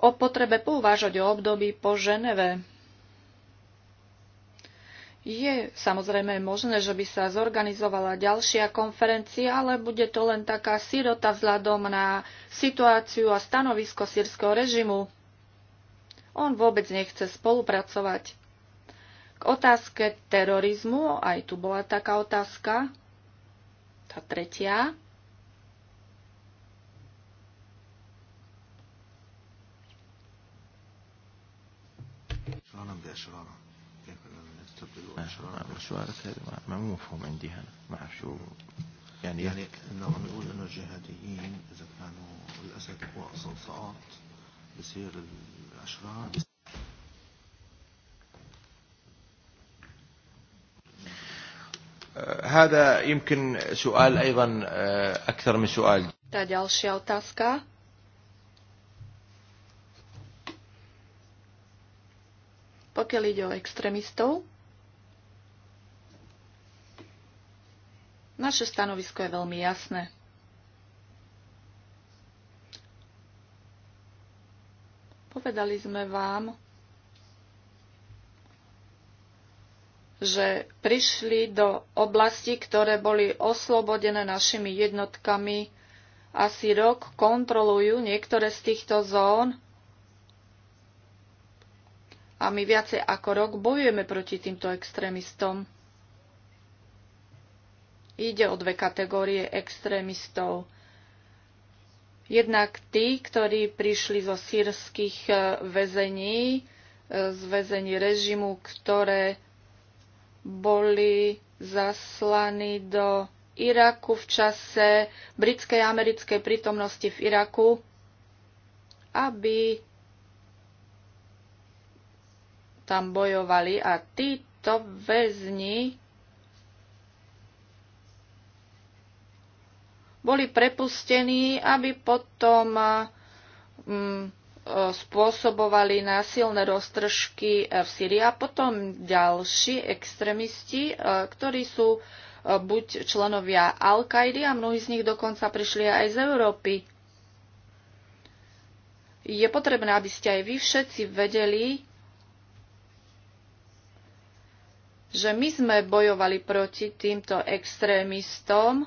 o potrebe pouvážať o období po Ženeve. Je samozrejme možné, že by sa zorganizovala ďalšia konferencia, ale bude to len taká sirota vzhľadom na situáciu a stanovisko sírskeho režimu. On vôbec nechce spolupracovať. K otázke terorizmu, aj tu bola taká otázka, tá tretia, شرانم بأشرانه مشوار كذا ما مو مفهوم عندي انا ما اعرف شو يعني يعني انه عم يقول انه الجهاديين اذا كانوا الاسد هو صلصات بصير الاشرار هذا يمكن سؤال ايضا اكثر من سؤال Tá ďalšia otázka Pokiaľ ide o extrémistov, naše stanovisko je veľmi jasné. Povedali sme vám, že prišli do oblasti, ktoré boli oslobodené našimi jednotkami. Asi rok kontrolujú niektoré z týchto zón a my viacej ako rok bojujeme proti týmto extrémistom. Ide o dve kategórie extrémistov. Jednak tí, ktorí prišli zo sírskych e, väzení, e, z väzení režimu, ktoré boli zaslaní do Iraku v čase britskej a americkej prítomnosti v Iraku, aby tam bojovali a títo väzni boli prepustení, aby potom mm, spôsobovali násilné roztržky e, v Syrii a potom ďalší extrémisti, e, ktorí sú e, buď členovia Al-Kaidy a mnohí z nich dokonca prišli aj z Európy. Je potrebné, aby ste aj vy všetci vedeli, že my sme bojovali proti týmto extrémistom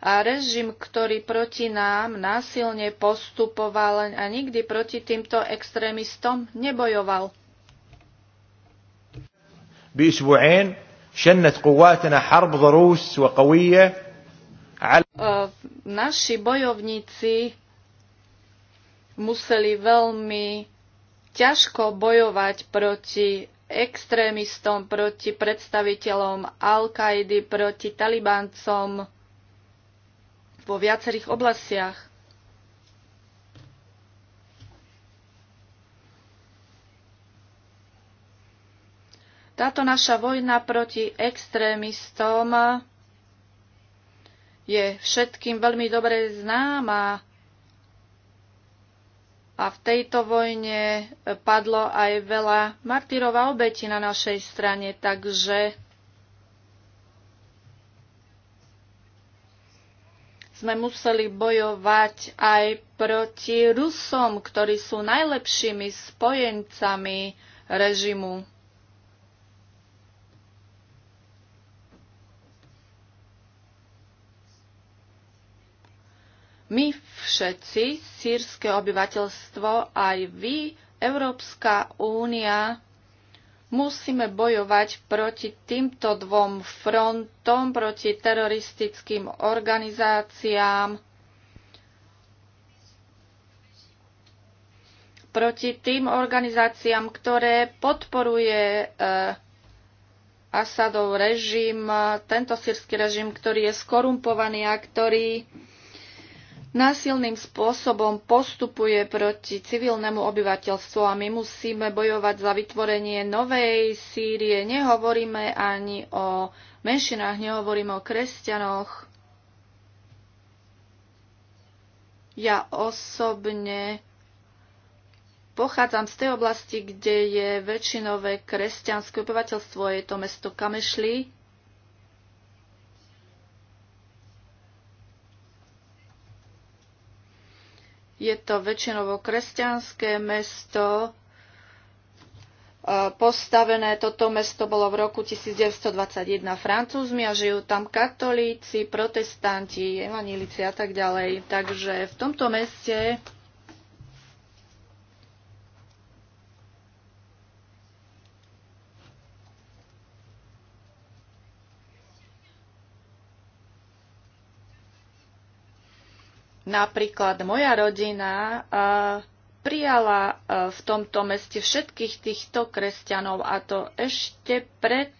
a režim, ktorý proti nám násilne postupoval a nikdy proti týmto extrémistom nebojoval. بأسبوعين شنت قواتنا حرب ضروس وقوية على eh, Naši bojovníci museli veľmi ťažko bojovať proti extrémistom, proti predstaviteľom Al-Kaidy, proti talibancom vo viacerých oblastiach. Táto naša vojna proti extrémistom je všetkým veľmi dobre známa. A v tejto vojne e, padlo aj veľa martyrov a na našej strane, takže sme museli bojovať aj proti Rusom, ktorí sú najlepšími spojencami režimu. my všetci, sírske obyvateľstvo, aj vy, Európska únia, musíme bojovať proti týmto dvom frontom, proti teroristickým organizáciám, proti tým organizáciám, ktoré podporuje eh, Asadov režim, tento sírsky režim, ktorý je skorumpovaný a ktorý násilným spôsobom postupuje proti civilnému obyvateľstvu a my musíme bojovať za vytvorenie novej Sýrie. Nehovoríme ani o menšinách, nehovoríme o kresťanoch. Ja osobne pochádzam z tej oblasti, kde je väčšinové kresťanské obyvateľstvo. Je to mesto Kamešli Je to väčšinovo kresťanské mesto. E, postavené toto mesto bolo v roku 1921 francúzmi a žijú tam katolíci, protestanti, evanílici a tak ďalej. Takže v tomto meste Napríklad moja rodina prijala v tomto meste všetkých týchto kresťanov a to ešte pred,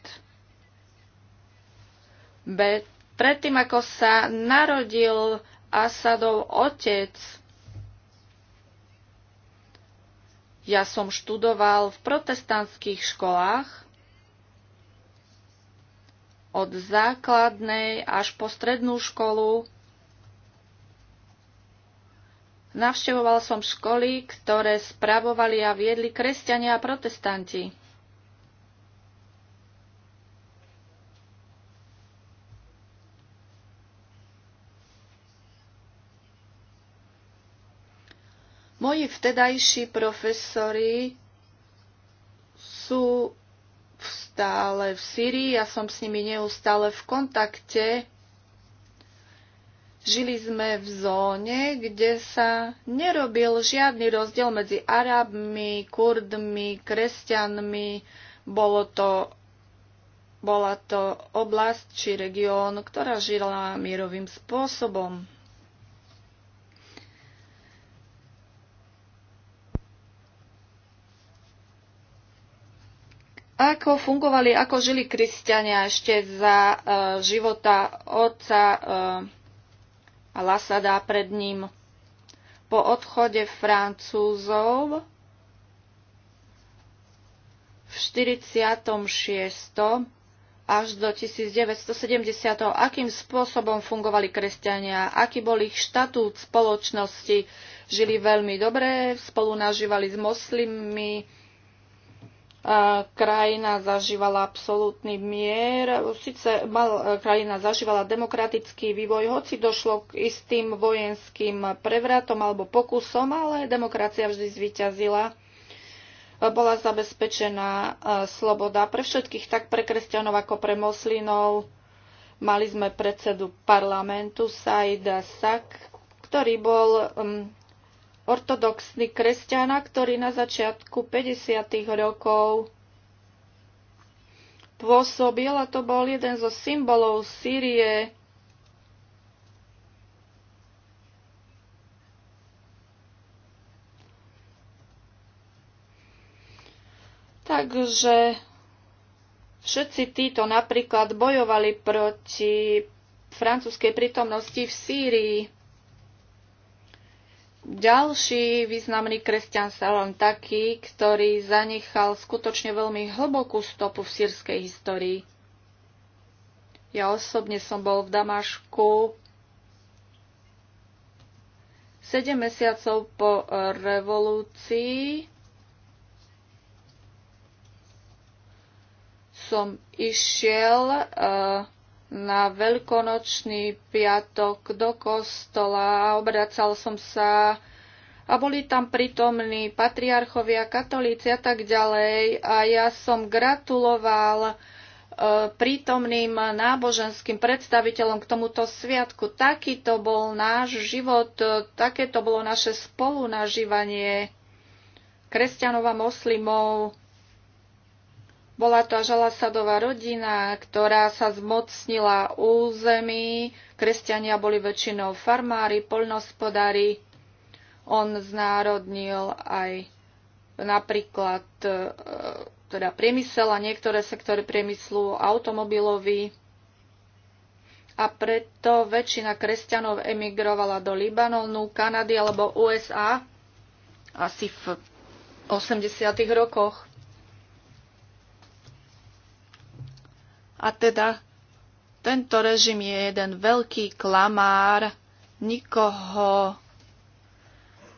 pred tým, ako sa narodil Asadov otec. Ja som študoval v protestantských školách od základnej až po strednú školu Navštevoval som školy, ktoré spravovali a viedli kresťania a protestanti. Moji vtedajší profesori sú stále v Syrii, ja som s nimi neustále v kontakte Žili sme v zóne, kde sa nerobil žiadny rozdiel medzi Arabmi, Kurdmi, kresťanmi. Bolo to, bola to oblasť či región, ktorá žila mierovým spôsobom. ako fungovali, ako žili kresťania ešte za e, života otca e, a Lasada pred ním. Po odchode Francúzov v 46 až do 1970. Akým spôsobom fungovali kresťania, aký bol ich štatút spoločnosti. Žili veľmi dobre, spolu nažívali s moslimmi, krajina zažívala absolútny mier. Sice mal, e, krajina zažívala demokratický vývoj, hoci došlo k istým vojenským prevratom alebo pokusom, ale demokracia vždy zvíťazila. Bola zabezpečená e, sloboda pre všetkých, tak pre kresťanov ako pre moslinov. Mali sme predsedu parlamentu Saida Sak, ktorý bol ortodoxný kresťana, ktorý na začiatku 50. rokov pôsobil a to bol jeden zo symbolov Sýrie. Takže všetci títo napríklad bojovali proti francúzskej prítomnosti v Sýrii. Ďalší významný kresťan sa len taký, ktorý zanechal skutočne veľmi hlbokú stopu v sírskej histórii. Ja osobne som bol v Damašku 7 mesiacov po revolúcii. Som išiel uh, na veľkonočný piatok do kostola a obracal som sa a boli tam prítomní patriarchovia, katolíci a tak ďalej a ja som gratuloval e, prítomným náboženským predstaviteľom k tomuto sviatku. Taký to bol náš život, e, takéto bolo naše spolunažívanie kresťanov a moslimov. Bola to Žalasadová rodina, ktorá sa zmocnila území. Kresťania boli väčšinou farmári, poľnospodári. On znárodnil aj napríklad e, teda priemysel a niektoré sektory priemyslu automobilový. A preto väčšina kresťanov emigrovala do Libanonu, Kanady alebo USA asi v 80. rokoch. A teda tento režim je jeden veľký klamár, nikoho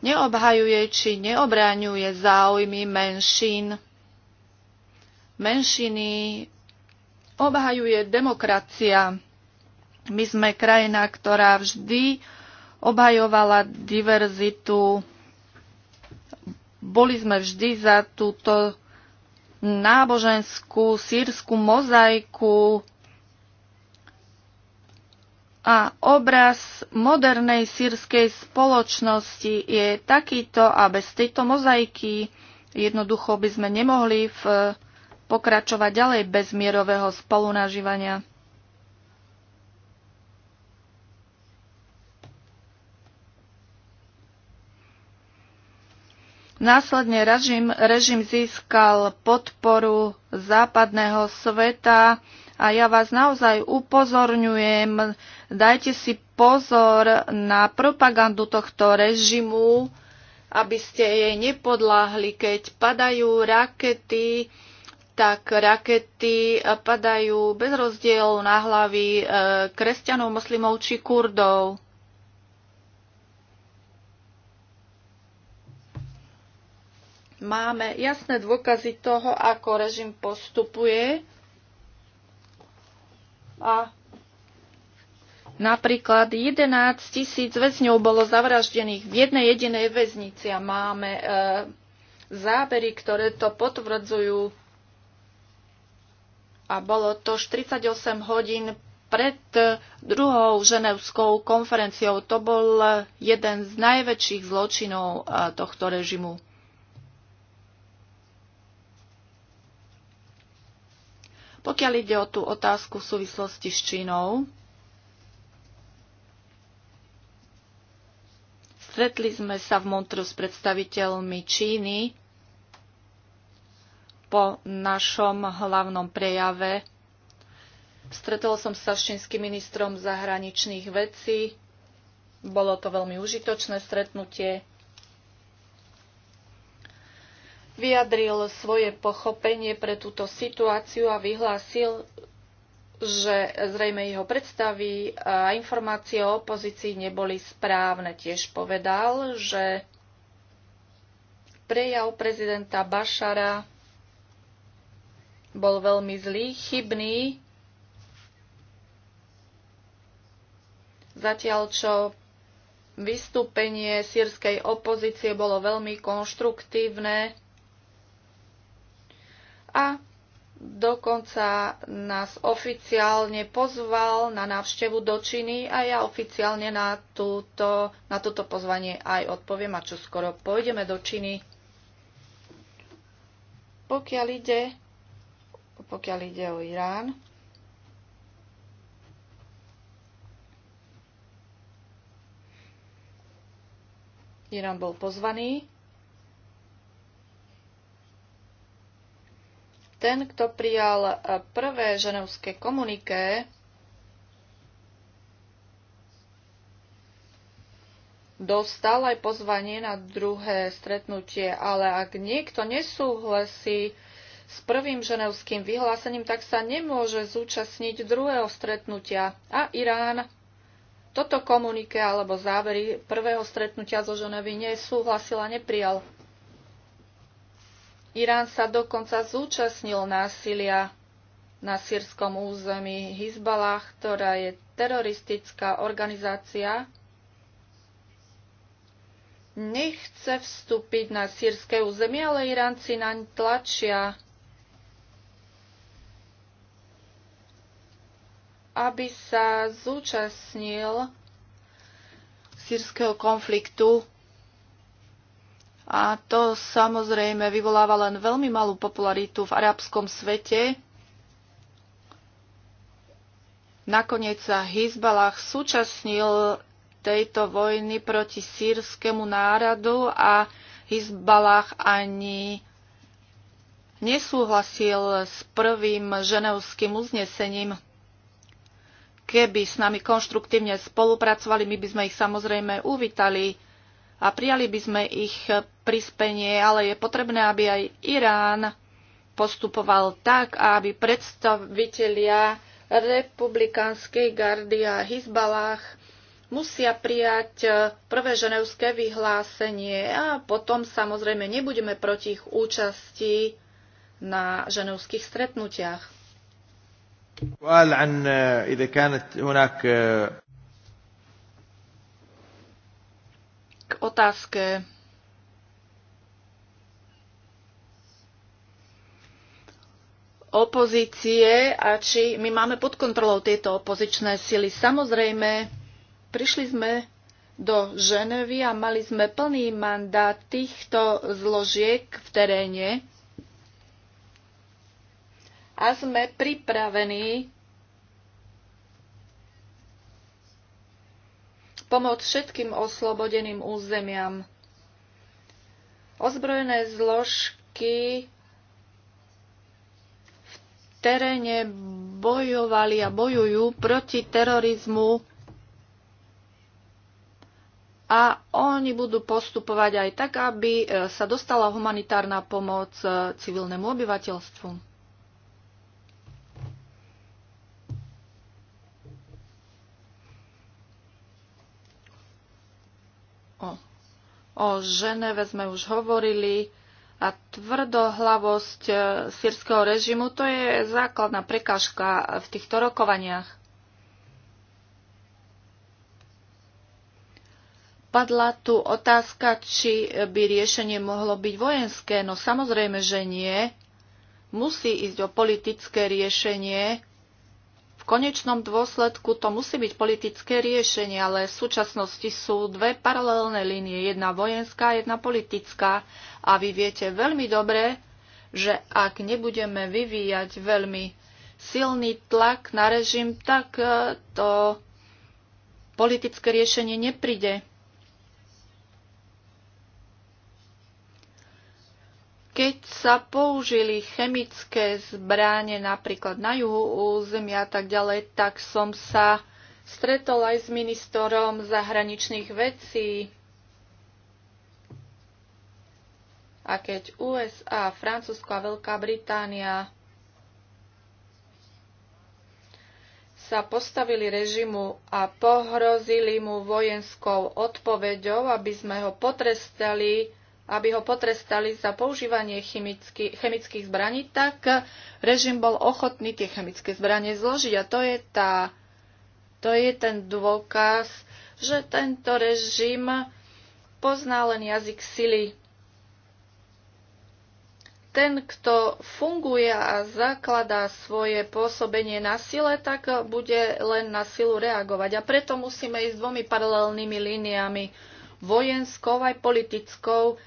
neobhajuje či neobráňuje záujmy menšín. Menšiny obhajuje demokracia. My sme krajina, ktorá vždy obhajovala diverzitu. Boli sme vždy za túto náboženskú sírsku mozaiku a obraz modernej sírskej spoločnosti je takýto a bez tejto mozaiky jednoducho by sme nemohli v, pokračovať ďalej bez mierového spolunažívania. Následne režim, režim získal podporu západného sveta a ja vás naozaj upozorňujem, dajte si pozor na propagandu tohto režimu, aby ste jej nepodláhli, keď padajú rakety, tak rakety padajú bez rozdielu na hlavy eh, kresťanov, moslimov či kurdov. Máme jasné dôkazy toho, ako režim postupuje a Napríklad 11 tisíc väzňov bolo zavraždených v jednej jedinej väznici a máme e, zábery, ktoré to potvrdzujú. A bolo to 48 hodín pred e, druhou ženevskou konferenciou. To bol e, jeden z najväčších zločinov e, tohto režimu. Pokiaľ ide o tú otázku v súvislosti s Čínou, stretli sme sa v Montru s predstaviteľmi Číny po našom hlavnom prejave. Stretol som sa s čínskym ministrom zahraničných vecí. Bolo to veľmi užitočné stretnutie. vyjadril svoje pochopenie pre túto situáciu a vyhlásil, že zrejme jeho predstavy a informácie o opozícii neboli správne. Tiež povedal, že prejav prezidenta Bašara bol veľmi zlý, chybný, zatiaľ čo vystúpenie sírskej opozície bolo veľmi konštruktívne a dokonca nás oficiálne pozval na návštevu do Číny a ja oficiálne na, túto, na toto pozvanie aj odpoviem a čo skoro pôjdeme do Číny. Pokiaľ ide, pokiaľ ide o Irán, Irán bol pozvaný Ten, kto prijal eh, prvé ženevské komuniké, dostal aj pozvanie na druhé stretnutie, ale ak niekto nesúhlasí s prvým ženevským vyhlásením, tak sa nemôže zúčastniť druhého stretnutia. A Irán toto komunike alebo závery prvého stretnutia zo Ženevy nesúhlasil a neprijal. Irán sa dokonca zúčastnil násilia na sírskom území Hizbalah, ktorá je teroristická organizácia, nechce vstúpiť na sírske územie, ale Iránci naň tlačia, aby sa zúčastnil sírskeho konfliktu a to samozrejme vyvoláva len veľmi malú popularitu v arabskom svete. Nakoniec sa Hizbalah súčasnil tejto vojny proti sírskému národu a Hizbalah ani nesúhlasil s prvým ženevským uznesením. Keby s nami konštruktívne spolupracovali, my by sme ich samozrejme uvítali a prijali by sme ich prispenie, ale je potrebné, aby aj Irán postupoval tak, aby predstavitelia republikánskej gardy a Hizbalách musia prijať eh, prvé ženevské vyhlásenie a potom samozrejme nebudeme proti ich účasti na ženevských stretnutiach. otázke opozície a či my máme pod kontrolou tieto opozičné sily. Samozrejme, prišli sme do Ženevy a mali sme plný mandát týchto zložiek v teréne a sme pripravení pomoc všetkým oslobodeným územiam. Ozbrojené zložky v teréne bojovali a bojujú proti terorizmu a oni budú postupovať aj tak, aby e, sa dostala humanitárna pomoc e, civilnému obyvateľstvu. O Ženeve sme už hovorili a tvrdohlavosť e, sírskeho režimu to je základná prekážka v týchto rokovaniach. Padla tu otázka, či by riešenie mohlo byť vojenské. No samozrejme, že nie. Musí ísť o politické riešenie konečnom dôsledku to musí byť politické riešenie, ale v súčasnosti sú dve paralelné línie, jedna vojenská, jedna politická. A vy viete veľmi dobre, že ak nebudeme vyvíjať veľmi silný tlak na režim, tak eh, to politické riešenie nepríde. Keď sa použili chemické zbráne napríklad na juhu územia a tak ďalej, tak som sa stretol aj s ministrom zahraničných vecí A keď USA, Francúzsko a Veľká Británia sa postavili režimu a pohrozili mu vojenskou odpoveďou, aby sme ho potrestali, aby ho potrestali za používanie chemicky, chemických zbraní, tak režim bol ochotný tie chemické zbranie zložiť. A to je, tá, to je ten dôkaz, že tento režim pozná len jazyk sily. Ten, kto funguje a zakladá svoje pôsobenie na sile, tak bude len na silu reagovať. A preto musíme ísť dvomi paralelnými líniami, vojenskou aj politickou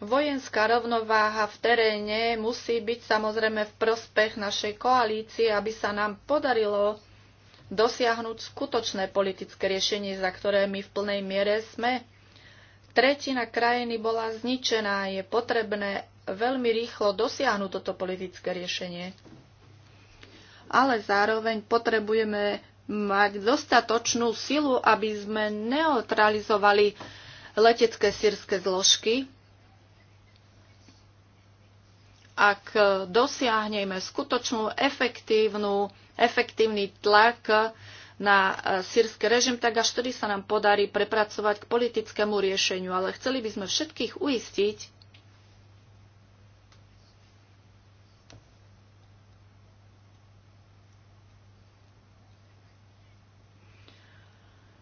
Vojenská rovnováha v teréne musí byť samozrejme v prospech našej koalície, aby sa nám podarilo dosiahnuť skutočné politické riešenie, za ktoré my v plnej miere sme. Tretina krajiny bola zničená, je potrebné veľmi rýchlo dosiahnuť toto politické riešenie. Ale zároveň potrebujeme mať dostatočnú silu, aby sme neutralizovali letecké sírske zložky, ak dosiahneme skutočnú efektívnu, efektívny tlak na e, sírsky režim, tak až vtedy sa nám podarí prepracovať k politickému riešeniu. Ale chceli by sme všetkých uistiť,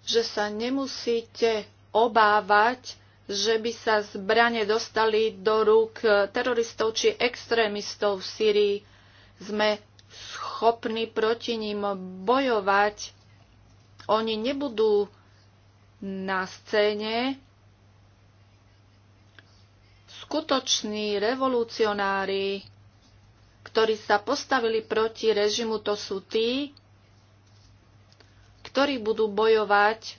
že sa nemusíte obávať že by sa zbranie dostali do rúk teroristov či extrémistov v Syrii. Sme schopní proti ním bojovať. Oni nebudú na scéne. Skutoční revolucionári, ktorí sa postavili proti režimu, to sú tí, ktorí budú bojovať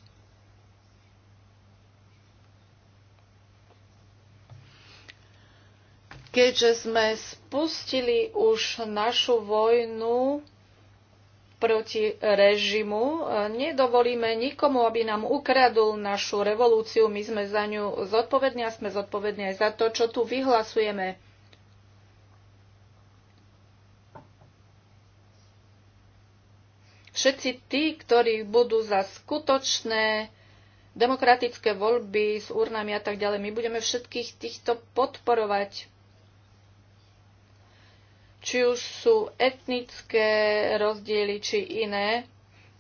keďže sme spustili už našu vojnu proti režimu, nedovolíme nikomu, aby nám ukradol našu revolúciu. My sme za ňu zodpovední a sme zodpovední aj za to, čo tu vyhlasujeme. Všetci tí, ktorí budú za skutočné demokratické voľby s urnami a tak ďalej, my budeme všetkých týchto podporovať či už sú etnické rozdiely či iné,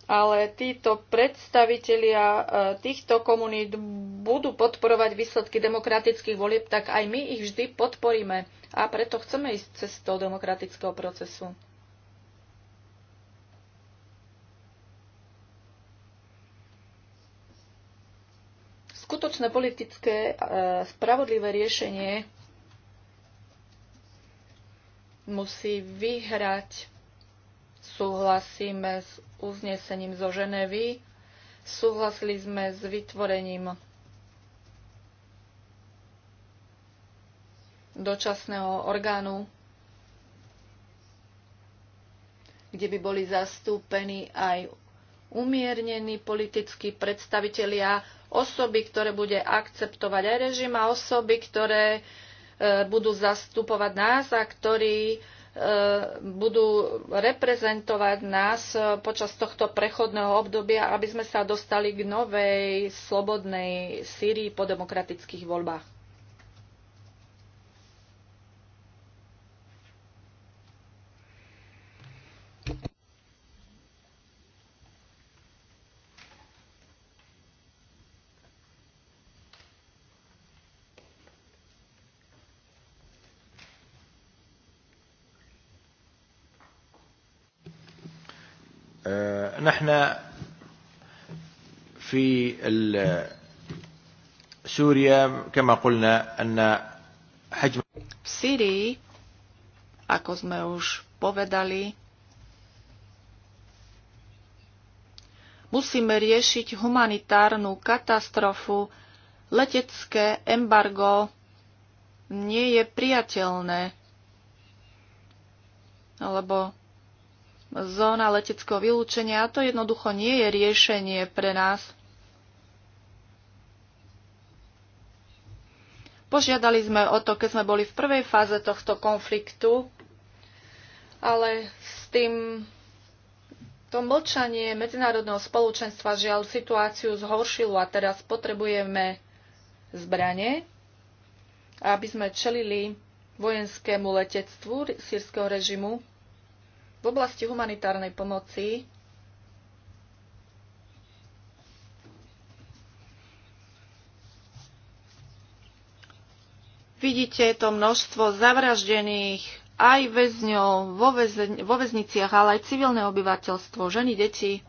ale títo predstavitelia e, týchto komunít budú podporovať výsledky demokratických volieb, tak aj my ich vždy podporíme. A preto chceme ísť cestou demokratického procesu. Skutočné politické e, spravodlivé riešenie musí vyhrať. Súhlasíme s uznesením zo Ženevy, súhlasili sme s vytvorením dočasného orgánu, kde by boli zastúpení aj umiernení politickí predstavitelia, osoby, ktoré bude akceptovať aj režim a osoby, ktoré E, budú zastupovať nás a ktorí e, budú reprezentovať nás e, počas tohto prechodného obdobia, aby sme sa dostali k novej slobodnej Syrii po demokratických voľbách. احنا في سوريا كما قلنا ان حجم v ako sme už povedali, musíme riešiť humanitárnu katastrofu. Letecké embargo nie je priateľné, lebo zóna leteckého vylúčenia a to jednoducho nie je riešenie pre nás. Požiadali sme o to, keď sme boli v prvej fáze tohto konfliktu, ale s tým to mlčanie medzinárodného spoločenstva žiaľ situáciu zhoršilo a teraz potrebujeme zbranie, aby sme čelili vojenskému letectvu sírskeho režimu v oblasti humanitárnej pomoci vidíte to množstvo zavraždených aj väzňov vo, väzen- vo väzniciach, ale aj civilné obyvateľstvo, ženy, deti.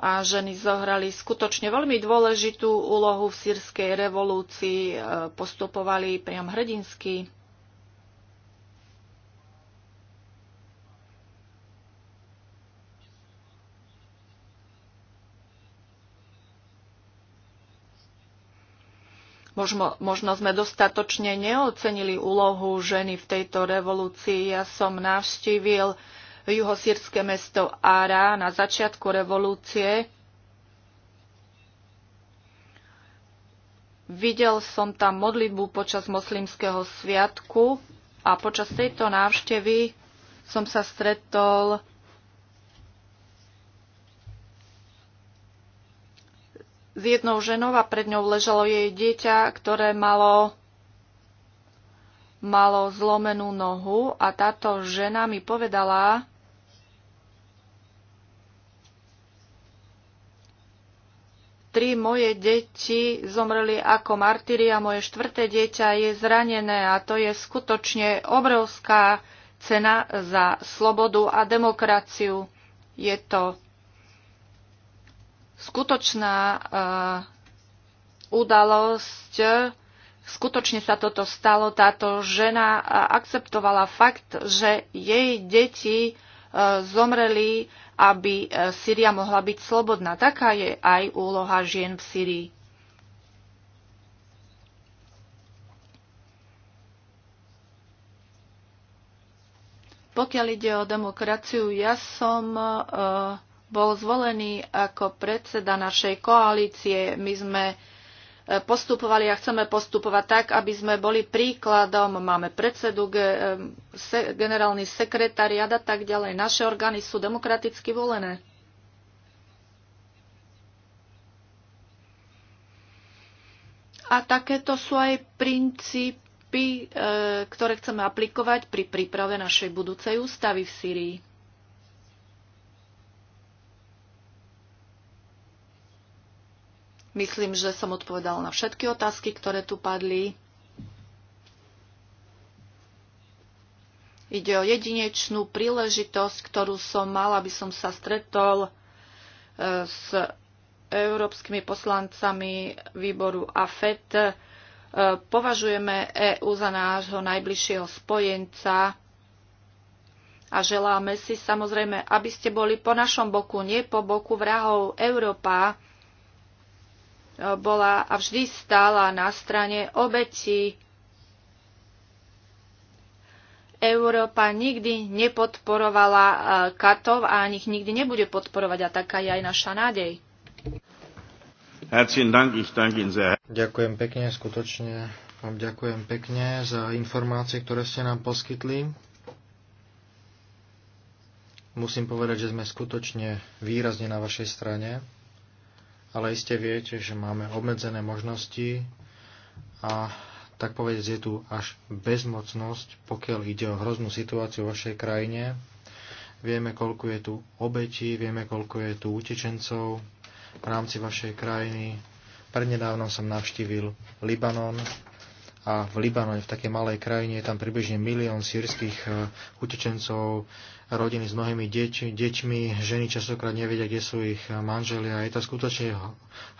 A ženy zohrali skutočne veľmi dôležitú úlohu v sírskej revolúcii, e, postupovali priam hrdinsky. Možno, možno sme dostatočne neocenili úlohu ženy v tejto revolúcii. Ja som navštívil juhosírske mesto Ára na začiatku revolúcie. Videl som tam modlitbu počas moslimského sviatku a počas tejto návštevy som sa stretol s jednou ženou a pred ňou ležalo jej dieťa, ktoré malo, malo zlomenú nohu a táto žena mi povedala, Tri moje deti zomreli ako martyri a moje štvrté dieťa je zranené a to je skutočne obrovská cena za slobodu a demokraciu. Je to skutočná eh, udalosť, skutočne sa toto stalo, táto žena eh, akceptovala fakt, že jej deti eh, zomreli, aby Syria mohla byť slobodná. Taká je aj úloha žien v Syrii. Pokiaľ ide o demokraciu, ja som uh, bol zvolený ako predseda našej koalície. My sme e, postupovali a chceme postupovať tak, aby sme boli príkladom. Máme predsedu, e, generálny sekretariat a tak ďalej. Naše orgány sú demokraticky volené. A takéto sú aj princípy, e, ktoré chceme aplikovať pri príprave našej budúcej ústavy v Sýrii. Myslím, že som odpovedala na všetky otázky, ktoré tu padli. Ide o jedinečnú príležitosť, ktorú som mal, aby som sa stretol e, s európskymi poslancami výboru AFET. E, považujeme EU za nášho najbližšieho spojenca a želáme si samozrejme, aby ste boli po našom boku, nie po boku vrahov Európa bola a vždy stála na strane obeti. Európa nikdy nepodporovala e, katov a ani ich nikdy nebude podporovať a taká je aj naša nádej. Ďakujem pekne, skutočne vám ďakujem pekne za informácie, ktoré ste nám poskytli. Musím povedať, že sme skutočne výrazne na vašej strane ale iste viete, že máme obmedzené možnosti a tak povedať je tu až bezmocnosť, pokiaľ ide o hroznú situáciu v vašej krajine. Vieme, koľko je tu obetí, vieme, koľko je tu utečencov v rámci vašej krajiny. Prednedávnom som navštívil Libanon, a v Libanone, v takej malej krajine, je tam približne milión sírskych e, utečencov, rodiny s mnohými deť, deťmi, ženy častokrát nevedia, kde sú ich manželia. Je to skutočne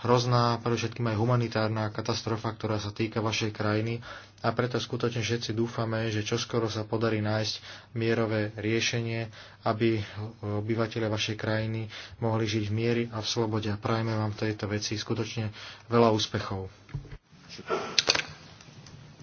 hrozná, pre všetkým aj humanitárna katastrofa, ktorá sa týka vašej krajiny a preto skutočne všetci dúfame, že čoskoro sa podarí nájsť mierové riešenie, aby obyvateľe vašej krajiny mohli žiť v miery a v slobode. A prajme vám v tejto veci skutočne veľa úspechov.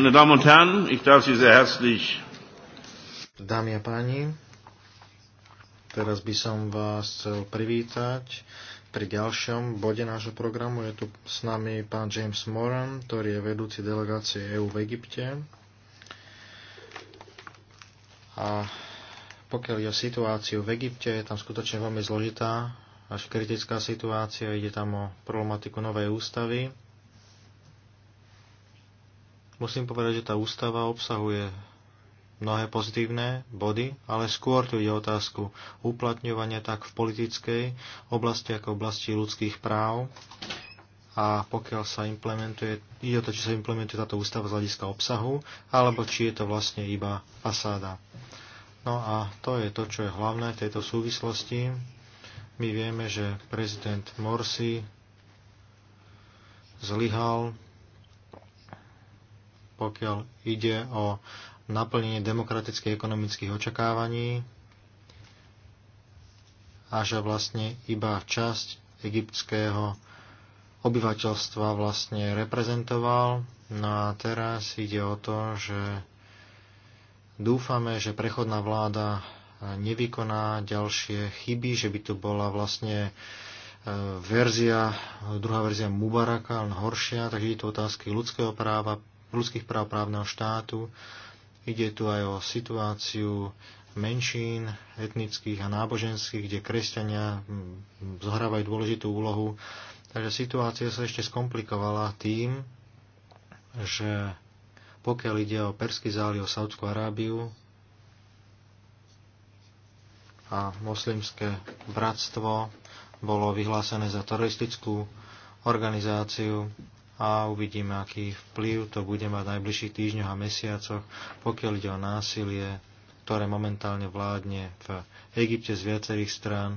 Meine Damen und Herren, ich darf Sie sehr herzlich. Dámy a páni, teraz by som vás chcel privítať pri ďalšom bode nášho programu. Je tu s nami pán James Moran, ktorý je vedúci delegácie EÚ v Egypte. A pokiaľ je situáciu v Egypte, je tam skutočne veľmi zložitá až kritická situácia, ide tam o problematiku novej ústavy Musím povedať, že tá ústava obsahuje mnohé pozitívne body, ale skôr tu ide otázku uplatňovania tak v politickej oblasti ako oblasti ľudských práv a pokiaľ sa implementuje, ide o to, či sa implementuje táto ústava z hľadiska obsahu, alebo či je to vlastne iba fasáda. No a to je to, čo je hlavné v tejto súvislosti. My vieme, že prezident Morsi zlyhal pokiaľ ide o naplnenie demokratických ekonomických očakávaní a že vlastne iba časť egyptského obyvateľstva vlastne reprezentoval. No a teraz ide o to, že dúfame, že prechodná vláda nevykoná ďalšie chyby, že by tu bola vlastne e, verzia, druhá verzia Mubaraka, ale horšia, takže je to otázky ľudského práva, ľudských práv právneho štátu. Ide tu aj o situáciu menšín etnických a náboženských, kde kresťania mm, zohrávajú dôležitú úlohu. Takže situácia sa ešte skomplikovala tým, že pokiaľ ide o Perský záliv, Saudskú Arábiu a moslimské bratstvo bolo vyhlásené za teroristickú organizáciu a uvidíme, aký vplyv to bude mať v najbližších týždňoch a mesiacoch, pokiaľ ide o násilie, ktoré momentálne vládne v Egypte z viacerých strán.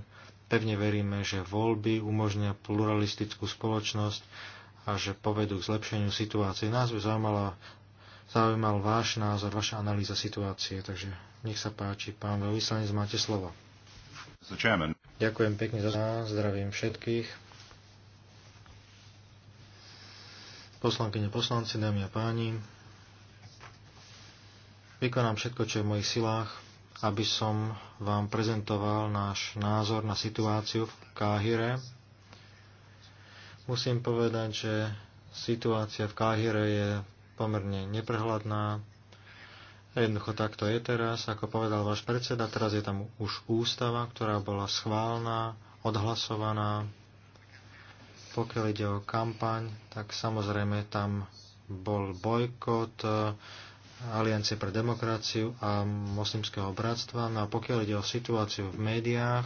Pevne veríme, že voľby umožnia pluralistickú spoločnosť a že povedú k zlepšeniu situácie. Nás by zaujímala, zaujímal váš názor, vaša analýza situácie, takže nech sa páči, pán veľvyslanec, máte slovo. Ďakujem pekne za zdravím všetkých. Poslankyne, poslanci, dámy a páni, vykonám všetko, čo je v mojich silách, aby som vám prezentoval náš názor na situáciu v Káhire. Musím povedať, že situácia v Káhire je pomerne neprehľadná. Jednoducho takto je teraz, ako povedal váš predseda, teraz je tam už ústava, ktorá bola schválna, odhlasovaná, pokiaľ ide o kampaň, tak samozrejme tam bol bojkot e, Aliancie pre demokraciu a moslimského bratstva. No a pokiaľ ide o situáciu v médiách,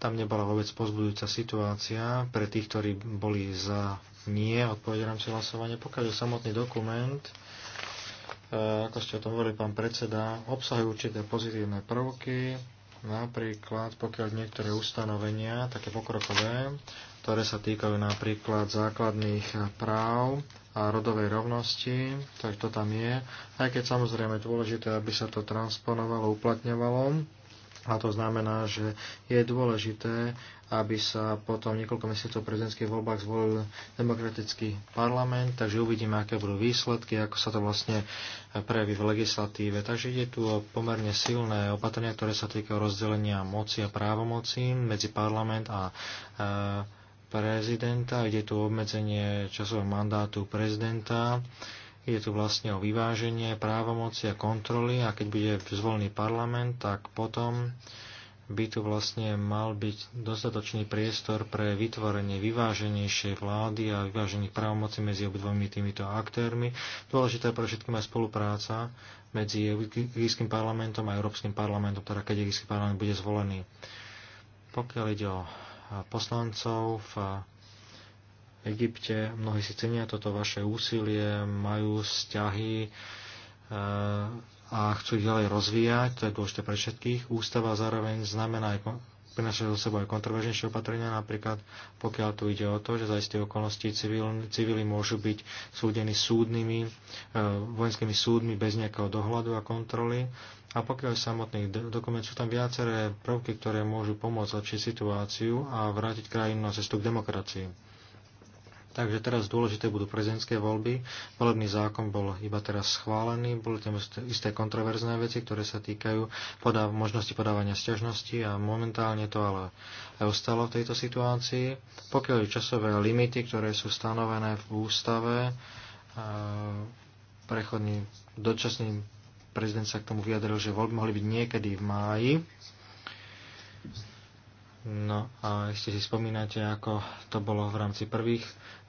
tam nebola vôbec pozbudujúca situácia pre tých, ktorí boli za nie odpovede rámci hlasovania. Pokiaľ je samotný dokument, e, ako ste o tom hovorili, pán predseda, obsahuje určité pozitívne prvky, napríklad pokiaľ niektoré ustanovenia, také pokrokové, ktoré sa týkajú napríklad základných práv a rodovej rovnosti, tak to tam je, aj keď samozrejme je dôležité, aby sa to transponovalo, uplatňovalo. A to znamená, že je dôležité, aby sa potom niekoľko mesiacov prezidentských voľbách zvolil demokratický parlament, takže uvidíme, aké budú výsledky, ako sa to vlastne prejaví v legislatíve. Takže ide tu o pomerne silné opatrenia, ktoré sa týkajú rozdelenia moci a právomoci medzi parlament a e, prezidenta, ide tu obmedzenie časového mandátu prezidenta, ide tu vlastne o vyváženie právomoci a kontroly a keď bude zvolený parlament, tak potom by tu vlastne mal byť dostatočný priestor pre vytvorenie vyváženejšej vlády a vyvážených právomocí medzi obdvomi týmito aktérmi. Dôležitá pre všetkým aj spolupráca medzi Egyptským parlamentom a Európskym parlamentom, teda keď Egyptský parlament bude zvolený. Pokiaľ ide o poslancov v Egypte. Mnohí si cenia toto vaše úsilie, majú vzťahy e, a chcú ich ďalej rozvíjať, to je dôležité pre všetkých. Ústava zároveň znamená aj prinašajú zo sebou aj kontroverznejšie opatrenia, napríklad pokiaľ tu ide o to, že za isté okolnosti civil, civili môžu byť súdení súdnymi, e, vojenskými súdmi bez nejakého dohľadu a kontroly. A pokiaľ samotný dokument sú tam viaceré prvky, ktoré môžu pomôcť lepšiť situáciu a vrátiť krajinu na cestu k demokracii. Takže teraz dôležité budú prezidentské voľby. Volebný zákon bol iba teraz schválený, boli tam isté kontroverzné veci, ktoré sa týkajú podáv- možnosti podávania sťažnosti a momentálne to ale aj ostalo v tejto situácii. Pokiaľ časové limity, ktoré sú stanovené v ústave, prechodný dočasný prezident sa k tomu vyjadril, že voľby mohli byť niekedy v máji. No a ešte si spomínate, ako to bolo v rámci prvých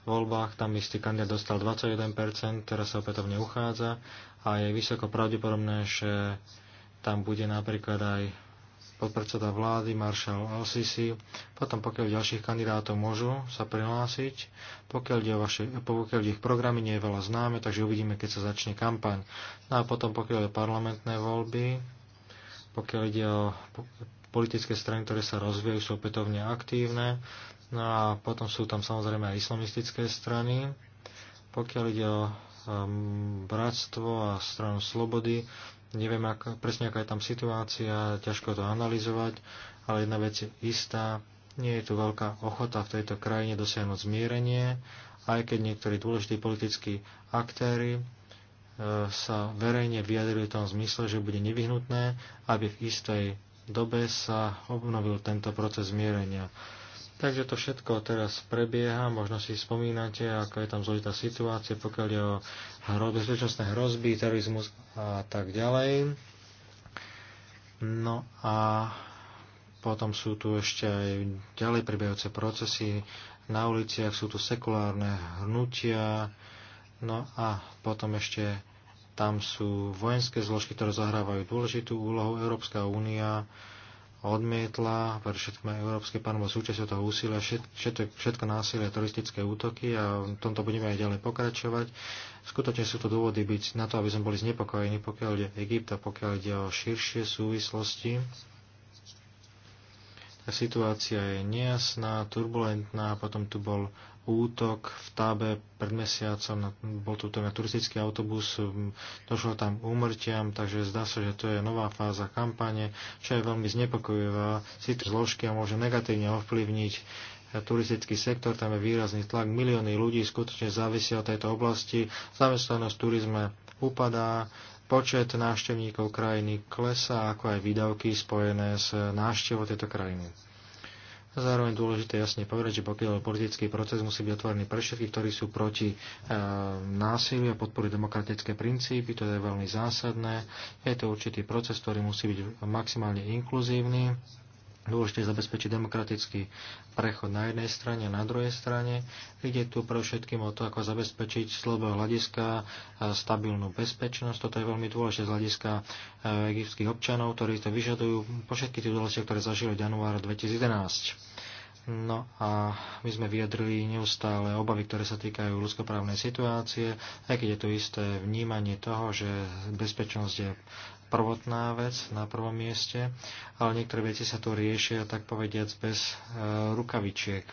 voľbách. Tam istý kandidát dostal 21%, teraz sa opätovne uchádza a je vysoko pravdepodobné, že tam bude napríklad aj podpredseda vlády Maršal Al-Sisi. Potom pokiaľ ďalších kandidátov môžu sa prihlásiť, pokiaľ ide, vaše, pokiaľ ich programy nie je veľa známe, takže uvidíme, keď sa začne kampaň. No a potom pokiaľ je parlamentné voľby, pokiaľ ide o politické strany, ktoré sa rozvíjajú, sú opätovne aktívne. No a potom sú tam samozrejme aj islamistické strany. Pokiaľ ide o um, bratstvo a stranu slobody, Neviem ak, presne, aká je tam situácia, ťažko to analyzovať, ale jedna vec je istá, nie je tu veľká ochota v tejto krajine dosiahnuť zmierenie, aj keď niektorí dôležití politickí aktéry e, sa verejne vyjadrili v tom zmysle, že bude nevyhnutné, aby v istej dobe sa obnovil tento proces zmierenia. Takže to všetko teraz prebieha, možno si spomínate, ako je tam zložitá situácia, pokiaľ je o hrozby, bezpečnostné hrozby, terorizmus a tak ďalej. No a potom sú tu ešte aj ďalej prebiehajúce procesy na uliciach, sú tu sekulárne hnutia, no a potom ešte tam sú vojenské zložky, ktoré zahrávajú dôležitú úlohu. Európska únia odmietla, všetko aj Európske pán bol súčasťou toho úsilia, všetko, všetko násilie, turistické útoky a v tomto budeme aj ďalej pokračovať. Skutočne sú to dôvody byť na to, aby sme boli znepokojení, pokiaľ ide Egypt a pokiaľ ide o širšie súvislosti. Tá situácia je nejasná, turbulentná, potom tu bol útok v tábe pred mesiacom, bol tu ten teda turistický autobus, došlo tam k úmrtiam, takže zdá sa, že to je nová fáza kampane, čo je veľmi znepokojivá. to zložky a môže negatívne ovplyvniť e, turistický sektor, tam je výrazný tlak, milióny ľudí skutočne závisia od tejto oblasti, zamestnanosť turizme upadá, počet návštevníkov krajiny klesá, ako aj výdavky spojené s návštevou tejto krajiny. Zároveň dôležité jasne povedať, že pokiaľ politický proces musí byť otvorený pre všetkých, ktorí sú proti e, násiliu a podpory demokratické princípy, to je veľmi zásadné. Je to určitý proces, ktorý musí byť maximálne inkluzívny Dôležité zabezpečiť demokratický prechod na jednej strane a na druhej strane. Ide tu pre všetkým o to, ako zabezpečiť slobého hľadiska a e, stabilnú bezpečnosť. Toto je veľmi dôležité z hľadiska e, egyptských občanov, ktorí to vyžadujú po všetky tie udalosti, ktoré zažili od januára 2011. No a my sme vyjadrili neustále obavy, ktoré sa týkajú ľudskoprávnej situácie, aj keď je tu isté vnímanie toho, že bezpečnosť je prvotná vec na prvom mieste, ale niektoré veci sa tu riešia, tak povediac, bez e, rukavičiek.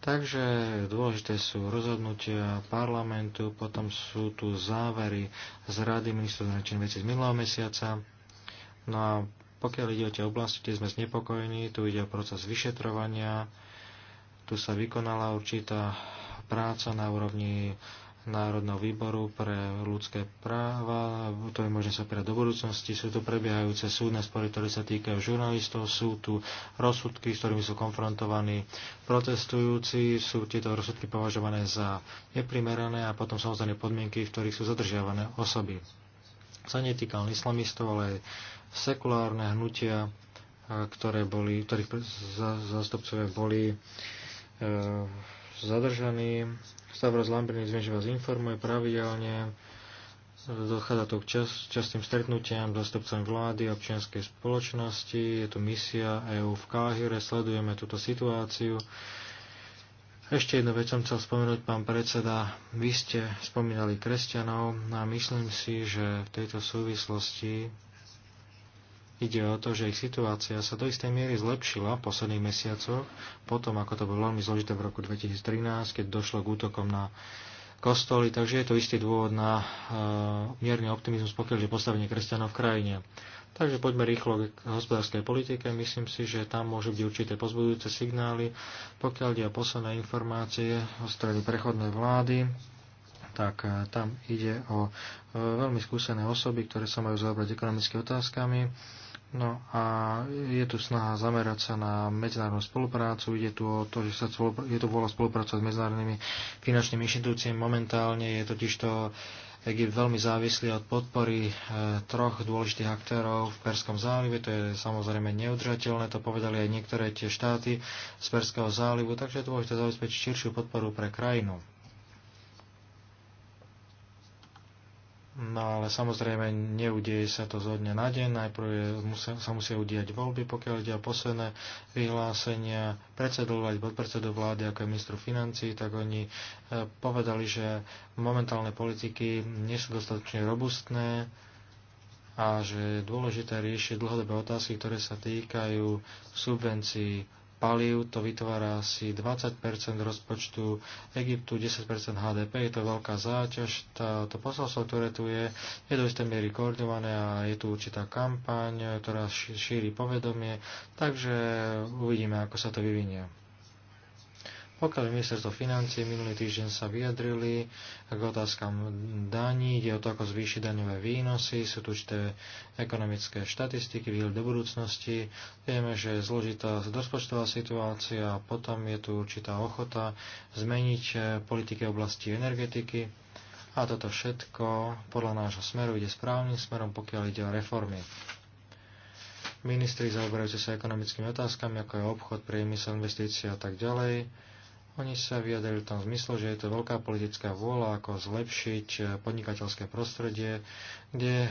Takže dôležité sú rozhodnutia parlamentu, potom sú tu závery z Rady ministrov zahraničných vecí z minulého mesiaca. No a pokiaľ ide o tie oblasti, kde sme znepokojení, tu ide o proces vyšetrovania, tu sa vykonala určitá práca na úrovni Národného výboru pre ľudské práva, to je možné sa opierať do budúcnosti, sú tu prebiehajúce súdne spory, ktoré sa týkajú žurnalistov, sú tu rozsudky, s ktorými sú konfrontovaní protestujúci, sú tieto rozsudky považované za neprimerané a potom ozdané podmienky, v ktorých sú zadržiavané osoby. Sa netýka len islamistov, ale aj sekulárne hnutia, ktoré boli, ktorých zástupcovia boli e, zadržaní Stavros Lambrinis, viem, že vás informuje pravidelne, dochádza to k čas, častým stretnutiam zastupcom vlády, občianskej spoločnosti, je tu misia EÚ v Káhire, sledujeme túto situáciu. Ešte jednu vec som chcel spomenúť, pán predseda. Vy ste spomínali kresťanov a myslím si, že v tejto súvislosti Ide o to, že ich situácia sa do istej miery zlepšila v posledných mesiacoch, potom ako to bolo veľmi zložité v roku 2013, keď došlo k útokom na kostoly, takže je to istý dôvod na uh, mierny optimizmus, pokiaľ je postavenie kresťanov v krajine. Takže poďme rýchlo k hospodárskej politike. Myslím si, že tam môžu byť určité pozbudujúce signály. Pokiaľ ide o posledné informácie o strede prechodnej vlády, tak e, tam ide o e, veľmi skúsené osoby, ktoré sa majú zaobrať ekonomickými otázkami No a je tu snaha zamerať sa na medzinárodnú spoluprácu. Ide tu o to, že sa je tu vôľa spolupracovať s medzinárodnými finančnými inštitúciami. Momentálne je totiž to Egypt veľmi závislý od podpory e, troch dôležitých aktérov v Perskom zálive. To je samozrejme neudržateľné, to povedali aj niektoré tie štáty z Perského zálivu, takže je dôležité zabezpečiť širšiu podporu pre krajinu. No ale samozrejme neudeje sa to zo dňa na deň. Najprv je, musia, sa musia udiať voľby, pokiaľ ide o posledné vyhlásenia predsedu vlády, podpredsedu vlády, ako je ministru financí, tak oni e, povedali, že momentálne politiky nie sú dostatočne robustné a že je dôležité riešiť dlhodobé otázky, ktoré sa týkajú subvencií palív, to vytvára asi 20 rozpočtu Egyptu, 10 HDP, je to veľká záťaž. Tá, to posolstvo, ktoré tu je, je do istej miery koordinované a je tu určitá kampaň, ktorá šíri povedomie, takže uvidíme, ako sa to vyvinie. Pokiaľ ministerstvo financie minulý týždeň sa vyjadrili k otázkam daní, ide o to, ako zvýšiť daňové výnosy, sú tu určité ekonomické štatistiky, výhľad do budúcnosti. Vieme, že je zložitá rozpočtová situácia a potom je tu určitá ochota zmeniť eh, politiky oblasti energetiky. A toto všetko podľa nášho smeru ide správnym smerom, pokiaľ ide o reformy ministri zaoberajúci sa ekonomickými otázkami, ako je obchod, priemysel, investície a tak ďalej. Oni sa vyjadrili v tom zmyslu, že je to veľká politická vôľa, ako zlepšiť eh, podnikateľské prostredie, kde eh,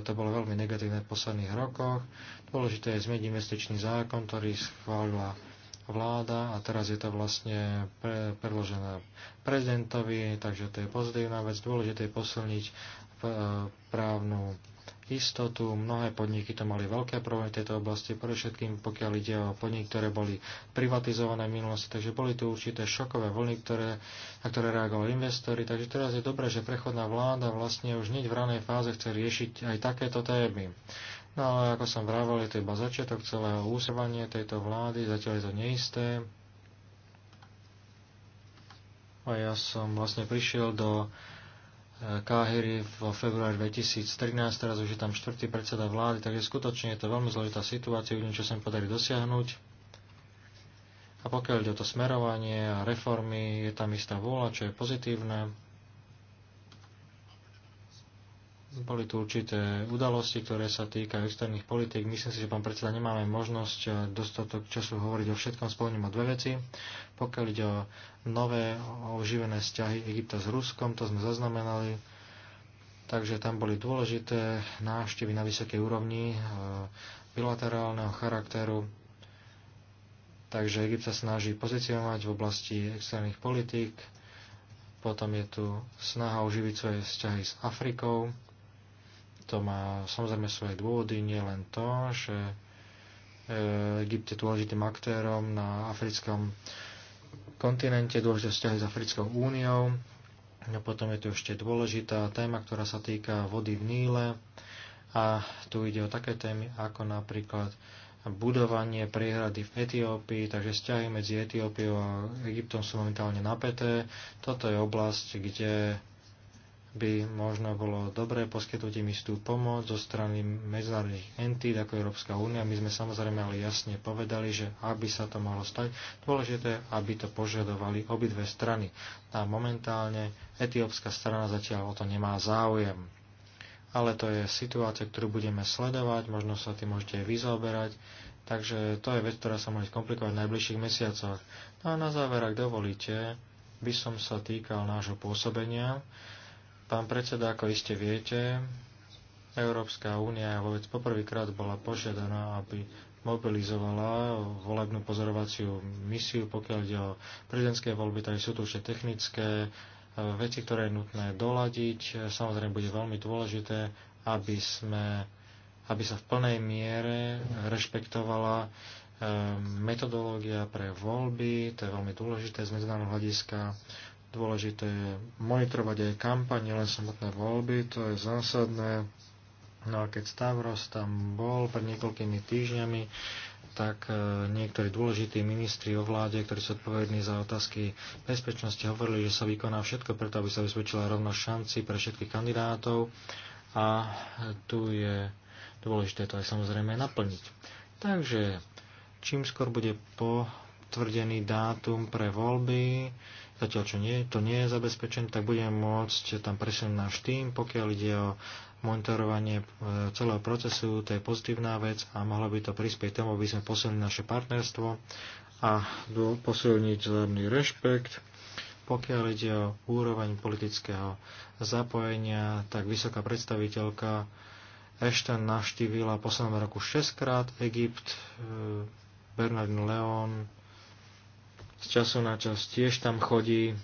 to bolo veľmi negatívne v posledných rokoch. Dôležité je zmeniť investičný zákon, ktorý schválila vláda a teraz je to vlastne pre, predložené prezidentovi, takže to je pozitívna vec. Dôležité je posilniť eh, právnu istotu. Mnohé podniky to mali veľké problémy v tejto oblasti, predovšetkým pokiaľ ide o podniky, ktoré boli privatizované v minulosti, takže boli tu určité šokové vlny, ktoré, na ktoré reagovali investori. Takže teraz je dobré, že prechodná vláda vlastne už hneď v ranej fáze chce riešiť aj takéto témy. No ale ako som vravel, je to iba začiatok celého úsilovania tejto vlády, zatiaľ je to neisté. A ja som vlastne prišiel do Káhery vo februári 2013, teraz už je tam štvrtý predseda vlády, takže skutočne je to veľmi zložitá situácia, uvidím, čo sa im podarí dosiahnuť. A pokiaľ ide o to smerovanie a reformy, je tam istá vôľa, čo je pozitívne. boli tu určité udalosti, ktoré sa týkajú externých politik. Myslím si, že pán predseda nemáme možnosť eh, dostatok času hovoriť o všetkom spolním o dve veci. Pokiaľ ide o nové oživené vzťahy Egypta s Ruskom, to sme zaznamenali. Takže tam boli dôležité návštevy na vysokej úrovni eh, bilaterálneho charakteru. Takže Egypt sa snaží pozicionovať v oblasti externých politík. Potom je tu snaha oživiť svoje vzťahy s Afrikou to má samozrejme svoje dôvody, nie len to, že e, Egypt je dôležitým aktérom na africkom kontinente, dôležité vzťahy s Africkou úniou. No potom je tu ešte dôležitá téma, ktorá sa týka vody v Níle. A tu ide o také témy ako napríklad budovanie priehrady v Etiópii, takže vzťahy medzi Etiópiou a Egyptom sú momentálne napäté. Toto je oblasť, kde by možno bolo dobré poskytnúť im istú pomoc zo strany medzinárodných entít ako Európska únia. My sme samozrejme ale jasne povedali, že aby sa to mohlo stať, dôležité, aby to požadovali obidve strany. A momentálne etiópska strana zatiaľ o to nemá záujem. Ale to je situácia, ktorú budeme sledovať, možno sa tým môžete aj vyzaoberať. Takže to je vec, ktorá sa môže komplikovať v najbližších mesiacoch. No a na záver, ak dovolíte, by som sa týkal nášho pôsobenia. Pán predseda, ako iste viete, Európska únia vôbec poprvýkrát bola požiadaná, aby mobilizovala volebnú pozorovaciu misiu, pokiaľ ide o prezidentské voľby, takže sú tu už technické e, veci, ktoré je nutné doladiť. Samozrejme bude veľmi dôležité, aby, sme, aby sa v plnej miere rešpektovala e, metodológia pre voľby, to je veľmi dôležité z medzinárodného hľadiska. Dôležité je monitorovať aj kampaň, nielen samotné voľby, to je zásadné. No a keď Stavros tam bol pred niekoľkými týždňami, tak e, niektorí dôležití ministri o vláde, ktorí sú odpovední za otázky bezpečnosti, hovorili, že sa vykoná všetko preto, aby sa vyspečila rovnosť šanci pre všetkých kandidátov a e, tu je dôležité to aj samozrejme naplniť. Takže čím skôr bude potvrdený dátum pre voľby, Zatiaľ, čo nie, to nie je zabezpečené, tak budeme môcť tam presunúť náš tým, pokiaľ ide o monitorovanie e, celého procesu, to je pozitívna vec a mohlo by to prispieť tomu, aby sme posilnili naše partnerstvo a posilniť vzájomný rešpekt. Pokiaľ ide o úroveň politického zapojenia, tak vysoká predstaviteľka Ashton navštívila v poslednom roku 6 krát Egypt, e, Bernard Leon, z času na čas tiež tam chodí.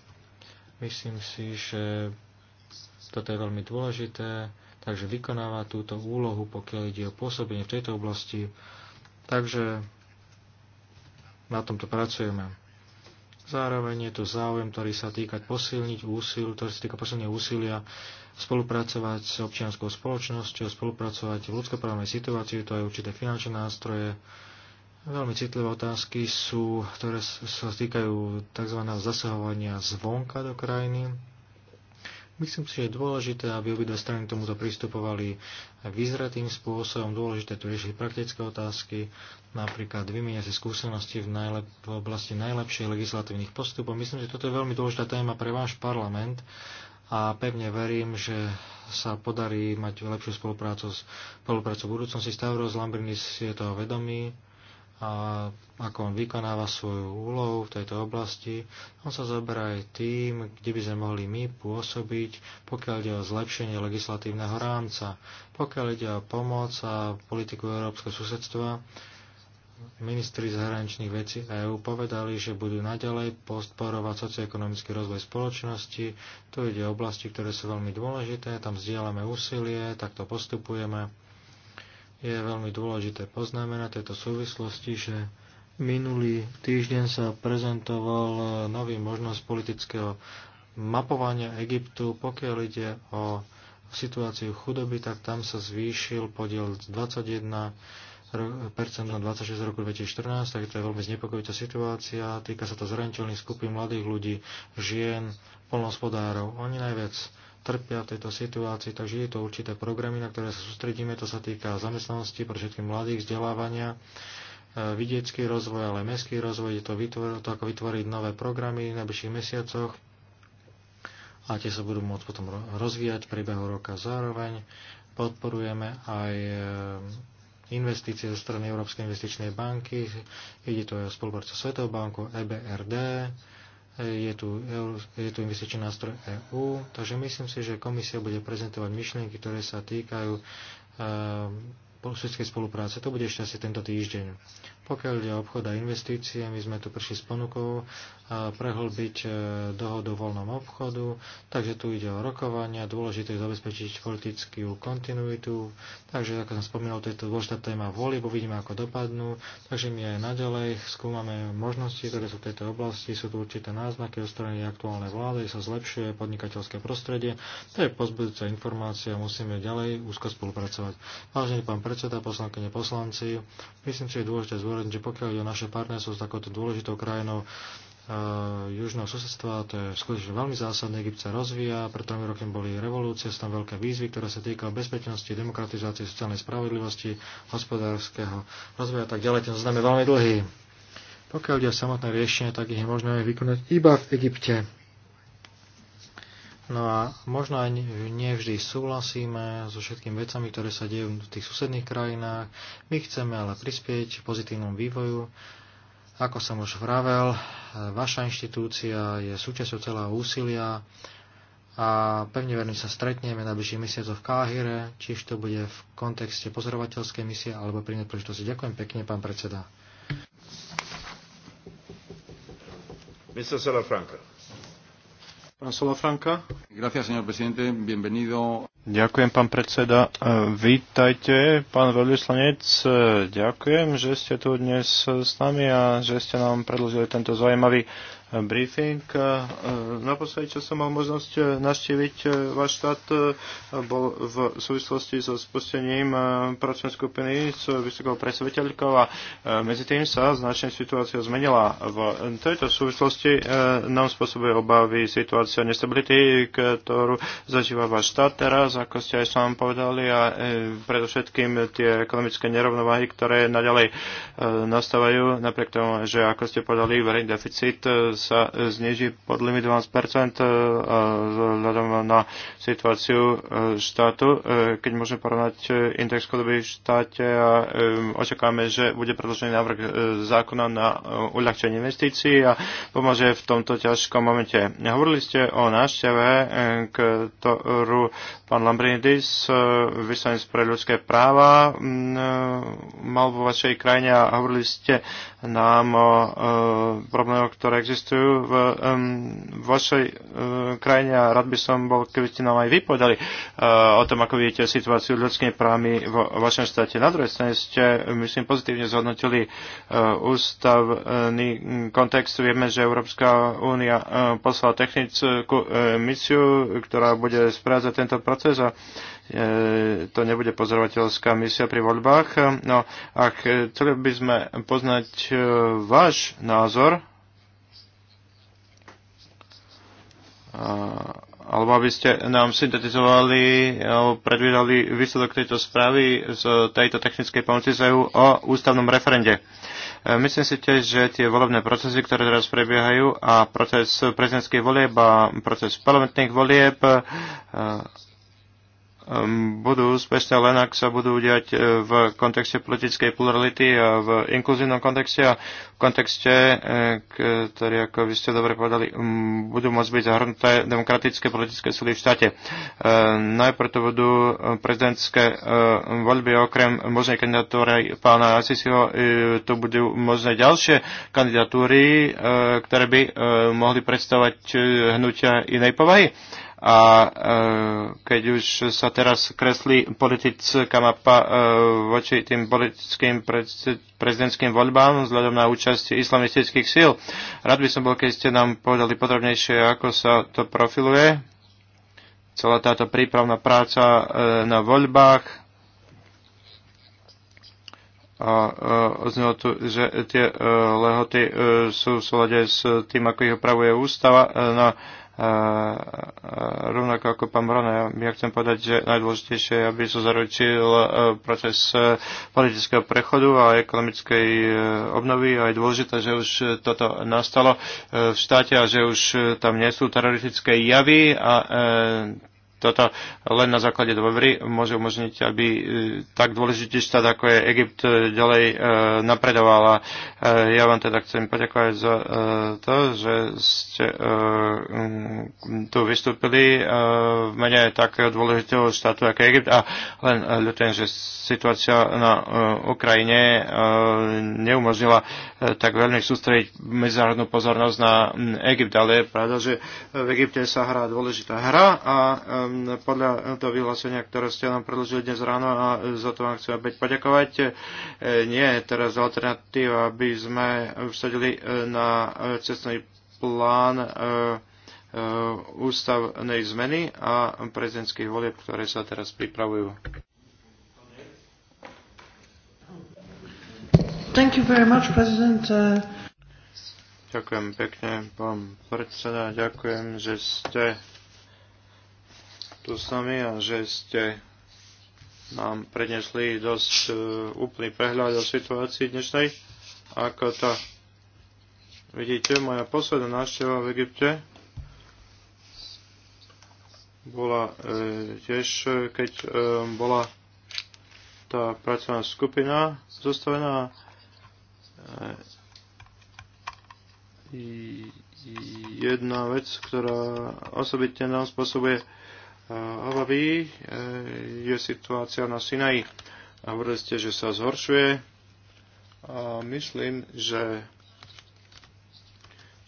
Myslím si, že toto je veľmi dôležité, takže vykonáva túto úlohu, pokiaľ ide o pôsobenie v tejto oblasti. Takže na tomto pracujeme. Zároveň je to záujem, ktorý sa týka posilniť úsil, ktorý sa týka posilnenia úsilia, spolupracovať s občianskou spoločnosťou, spolupracovať v ľudskoprávnej situácii, to je určité finančné nástroje, Veľmi citlivé otázky sú, ktoré sa týkajú tzv. zasahovania zvonka do krajiny. Myslím si, že je dôležité, aby obidve strany tomuto pristupovali vyzretým spôsobom. Dôležité tu riešiť praktické otázky, napríklad vymieňať si skúsenosti v, najlep- v oblasti najlepších legislatívnych postupov. Myslím, že toto je veľmi dôležitá téma pre váš parlament a pevne verím, že sa podarí mať lepšiu spoluprácu, spoluprácu v budúcnosti. Stavros Lambrinis je toho vedomý a ako on vykonáva svoju úlohu v tejto oblasti. On sa zoberá aj tým, kde by sme mohli my pôsobiť, pokiaľ ide o zlepšenie legislatívneho rámca, pokiaľ ide o pomoc a politiku európskeho susedstva. Ministri zahraničných vecí EÚ povedali, že budú naďalej podporovať socioekonomický rozvoj spoločnosti. Tu ide o oblasti, ktoré sú veľmi dôležité, tam zdieľame úsilie, takto postupujeme je veľmi dôležité poznamenať tejto súvislosti, že minulý týždeň sa prezentoval nový možnosť politického mapovania Egyptu, pokiaľ ide o situáciu chudoby, tak tam sa zvýšil podiel z 21 na 26 roku 2014, takže to je veľmi znepokojitá situácia. Týka sa to zraniteľných skupín mladých ľudí, žien, polnospodárov. Oni najviac trpia v tejto situácii, takže je to určité programy, na ktoré sa sústredíme. To sa týka zamestnanosti pre všetkých mladých, vzdelávania, e, vidiecký rozvoj, ale mestský rozvoj. Je to, vytvor, to ako vytvoriť nové programy v najbližších mesiacoch a tie sa budú môcť potom rozvíjať v priebehu roka. Zároveň podporujeme aj e, investície zo strany Európskej investičnej banky, ide to aj o spoluprácu Svetovou bankou, EBRD, je tu, je tu investičný nástroj EÚ, takže myslím si, že komisia bude prezentovať myšlienky, ktoré sa týkajú e, ehm, susedskej spolupráce. To bude ešte asi tento týždeň. Pokiaľ ide o obchod a investície, my sme tu prišli s ponukou e, prehlbiť e, dohodu o voľnom obchodu, takže tu ide o rokovania, dôležité je zabezpečiť politickú kontinuitu, takže ako som spomínal, to je to dôležitá téma voli, bo vidíme, ako dopadnú, takže my aj naďalej skúmame možnosti, ktoré sú v tejto oblasti, sú tu určité náznaky o strany aktuálnej vlády, sa zlepšuje podnikateľské prostredie, to je pozbudujúca informácia, musíme ďalej úzko spolupracovať. Vážený pán predseda, poslankyne, poslanci, myslím si, že je dôležité zvoreť zdôrazniť, že pokiaľ je naše partnerstvo s takouto dôležitou krajinou, e, južného susedstva, to je skutočne veľmi zásadné, Egypt sa rozvíja, pred tromi rokem boli revolúcie, sú tam veľké výzvy, ktoré sa týkajú bezpečnosti, demokratizácie, sociálnej spravodlivosti, hospodárskeho rozvoja a tak ďalej, ten zoznam je veľmi dlhý. Pokiaľ ide o samotné riešenie, tak ich je možné vykonať iba v Egypte. No a možno aj nevždy súhlasíme so všetkými vecami, ktoré sa dejú v tých susedných krajinách. My chceme ale prispieť pozitívnom vývoju. Ako som už vravel, vaša inštitúcia je súčasťou celého úsilia a pevne verím sa stretneme na bližších mesiacoch v Káhire, čiž to bude v kontexte pozorovateľskej misie alebo pri nepríležitosti. Ďakujem pekne, pán predseda. Mr. Salafranca. Ďakujem, pán predseda. E, vítajte, pán veľvyslanec. E, ďakujem, že ste tu dnes s nami a že ste nám predložili tento zaujímavý briefing. E, naposledy, čo som mal možnosť e, naštíviť e, váš štát, bol v súvislosti so spustením pracovnej skupiny s vysokou predstaviteľkou a medzi tým sa značne situácia zmenila. V tejto súvislosti nám spôsobuje obavy situácia nestability, ktorú zažíva váš štát teraz, ako ste aj sám povedali, a predovšetkým tie ekonomické nerovnováhy, ktoré naďalej nastávajú, napriek tomu, že ako ste povedali, verejný deficit sa zniží pod limit 12% e, vzhľadom na situáciu e, štátu, e, keď môžeme porovnať index chudoby v štáte a očakáme, že bude predložený návrh zákona na uľahčenie investícií a pomôže v tomto ťažkom momente. Hovorili ste o návšteve, ktorú pán Lambrinidis, vyslanec pre ľudské práva, mal vo vašej krajine a hovorili ste nám o problémoch, ktoré existujú existujú v um, vašej uh, krajine a rád by som bol, keby ste nám aj vypovedali uh, eh, o tom, ako vidíte situáciu ľudskými právami vo vašom štáte. Na druhej strane ste, myslím, pozitívne zhodnotili uh, ústavný mm, kontext. Vieme, že Európska únia uh, poslala technickú uh, misiu, ktorá bude sprázať tento proces a to nebude pozorovateľská misia pri voľbách. No a chceli by sme poznať váš názor alebo aby ste nám syntetizovali alebo predvídali výsledok tejto správy z tejto technickej pomoci z e o ústavnom referende. E, myslím si tiež, že tie volebné procesy, ktoré teraz prebiehajú a proces prezidentských volieb a proces parlamentných volieb e, Ehm, budú úspešné len ak sa budú diať e, v kontexte politickej plurality a v inkluzívnom kontexte a v kontexte, e, ktorý, ako by ste dobre povedali, budú môcť byť zahrnuté demokratické politické súdy v štáte. E, najprv to budú prezidentské voľby okrem možnej kandidatúry pána Asisiho, to budú možné ďalšie kandidatúry, ktoré by mohli predstavovať hnutia inej povahy a e, keď už sa teraz kreslí politická mapa e, voči tým politickým prezidentským voľbám vzhľadom na účasť islamistických síl, rád by som bol, keď ste nám povedali podrobnejšie, ako sa to profiluje, celá táto prípravná práca e, na voľbách, a oznelo tu, že tie lehoty sú v súlade s tým, ako ich opravuje ústava. No, a rovnako ako pán Brana, ja chcem povedať, že najdôležitejšie je, aby sa zaručil e, proces e, politického prechodu a ekonomickej e, obnovy a je dôležité, že už toto nastalo v štáte a že už tam nie sú teroristické javy a toto len na základe dôvery môže umožniť, aby e, tak dôležitý štát, ako je Egypt, e, ďalej e, napredoval. A ja vám teda chcem poďakovať za to, že ste tu vystúpili v mene takého dôležitého štátu, ako je Egypt. A len ľutujem, že situácia na Ukrajine neumožnila tak veľmi sústrediť medzinárodnú pozornosť na Egypt, ale je pravda, že v Egypte sa hrá dôležitá hra a Hm, podľa toho vyhlásenia, ktoré ste nám predložili dnes ráno a za to vám chcem opäť poďakovať. E, nie je teraz alternatíva, aby sme vsadili e, na cestný plán e, ústavnej zmeny a prezidentských volieb, ktoré sa teraz pripravujú. Thank you very much, President. Ďakujem pekne, pán predseda. Ďakujem, že ste tu s nami a že ste nám prednesli dosť e, úplný prehľad o situácii dnešnej. Ako to vidíte, moja posledná návšteva v Egypte bola e, tiež, keď e, bola tá pracovná skupina zostavená. E, jedna vec, ktorá osobitne nám spôsobuje e, obavy eh, je situácia na Sinaji. Hovorili ste, že sa zhoršuje. A myslím, že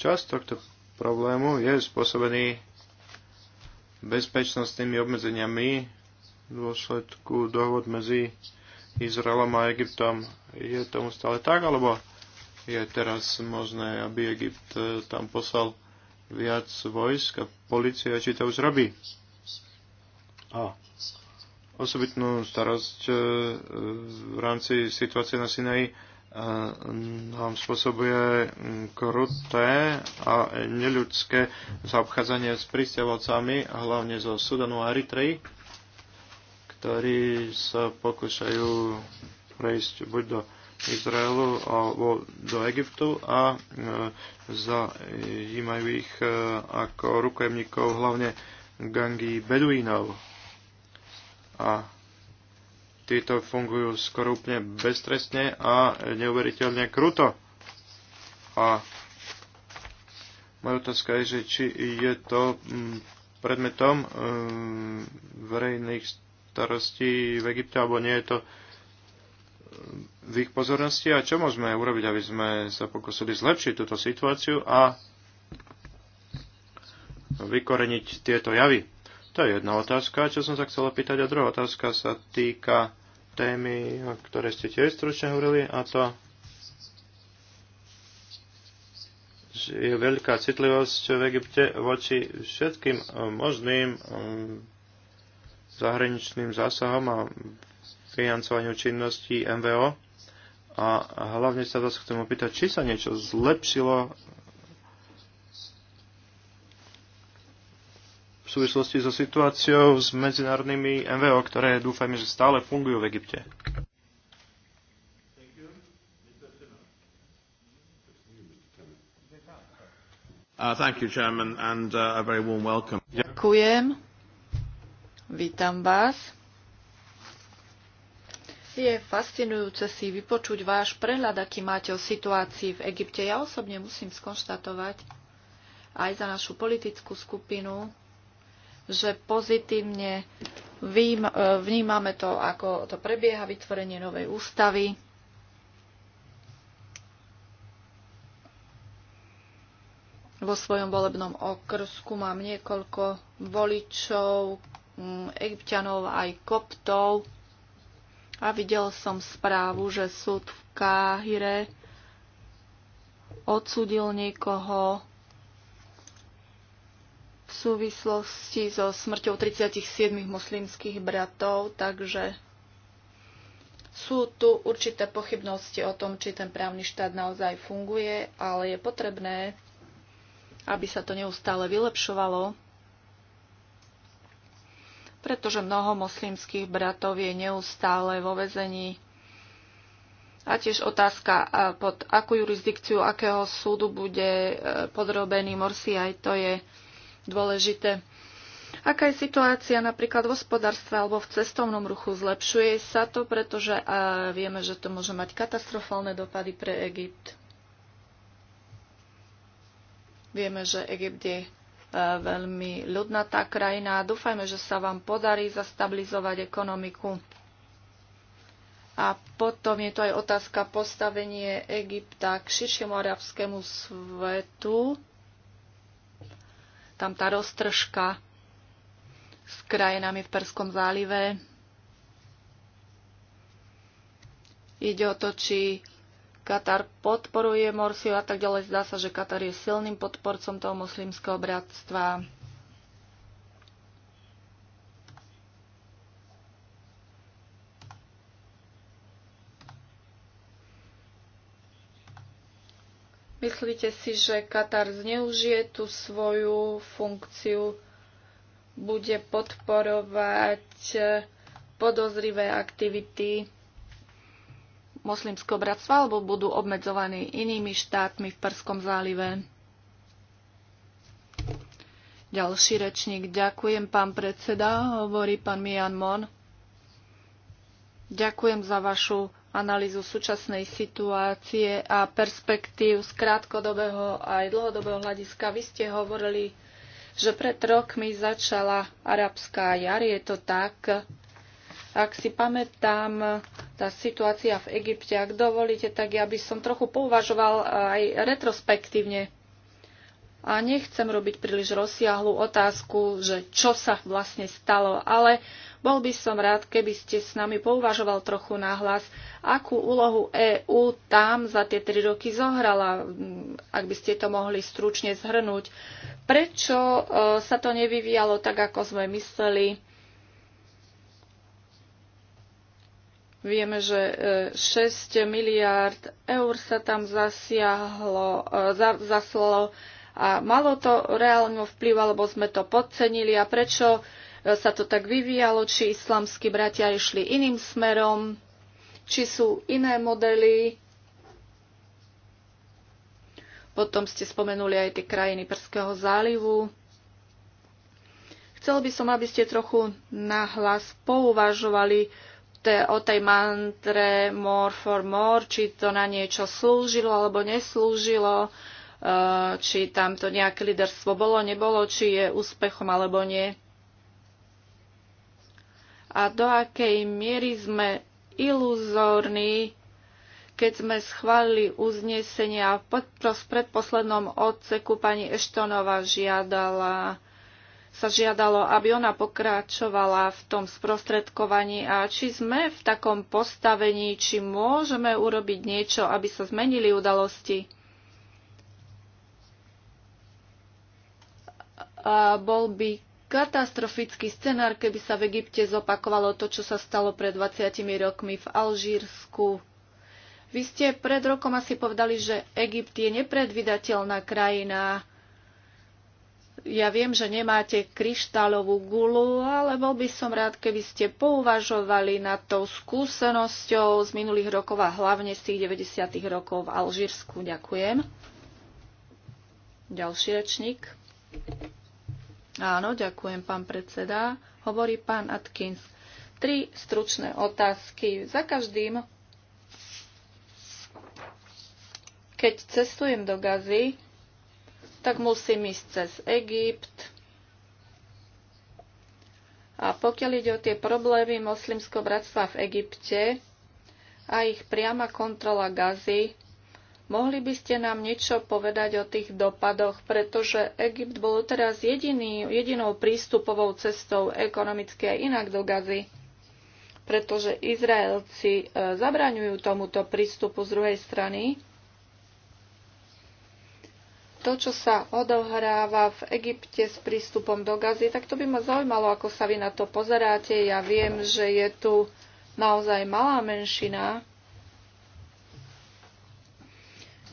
časť tohto problému je spôsobený bezpečnostnými obmedzeniami v dôsledku dohod medzi Izraelom a Egyptom. Je tomu stále tak, alebo je teraz možné, aby Egypt eh, tam poslal viac vojsk a policie, či to už robí? osobitnú starosť e, v rámci situácie na Sinaji e, nám spôsobuje kruté a neľudské zaobchádzanie s pristiavalcami, hlavne zo Sudanu a Eritreji, ktorí sa pokúšajú prejsť buď do Izraelu alebo do Egyptu a e, zajímajú ich ako rukojemníkov hlavne gangy Beduínov a títo fungujú skoro úplne beztrestne a neuveriteľne kruto. A moja otázka je, že či je to mm, predmetom mm, verejných starostí v Egypte, alebo nie je to mm, v ich pozornosti a čo môžeme urobiť, aby sme sa pokusili zlepšiť túto situáciu a vykoreniť tieto javy. To je jedna otázka, čo som sa chcel pýtať. A druhá otázka sa týka témy, o ktorej ste tiež stručne hovorili, a to je veľká citlivosť v Egypte voči všetkým eh, možným eh, zahraničným zásahom a financovaniu činností MVO. A hlavne sa vás chcem opýtať, či sa niečo zlepšilo súvislosti so situáciou s medzinárodnými MVO, ktoré dúfajme, že stále fungujú v Egypte. Uh, uh, Ďakujem. Vítam vás. Je fascinujúce si vypočuť váš prehľad, aký máte o situácii v Egypte. Ja osobne musím skonštatovať aj za našu politickú skupinu, že pozitívne e, vnímame to, ako to prebieha vytvorenie novej ústavy. Vo svojom volebnom okrsku mám niekoľko voličov, mm, egyptianov aj koptov a videl som správu, že súd v Káhire odsudil niekoho v súvislosti so smrťou 37 moslimských bratov, takže sú tu určité pochybnosti o tom, či ten právny štát naozaj funguje, ale je potrebné, aby sa to neustále vylepšovalo, pretože mnoho moslimských bratov je neustále vo vezení. A tiež otázka, pod akú jurisdikciu akého súdu bude eh, podrobený Morsi, aj to je dôležité. Aká je situácia napríklad v hospodárstve alebo v cestovnom ruchu? Zlepšuje sa to, pretože a vieme, že to môže mať katastrofálne dopady pre Egypt. Vieme, že Egypt je e, veľmi ľudnatá krajina a dúfajme, že sa vám podarí zastabilizovať ekonomiku. A potom je to aj otázka postavenie Egypta k širšiemu arabskému svetu tam tá roztržka s krajinami v Perskom zálive. Ide o to, či Katar podporuje Morsiu a tak ďalej. Zdá sa, že Katar je silným podporcom toho moslimského bratstva. Myslíte si, že Katar zneužije tú svoju funkciu, bude podporovať eh, podozrivé aktivity moslimského bratstva alebo budú obmedzovaní inými štátmi v Perskom zálive? Ďalší rečník. Ďakujem, pán predseda, hovorí pán Mian Mon. Ďakujem za vašu analýzu súčasnej situácie a perspektív z krátkodobého aj dlhodobého hľadiska. Vy ste hovorili, že pred rokmi začala arabská jar. Je to tak, ak si pamätám, tá situácia v Egypte, ak dovolíte, tak ja by som trochu pouvažoval aj retrospektívne a nechcem robiť príliš rozsiahlú otázku, že čo sa vlastne stalo, ale bol by som rád, keby ste s nami pouvažoval trochu nahlas, akú úlohu EÚ tam za tie tri roky zohrala, mm, ak by ste to mohli stručne zhrnúť. Prečo e, sa to nevyvíjalo tak, ako sme mysleli? Vieme, že 6 e, miliárd eur sa tam zasiahlo, e, zaslalo a malo to reálne vplyv, alebo sme to podcenili a prečo e, sa to tak vyvíjalo, či islamskí bratia išli iným smerom, či sú iné modely. Potom ste spomenuli aj tie krajiny Prského zálivu. Chcel by som, aby ste trochu nahlas pouvažovali o tej mantre more for more, či to na niečo slúžilo alebo neslúžilo, Eh, či tam to nejaké líderstvo bolo, nebolo, či je úspechom alebo nie. A do akej miery sme iluzórni, keď sme schválili uznesenia v predposlednom odseku pani Eštonova žiadala sa žiadalo, aby ona pokračovala v tom sprostredkovaní a či sme v takom postavení, či môžeme urobiť niečo, aby sa zmenili udalosti. bol by katastrofický scenár, keby sa v Egypte zopakovalo to, čo sa stalo pred 20 rokmi v Alžírsku. Vy ste pred rokom asi povedali, že Egypt je nepredvydateľná krajina. Ja viem, že nemáte kryštálovú gulu, ale bol by som rád, keby ste pouvažovali nad tou skúsenosťou z minulých rokov a hlavne z tých 90. rokov v Alžírsku. Ďakujem. Ďalší rečník. Áno, ďakujem, pán predseda. Hovorí pán Atkins. Tri stručné otázky. Za každým, keď cestujem do Gazy, tak musím ísť cez Egypt. A pokiaľ ide o tie problémy moslimského bratstva v Egypte a ich priama kontrola Gazy, Mohli by ste nám niečo povedať o tých dopadoch, pretože Egypt bol teraz jediný, jedinou prístupovou cestou ekonomicky a inak do Gazy, pretože Izraelci e, zabraňujú tomuto prístupu z druhej strany. To, čo sa odohráva v Egypte s prístupom do Gazy, tak to by ma zaujímalo, ako sa vy na to pozeráte. Ja viem, že je tu naozaj malá menšina,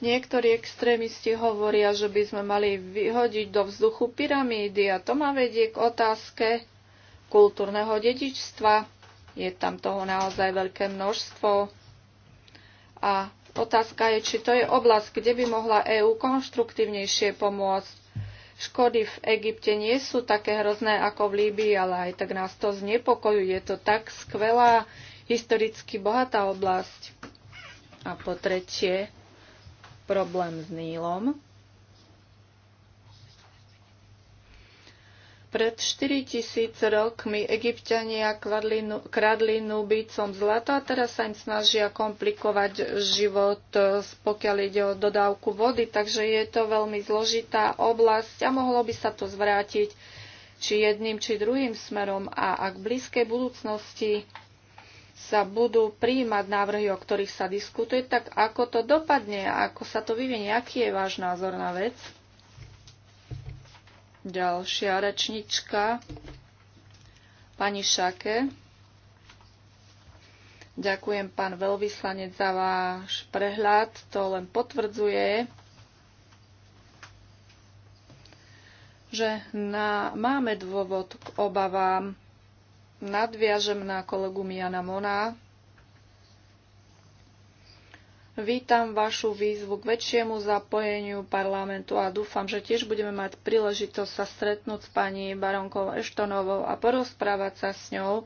Niektorí extrémisti hovoria, že by sme mali vyhodiť do vzduchu pyramídy a to ma vedie k otázke kultúrneho dedičstva. Je tam toho naozaj veľké množstvo. A otázka je, či to je oblasť, kde by mohla EÚ konštruktívnejšie pomôcť. Škody v Egypte nie sú také hrozné ako v Líbii, ale aj tak nás to znepokojuje. Je to tak skvelá, historicky bohatá oblasť. A po tretie, problém s Nílom. Pred 4000 rokmi egyptiania kladli, kradli Nubicom zlato a teraz sa im snažia komplikovať život, eh, pokiaľ ide o dodávku vody, takže je to veľmi zložitá oblasť a mohlo by sa to zvrátiť či jedným, či druhým smerom a ak v blízkej budúcnosti sa budú prijímať návrhy, o ktorých sa diskutuje, tak ako to dopadne, ako sa to vyvinie, aký je váš názor na vec? Ďalšia rečnička, pani Šake. Ďakujem, pán veľvyslanec, za váš prehľad. To len potvrdzuje, že na, máme dôvod k obavám nadviažem na kolegu Miana Mona. Vítam vašu výzvu k väčšiemu zapojeniu parlamentu a dúfam, že tiež budeme mať príležitosť sa stretnúť s pani baronkou Eštonovou a porozprávať sa s ňou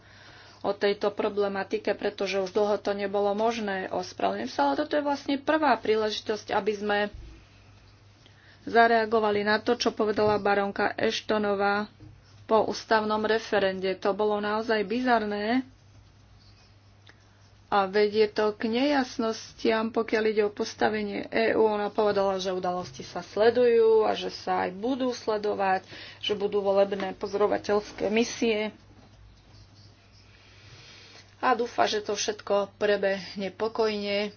o tejto problematike, pretože už dlho to nebolo možné. Ospravedlňujem sa, ale toto je vlastne prvá príležitosť, aby sme zareagovali na to, čo povedala baronka Eštonová po ústavnom referende. To bolo naozaj bizarné a vedie to k nejasnostiam, pokiaľ ide o postavenie EÚ. Ona povedala, že udalosti sa sledujú a že sa aj budú sledovať, že budú volebné pozorovateľské misie. A dúfa, že to všetko prebehne pokojne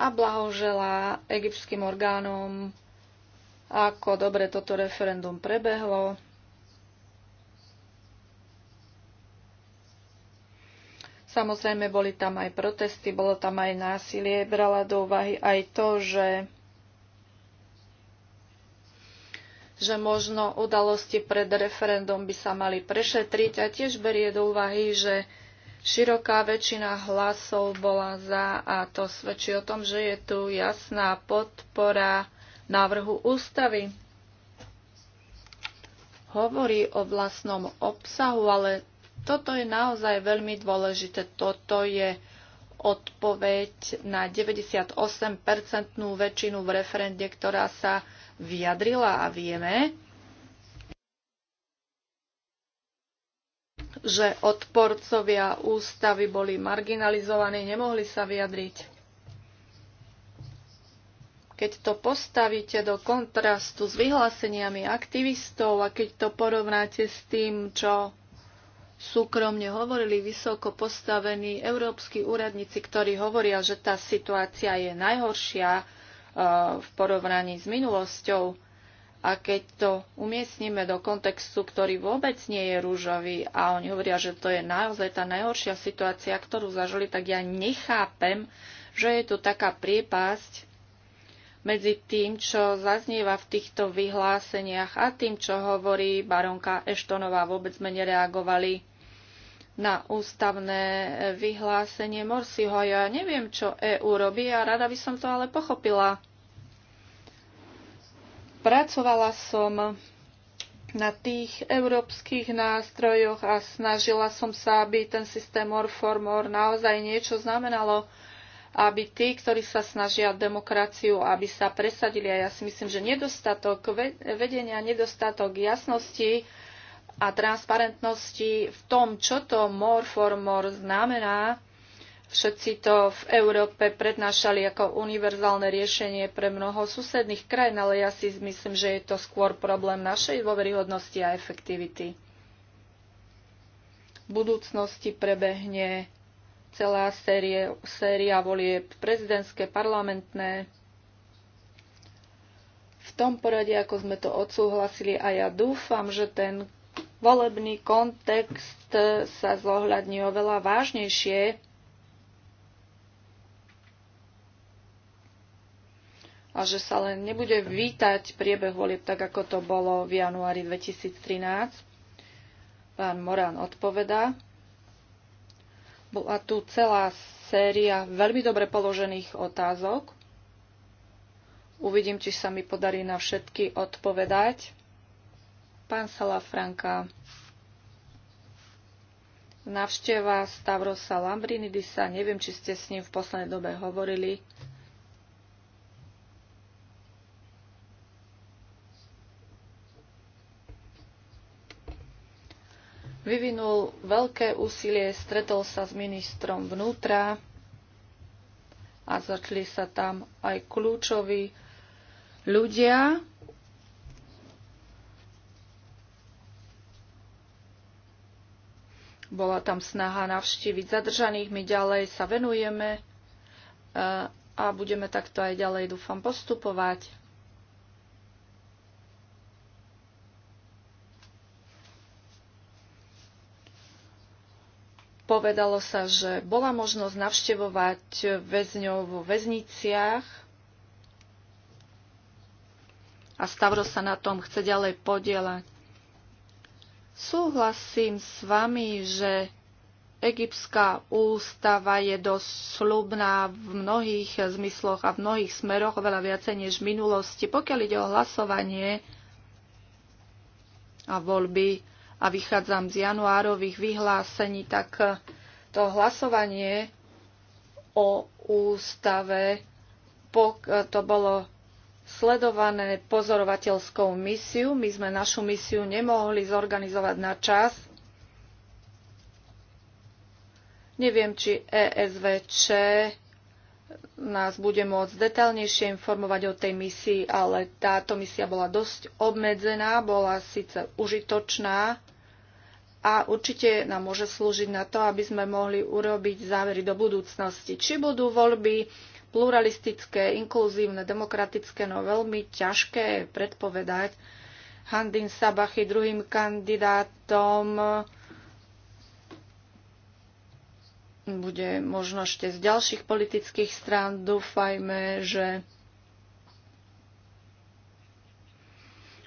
a blahoželá egyptským orgánom ako dobre toto referendum prebehlo. Samozrejme, boli tam aj protesty, bolo tam aj násilie. Brala do úvahy aj to, že že možno udalosti pred referendum by sa mali prešetriť a tiež berie do úvahy, že široká väčšina hlasov bola za a to svedčí o tom, že je tu jasná podpora návrhu ústavy. Hovorí o vlastnom obsahu, ale toto je naozaj veľmi dôležité. Toto je odpoveď na 98-percentnú väčšinu v referende, ktorá sa vyjadrila a vieme, že odporcovia ústavy boli marginalizovaní, nemohli sa vyjadriť. Keď to postavíte do kontrastu s vyhláseniami aktivistov a keď to porovnáte s tým, čo súkromne hovorili vysoko postavení európsky úradníci, ktorí hovoria, že tá situácia je najhoršia uh, v porovnaní s minulosťou, a keď to umiestnime do kontextu, ktorý vôbec nie je rúžový a oni hovoria, že to je naozaj tá najhoršia situácia, ktorú zažili, tak ja nechápem, že je tu taká priepasť medzi tým, čo zaznieva v týchto vyhláseniach a tým, čo hovorí baronka Eštonová. Vôbec sme nereagovali na ústavné vyhlásenie Morsiho. Ja neviem, čo EU robí a rada by som to ale pochopila. Pracovala som na tých európskych nástrojoch a snažila som sa, aby ten systém Orformor naozaj niečo znamenalo aby tí, ktorí sa snažia demokraciu, aby sa presadili. A ja si myslím, že nedostatok vedenia, nedostatok jasnosti a transparentnosti v tom, čo to more for more znamená, Všetci to v Európe prednášali ako univerzálne riešenie pre mnoho susedných krajín, ale ja si myslím, že je to skôr problém našej dôveryhodnosti a efektivity. V budúcnosti prebehne celá série, séria volie prezidentské, parlamentné. V tom poradí, ako sme to odsúhlasili a ja dúfam, že ten volebný kontext sa zohľadní oveľa vážnejšie a že sa len nebude vítať priebeh volieb tak, ako to bolo v januári 2013. Pán Morán odpovedá. Bola tu celá séria veľmi dobre položených otázok. Uvidím, či sa mi podarí na všetky odpovedať. Pán Sala Franka. Navšteva Stavrosa Lambrinidisa, neviem, či ste s ním v poslednej dobe hovorili, vyvinul veľké úsilie, stretol sa s ministrom vnútra a začali sa tam aj kľúčoví ľudia. Bola tam snaha navštíviť zadržaných, my ďalej sa venujeme eh, a budeme takto aj ďalej, dúfam, postupovať. Povedalo sa, že bola možnosť navštevovať väzňov vo väzniciach a Stavro sa na tom chce ďalej podielať. Súhlasím s vami, že egyptská ústava je dosť slubná v mnohých zmysloch a v mnohých smeroch, oveľa viacej než v minulosti. Pokiaľ ide o hlasovanie a voľby, a vychádzam z januárových vyhlásení, tak to hlasovanie o ústave to bolo sledované pozorovateľskou misiu. My sme našu misiu nemohli zorganizovať na čas. Neviem, či ESVČ nás bude môcť detaľnejšie informovať o tej misii, ale táto misia bola dosť obmedzená, bola síce užitočná, a určite nám môže slúžiť na to, aby sme mohli urobiť závery do budúcnosti. Či budú voľby pluralistické, inkluzívne, demokratické, no veľmi ťažké predpovedať. Handin Sabachy druhým kandidátom bude možno ešte z ďalších politických strán. Dúfajme, že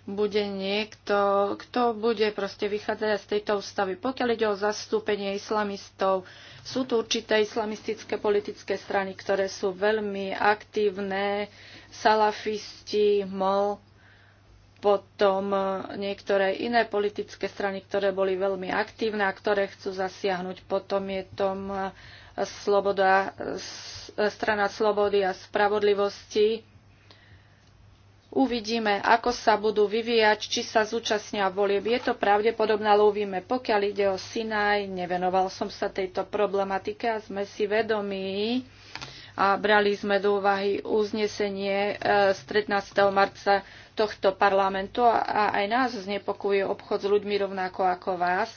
bude niekto, kto bude proste vychádzať z tejto ústavy. Pokiaľ ide o zastúpenie islamistov, sú tu určité islamistické politické strany, ktoré sú veľmi aktívne, salafisti, mol, potom niektoré iné politické strany, ktoré boli veľmi aktívne a ktoré chcú zasiahnuť. Potom je tom eh, sloboda, eh, strana slobody a spravodlivosti, Uvidíme, ako sa budú vyvíjať, či sa zúčastnia volieb. Je to pravdepodobné, ale uvidíme. Pokiaľ ide o Sinaj, nevenoval som sa tejto problematike a sme si vedomí a brali sme do úvahy uznesenie e, z 13. marca tohto parlamentu a aj nás znepokojuje obchod s ľuďmi rovnako ako vás.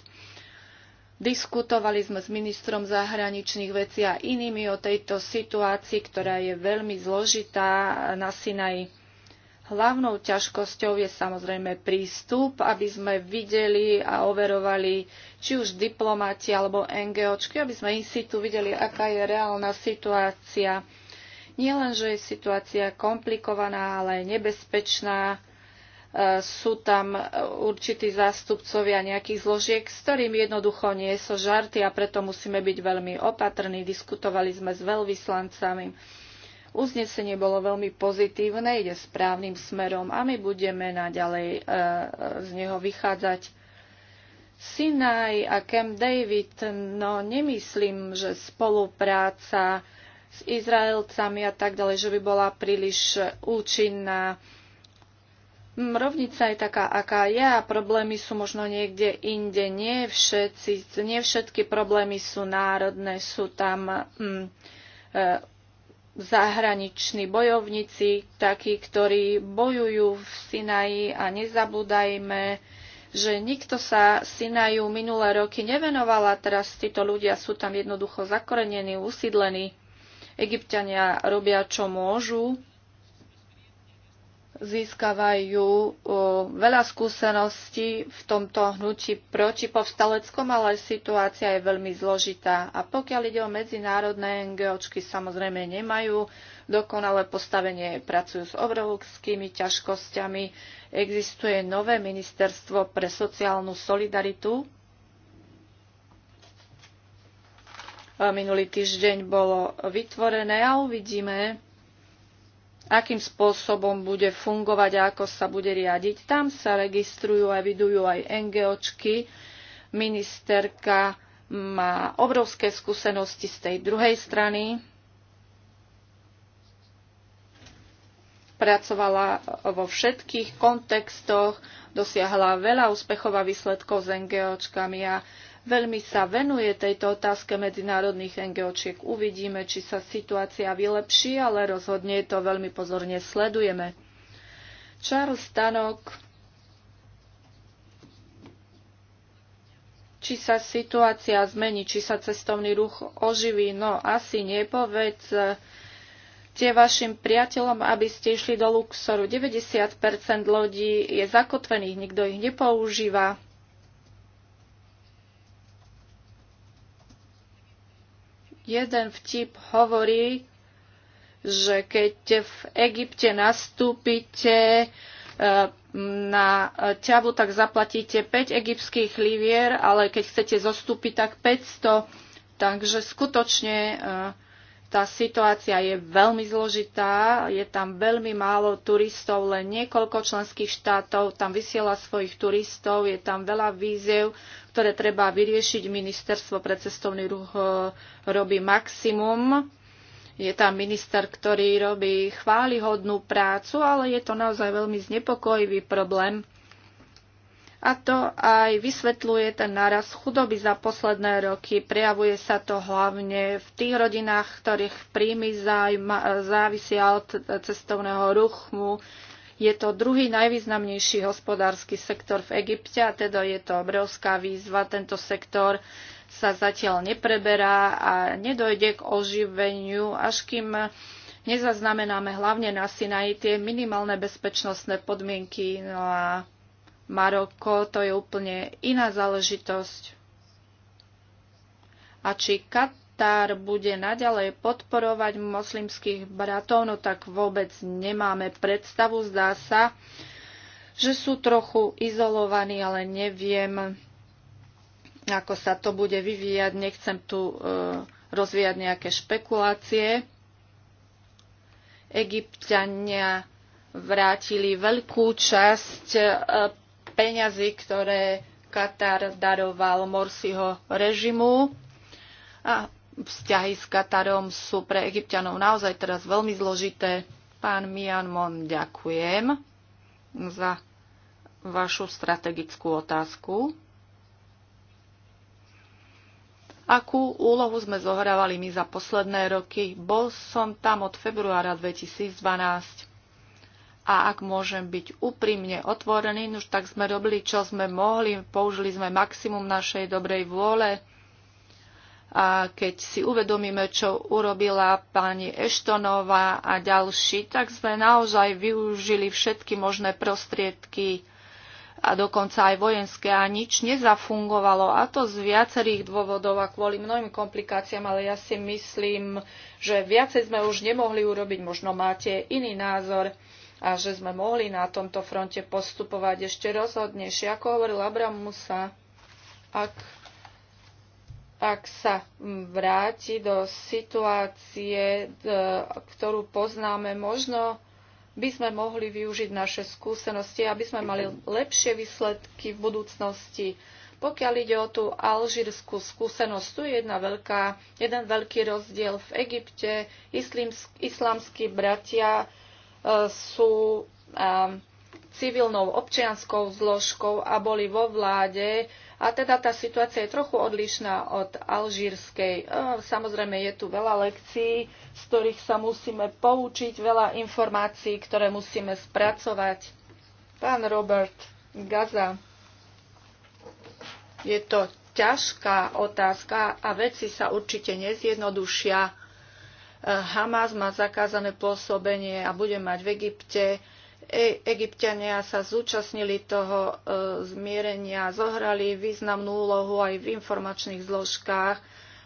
Diskutovali sme s ministrom zahraničných vecí a inými o tejto situácii, ktorá je veľmi zložitá na Sinaji Hlavnou ťažkosťou je samozrejme prístup, aby sme videli a overovali či už diplomati alebo NGOčky, aby sme in situ videli, aká je reálna situácia. Nie len, že je situácia komplikovaná, ale aj nebezpečná. E, sú tam určití zástupcovia nejakých zložiek, s ktorým jednoducho nie sú žarty a preto musíme byť veľmi opatrní. Diskutovali sme s veľvyslancami Uznesenie bolo veľmi pozitívne, ide správnym smerom a my budeme naďalej e, e, z neho vychádzať. Sinaj a Camp David, no nemyslím, že spolupráca s Izraelcami a tak ďalej, že by bola príliš účinná. Mm, rovnica je taká, aká je a problémy sú možno niekde inde. Nie, všetci, nie všetky problémy sú národné, sú tam mm, e, zahraniční bojovníci, takí, ktorí bojujú v Sinaji a nezabúdajme, že nikto sa Sinaju minulé roky nevenoval a teraz títo ľudia sú tam jednoducho zakorenení, usídlení. Egyptiania robia, čo môžu, získavajú veľa skúseností v tomto hnutí proti povstaleckom, ale situácia je veľmi zložitá. A pokiaľ ide o medzinárodné NGOčky, samozrejme nemajú dokonalé postavenie, pracujú s obrovskými ťažkosťami. Existuje nové ministerstvo pre sociálnu solidaritu. Minulý týždeň bolo vytvorené a uvidíme, akým spôsobom bude fungovať a ako sa bude riadiť. Tam sa registrujú a vidujú aj NGOčky. Ministerka má obrovské skúsenosti z tej druhej strany. Pracovala vo všetkých kontextoch, dosiahla veľa úspechov a výsledkov s NGOčkami a Veľmi sa venuje tejto otázke medzinárodných NGOčiek. Uvidíme, či sa situácia vylepší, ale rozhodne to veľmi pozorne sledujeme. Charles Stanok, či sa situácia zmení, či sa cestovný ruch oživí, no asi nepovedz eh, tie vašim priateľom, aby ste išli do Luxoru. 90% lodí je zakotvených, nikto ich nepoužíva Jeden vtip hovorí, že keď v Egypte nastúpite e, na ťavu, tak zaplatíte 5 egyptských livier, ale keď chcete zostúpiť, tak 500. Takže skutočne e, tá situácia je veľmi zložitá, je tam veľmi málo turistov, len niekoľko členských štátov tam vysiela svojich turistov, je tam veľa víziev, ktoré treba vyriešiť. Ministerstvo pre cestovný ruch e, robí maximum. Je tam minister, ktorý robí chválihodnú prácu, ale je to naozaj veľmi znepokojivý problém. A to aj vysvetľuje ten náraz chudoby za posledné roky. Prejavuje sa to hlavne v tých rodinách, ktorých príjmy závisia od cestovného ruchmu. Je to druhý najvýznamnejší hospodársky sektor v Egypte a teda je to obrovská výzva. Tento sektor sa zatiaľ nepreberá a nedojde k oživeniu, až kým nezaznamenáme hlavne na Sinaji tie minimálne bezpečnostné podmienky. No a Maroko to je úplne iná záležitosť. A či Katar bude naďalej podporovať moslimských bratov, no tak vôbec nemáme predstavu. Zdá sa, že sú trochu izolovaní, ale neviem, ako sa to bude vyvíjať. Nechcem tu e, rozvíjať nejaké špekulácie. Egyptiania vrátili veľkú časť e, peňazí, ktoré Katar daroval Morsiho režimu. A vzťahy s Katarom sú pre Egyptianov naozaj teraz veľmi zložité. Pán Mianmon, ďakujem za vašu strategickú otázku. Akú úlohu sme zohrávali my za posledné roky? Bol som tam od februára 2012 a ak môžem byť úprimne otvorený, už tak sme robili, čo sme mohli, použili sme maximum našej dobrej vôle. A keď si uvedomíme, čo urobila pani Eštonová a ďalší, tak sme naozaj využili všetky možné prostriedky a dokonca aj vojenské a nič nezafungovalo. A to z viacerých dôvodov a kvôli mnohým komplikáciám, ale ja si myslím, že viacej sme už nemohli urobiť, možno máte iný názor a že sme mohli na tomto fronte postupovať ešte rozhodnejšie. Ako hovoril Abraham Musa, ak, ak sa vráti do situácie, e, ktorú poznáme, možno by sme mohli využiť naše skúsenosti, aby sme mali lepšie výsledky v budúcnosti. Pokiaľ ide o tú alžírskú skúsenosť, tu je jedna veľká, jeden veľký rozdiel. V Egypte islamskí bratia sú um, civilnou občianskou zložkou a boli vo vláde. A teda tá situácia je trochu odlišná od alžírskej. E, samozrejme, je tu veľa lekcií, z ktorých sa musíme poučiť, veľa informácií, ktoré musíme spracovať. Pán Robert Gaza, je to ťažká otázka a veci sa určite nezjednodušia Hamas má zakázané pôsobenie a bude mať v Egypte. E- Egyptiania sa zúčastnili toho e, zmierenia, zohrali významnú úlohu aj v informačných zložkách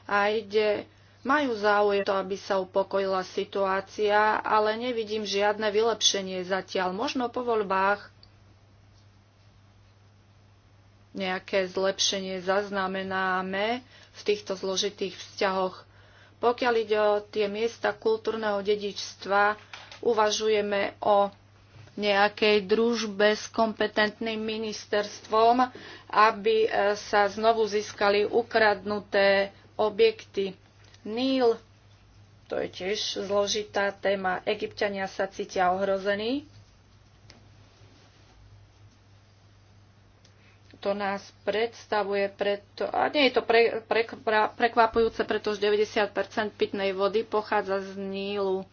a ide, majú záujem to, aby sa upokojila situácia, ale nevidím žiadne vylepšenie zatiaľ. Možno po voľbách nejaké zlepšenie zaznamenáme v týchto zložitých vzťahoch pokiaľ ide o tie miesta kultúrneho dedičstva, uvažujeme o nejakej družbe s kompetentným ministerstvom, aby e, sa znovu získali ukradnuté objekty. Níl, to je tiež zložitá téma. Egyptiania sa cítia ohrození to nás predstavuje preto, a nie je to pre, pre, pre, prekvapujúce, pretože 90 pitnej vody pochádza z Nílu.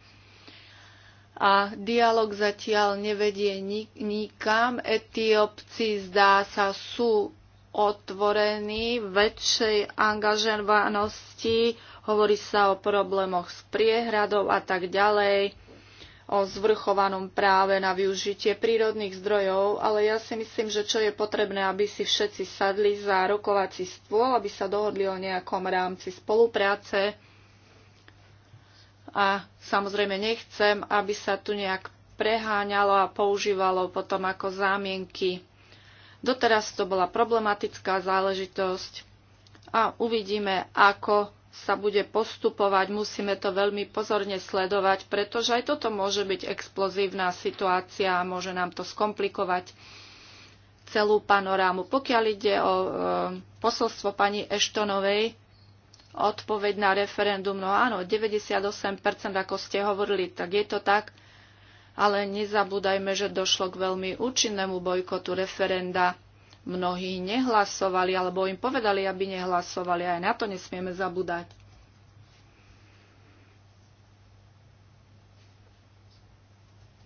A dialog zatiaľ nevedie nik, nikam. Etiópci zdá sa sú otvorení väčšej angažovanosti, hovorí sa o problémoch s priehradou a tak ďalej o zvrchovanom práve na využitie prírodných zdrojov, ale ja si myslím, že čo je potrebné, aby si všetci sadli za rokovací stôl, aby sa dohodli o nejakom rámci spolupráce. A samozrejme nechcem, aby sa tu nejak preháňalo a používalo potom ako zámienky. Doteraz to bola problematická záležitosť a uvidíme, ako sa bude postupovať, musíme to veľmi pozorne sledovať, pretože aj toto môže byť explozívna situácia a môže nám to skomplikovať celú panorámu. Pokiaľ ide o e, posolstvo pani Eštonovej, odpoveď na referendum, no áno, 98%, ako ste hovorili, tak je to tak, ale nezabúdajme, že došlo k veľmi účinnému bojkotu referenda mnohí nehlasovali, alebo im povedali, aby nehlasovali. Aj na to nesmieme zabúdať.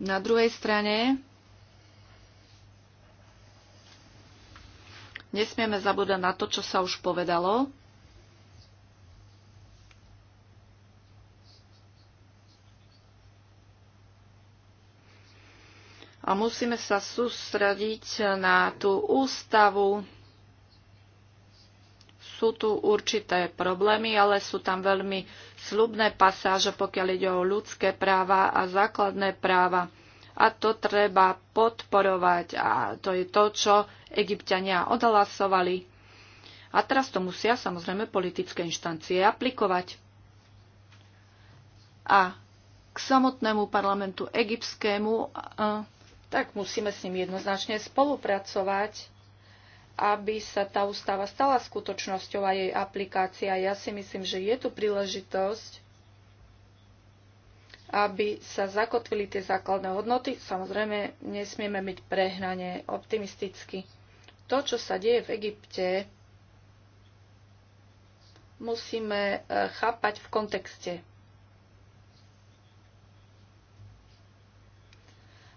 Na druhej strane nesmieme zabúdať na to, čo sa už povedalo, a musíme sa sústrediť na tú ústavu. Sú tu určité problémy, ale sú tam veľmi slubné pasáže, pokiaľ ide o ľudské práva a základné práva. A to treba podporovať a to je to, čo egyptiania odhlasovali. A teraz to musia samozrejme politické inštancie aplikovať. A k samotnému parlamentu egyptskému. Uh, tak musíme s ním jednoznačne spolupracovať, aby sa tá ústava stala skutočnosťou a jej aplikácia. Ja si myslím, že je tu príležitosť, aby sa zakotvili tie základné hodnoty. Samozrejme, nesmieme byť prehnane optimisticky. To, čo sa deje v Egypte, musíme eh, chápať v kontexte.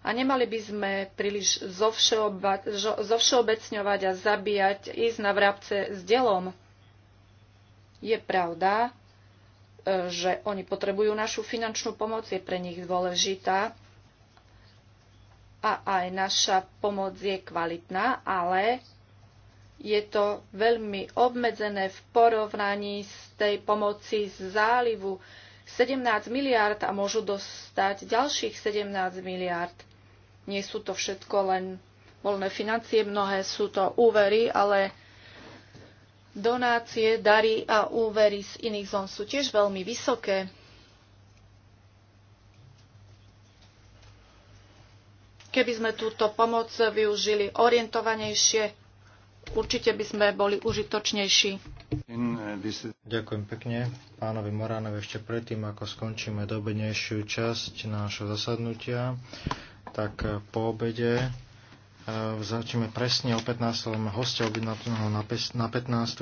a nemali by sme príliš zovšeoba, zovšeobecňovať a zabíjať, ísť na vrabce s delom. Je pravda, e, že oni potrebujú našu finančnú pomoc, je pre nich dôležitá a aj naša pomoc je kvalitná, ale je to veľmi obmedzené v porovnaní s tej pomoci z zálivu. 17 miliard a môžu dostať ďalších 17 miliard. Nie sú to všetko len voľné financie, mnohé sú to úvery, ale donácie, dary a úvery z iných zón sú tiež veľmi vysoké. Keby sme túto pomoc využili orientovanejšie, určite by sme boli užitočnejší. Eh, Ďakujem pekne pánovi Moránovi ešte predtým, ako skončíme dobednejšiu časť nášho zasadnutia tak eh, po obede eh, začneme presne o 15. Máme hostia objednaného na 15.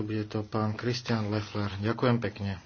Bude to pán Kristian Leffler. Ďakujem pekne.